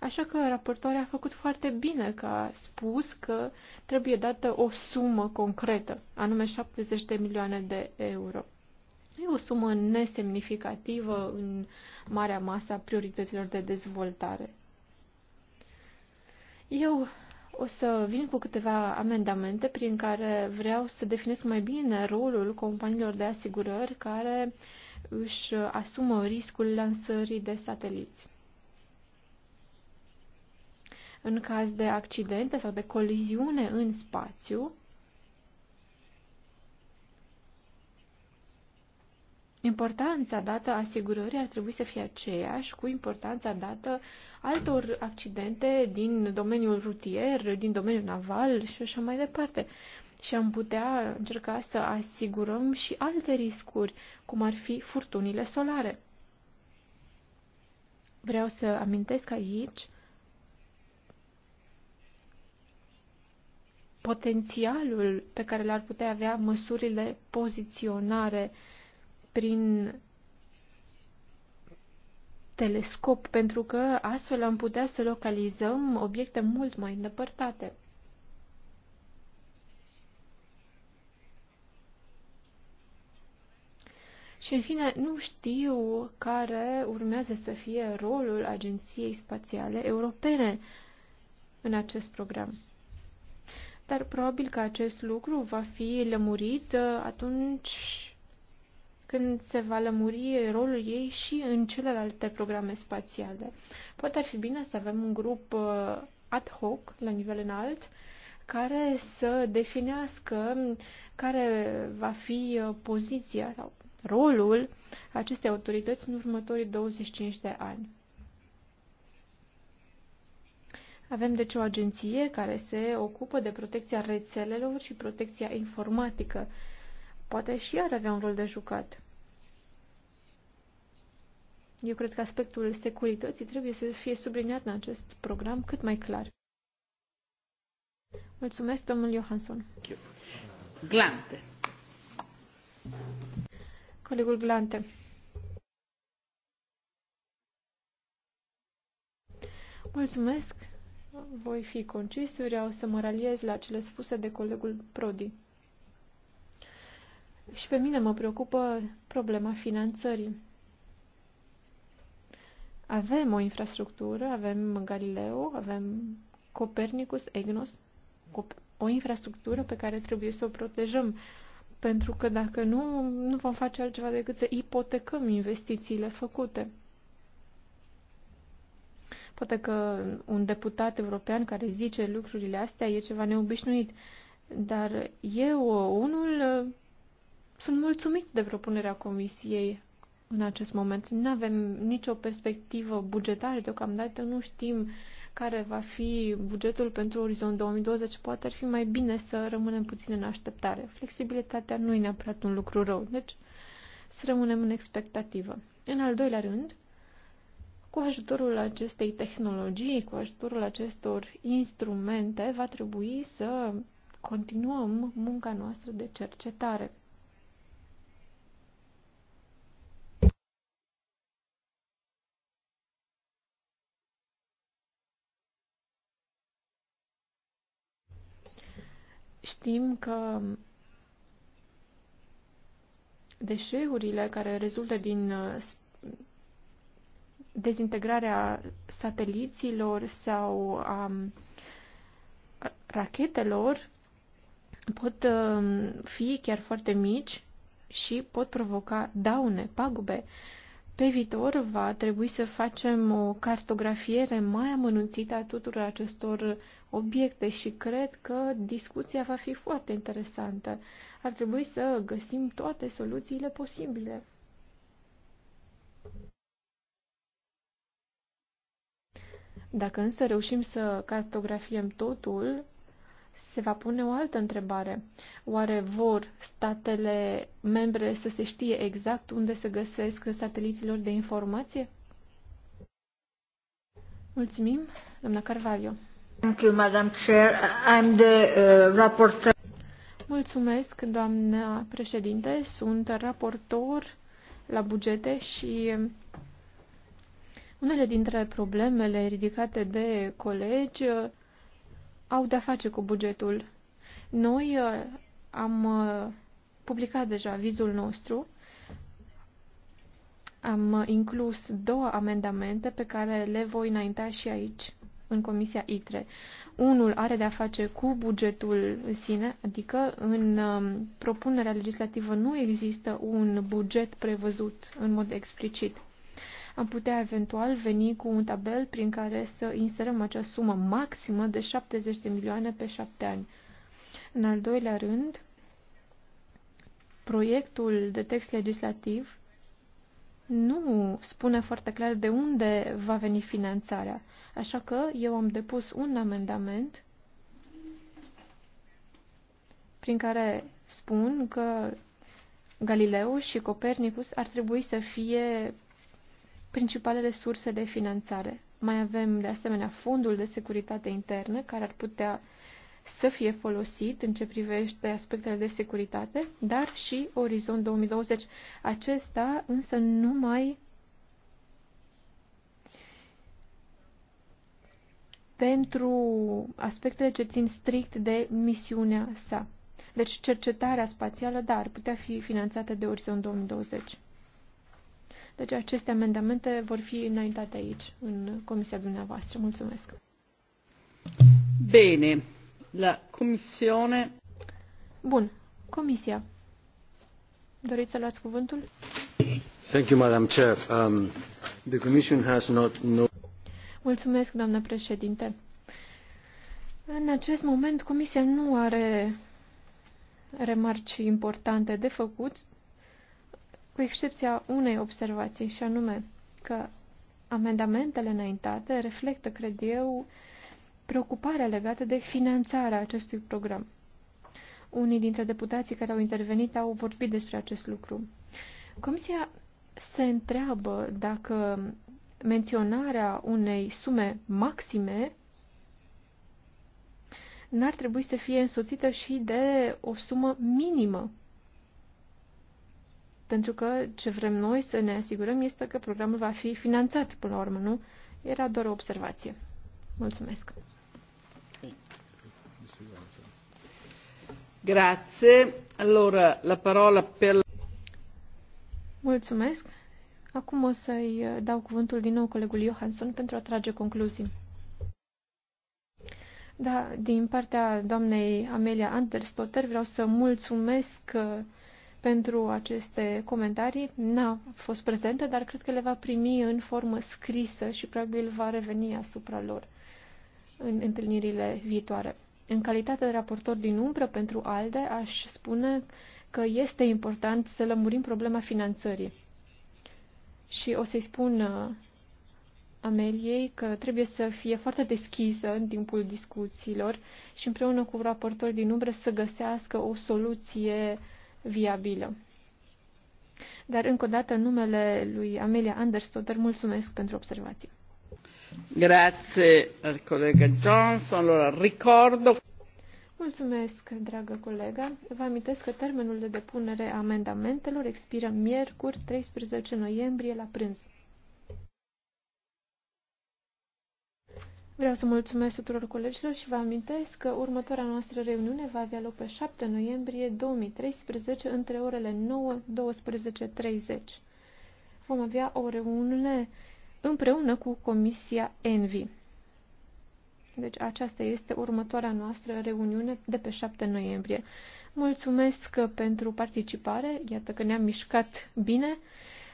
Așa că raportoarea a făcut foarte bine că a spus că trebuie dată o sumă concretă, anume 70 de milioane de euro. E o sumă nesemnificativă în marea masă a priorităților de dezvoltare. Eu o să vin cu câteva amendamente prin care vreau să definesc mai bine rolul companiilor de asigurări care își asumă riscul lansării de sateliți. În caz de accidente sau de coliziune în spațiu, Importanța dată asigurării ar trebui să fie aceeași cu importanța dată altor accidente din domeniul rutier, din domeniul naval și așa mai departe. Și am putea încerca să asigurăm și alte riscuri, cum ar fi furtunile solare. Vreau să amintesc aici potențialul pe care l-ar putea avea măsurile poziționare uh, prin telescop, pentru că astfel am putea să localizăm obiecte mult mai îndepărtate. Și, în fine, nu știu care urmează să fie rolul Agenției Spațiale Europene în acest program. Dar probabil că acest lucru va fi lămurit uh, atunci când se va lămuri rolul ei și în celelalte programe spațiale. Poate ar fi bine să avem un grup uh, ad hoc, la nivel înalt, care să definească care va fi uh, poziția sau rolul acestei autorități în următorii 25 de ani. Avem deci o agenție care se ocupă de protecția rețelelor și protecția informatică. Poate și ar avea un rol de jucat. Eu cred că aspectul securității trebuie să fie subliniat în acest program cât mai clar. Mulțumesc, domnul Johansson. Glante. Colegul Glante. Mulțumesc. Voi fi concis, vreau să mă raliez la cele spuse de colegul Prodi. Și pe mine mă preocupă problema finanțării. Avem o infrastructură, avem Galileo, avem Copernicus, Egnos, o infrastructură pe care trebuie să o protejăm, pentru că dacă nu, nu vom face altceva decât să ipotecăm investițiile făcute. Poate că un deputat european care zice lucrurile astea e ceva neobișnuit, dar eu, unul, sunt mulțumit de propunerea Comisiei în acest moment. Nu avem nicio perspectivă bugetară deocamdată, nu știm care va fi bugetul pentru orizont 2020. Poate ar fi mai bine să rămânem puțin în așteptare. Flexibilitatea nu e neapărat un lucru rău, deci să rămânem în expectativă. În al doilea rând, cu ajutorul acestei tehnologii, cu ajutorul acestor instrumente, va trebui să continuăm munca noastră de cercetare. Știm că deșeurile care rezultă din uh, dezintegrarea sateliților sau a um, rachetelor pot um, fi chiar foarte mici și pot provoca daune, pagube. Pe viitor va trebui să facem o cartografiere mai amănunțită a tuturor acestor obiecte și cred că discuția va fi foarte interesantă. Ar trebui să găsim toate soluțiile posibile. Dacă însă reușim să cartografiem totul, se va pune o altă întrebare. Oare vor statele membre să se știe exact unde se găsesc sateliților de informație? Mulțumim, doamna Carvalho. Thank you, Madam Chair. I'm the uh, rapporteur. Mulțumesc, doamna președinte. Sunt raportor la bugete și um, unele dintre problemele ridicate de colegi uh, au de-a face cu bugetul. Noi uh, am uh, publicat deja vizul nostru, am uh, inclus două amendamente pe care le voi înainta și aici, în Comisia ITRE. Unul are de-a face cu bugetul în sine, adică în um, propunerea legislativă nu există un buget prevăzut în mod explicit am putea eventual veni cu un tabel prin care să inserăm acea sumă maximă de 70 de milioane pe șapte ani. În al doilea rând, proiectul de text legislativ nu spune foarte clar de unde va veni finanțarea, așa că eu am depus un amendament prin care spun că Galileu și Copernicus ar trebui să fie principalele surse de finanțare. Mai avem, de asemenea, fondul de securitate internă, care ar putea să fie folosit în ce privește aspectele de securitate, dar și Orizont 2020. Acesta însă nu mai pentru aspectele ce țin strict de misiunea sa. Deci cercetarea spațială, dar da, putea fi finanțată de Orizont 2020. Deci aceste amendamente vor fi înaintate aici, în comisia dumneavoastră. Mulțumesc. Bine. La comisiune. Bun. Comisia. Doriți să luați cuvântul? Thank you, Madam Chair. Um, the Commission has not no... Mulțumesc, doamnă președinte. În acest moment, Comisia nu are remarci importante de făcut, cu excepția unei observații, și anume că amendamentele înaintate reflectă, cred eu, preocuparea legată de finanțarea acestui program. Unii dintre deputații care au intervenit au vorbit despre acest lucru. Comisia se întreabă dacă menționarea unei sume maxime n-ar trebui să fie însoțită și de o sumă minimă pentru că ce vrem noi să ne asigurăm este că programul va fi finanțat până la urmă, nu? Era doar o observație. Mulțumesc. Grazie. Allora, la parola per... Mulțumesc. Acum o să-i uh, dau cuvântul din nou colegului Johansson pentru a trage concluzii. Da, din partea doamnei Amelia Anderstotter vreau să mulțumesc uh, pentru aceste comentarii. N-a fost prezentă, dar cred că le va primi în formă scrisă și probabil va reveni asupra lor în întâlnirile viitoare. În calitate de raportor din umbră pentru ALDE, aș spune că este important să lămurim problema finanțării. Și o să-i spun uh, Ameliei că trebuie să fie foarte deschisă în timpul discuțiilor și împreună cu raportori din umbră să găsească o soluție viabilă. Dar, încă o dată, în numele lui Amelia Anderstotter, mulțumesc pentru observații. Grazie al colega Johnson. Allora, ricordo... Mulțumesc, dragă colega. Vă amintesc că termenul de depunere a amendamentelor expiră miercuri, 13 noiembrie, la prânz. Vreau să mulțumesc tuturor colegilor și vă amintesc că următoarea noastră reuniune va avea loc pe 7 noiembrie 2013 între orele 9-12.30. Vom avea o reuniune împreună cu Comisia Envi. Deci aceasta este următoarea noastră reuniune de pe 7 noiembrie. Mulțumesc pentru participare, iată că ne-am mișcat bine,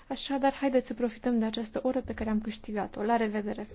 așadar haideți să profităm de această oră pe care am câștigat-o. La revedere!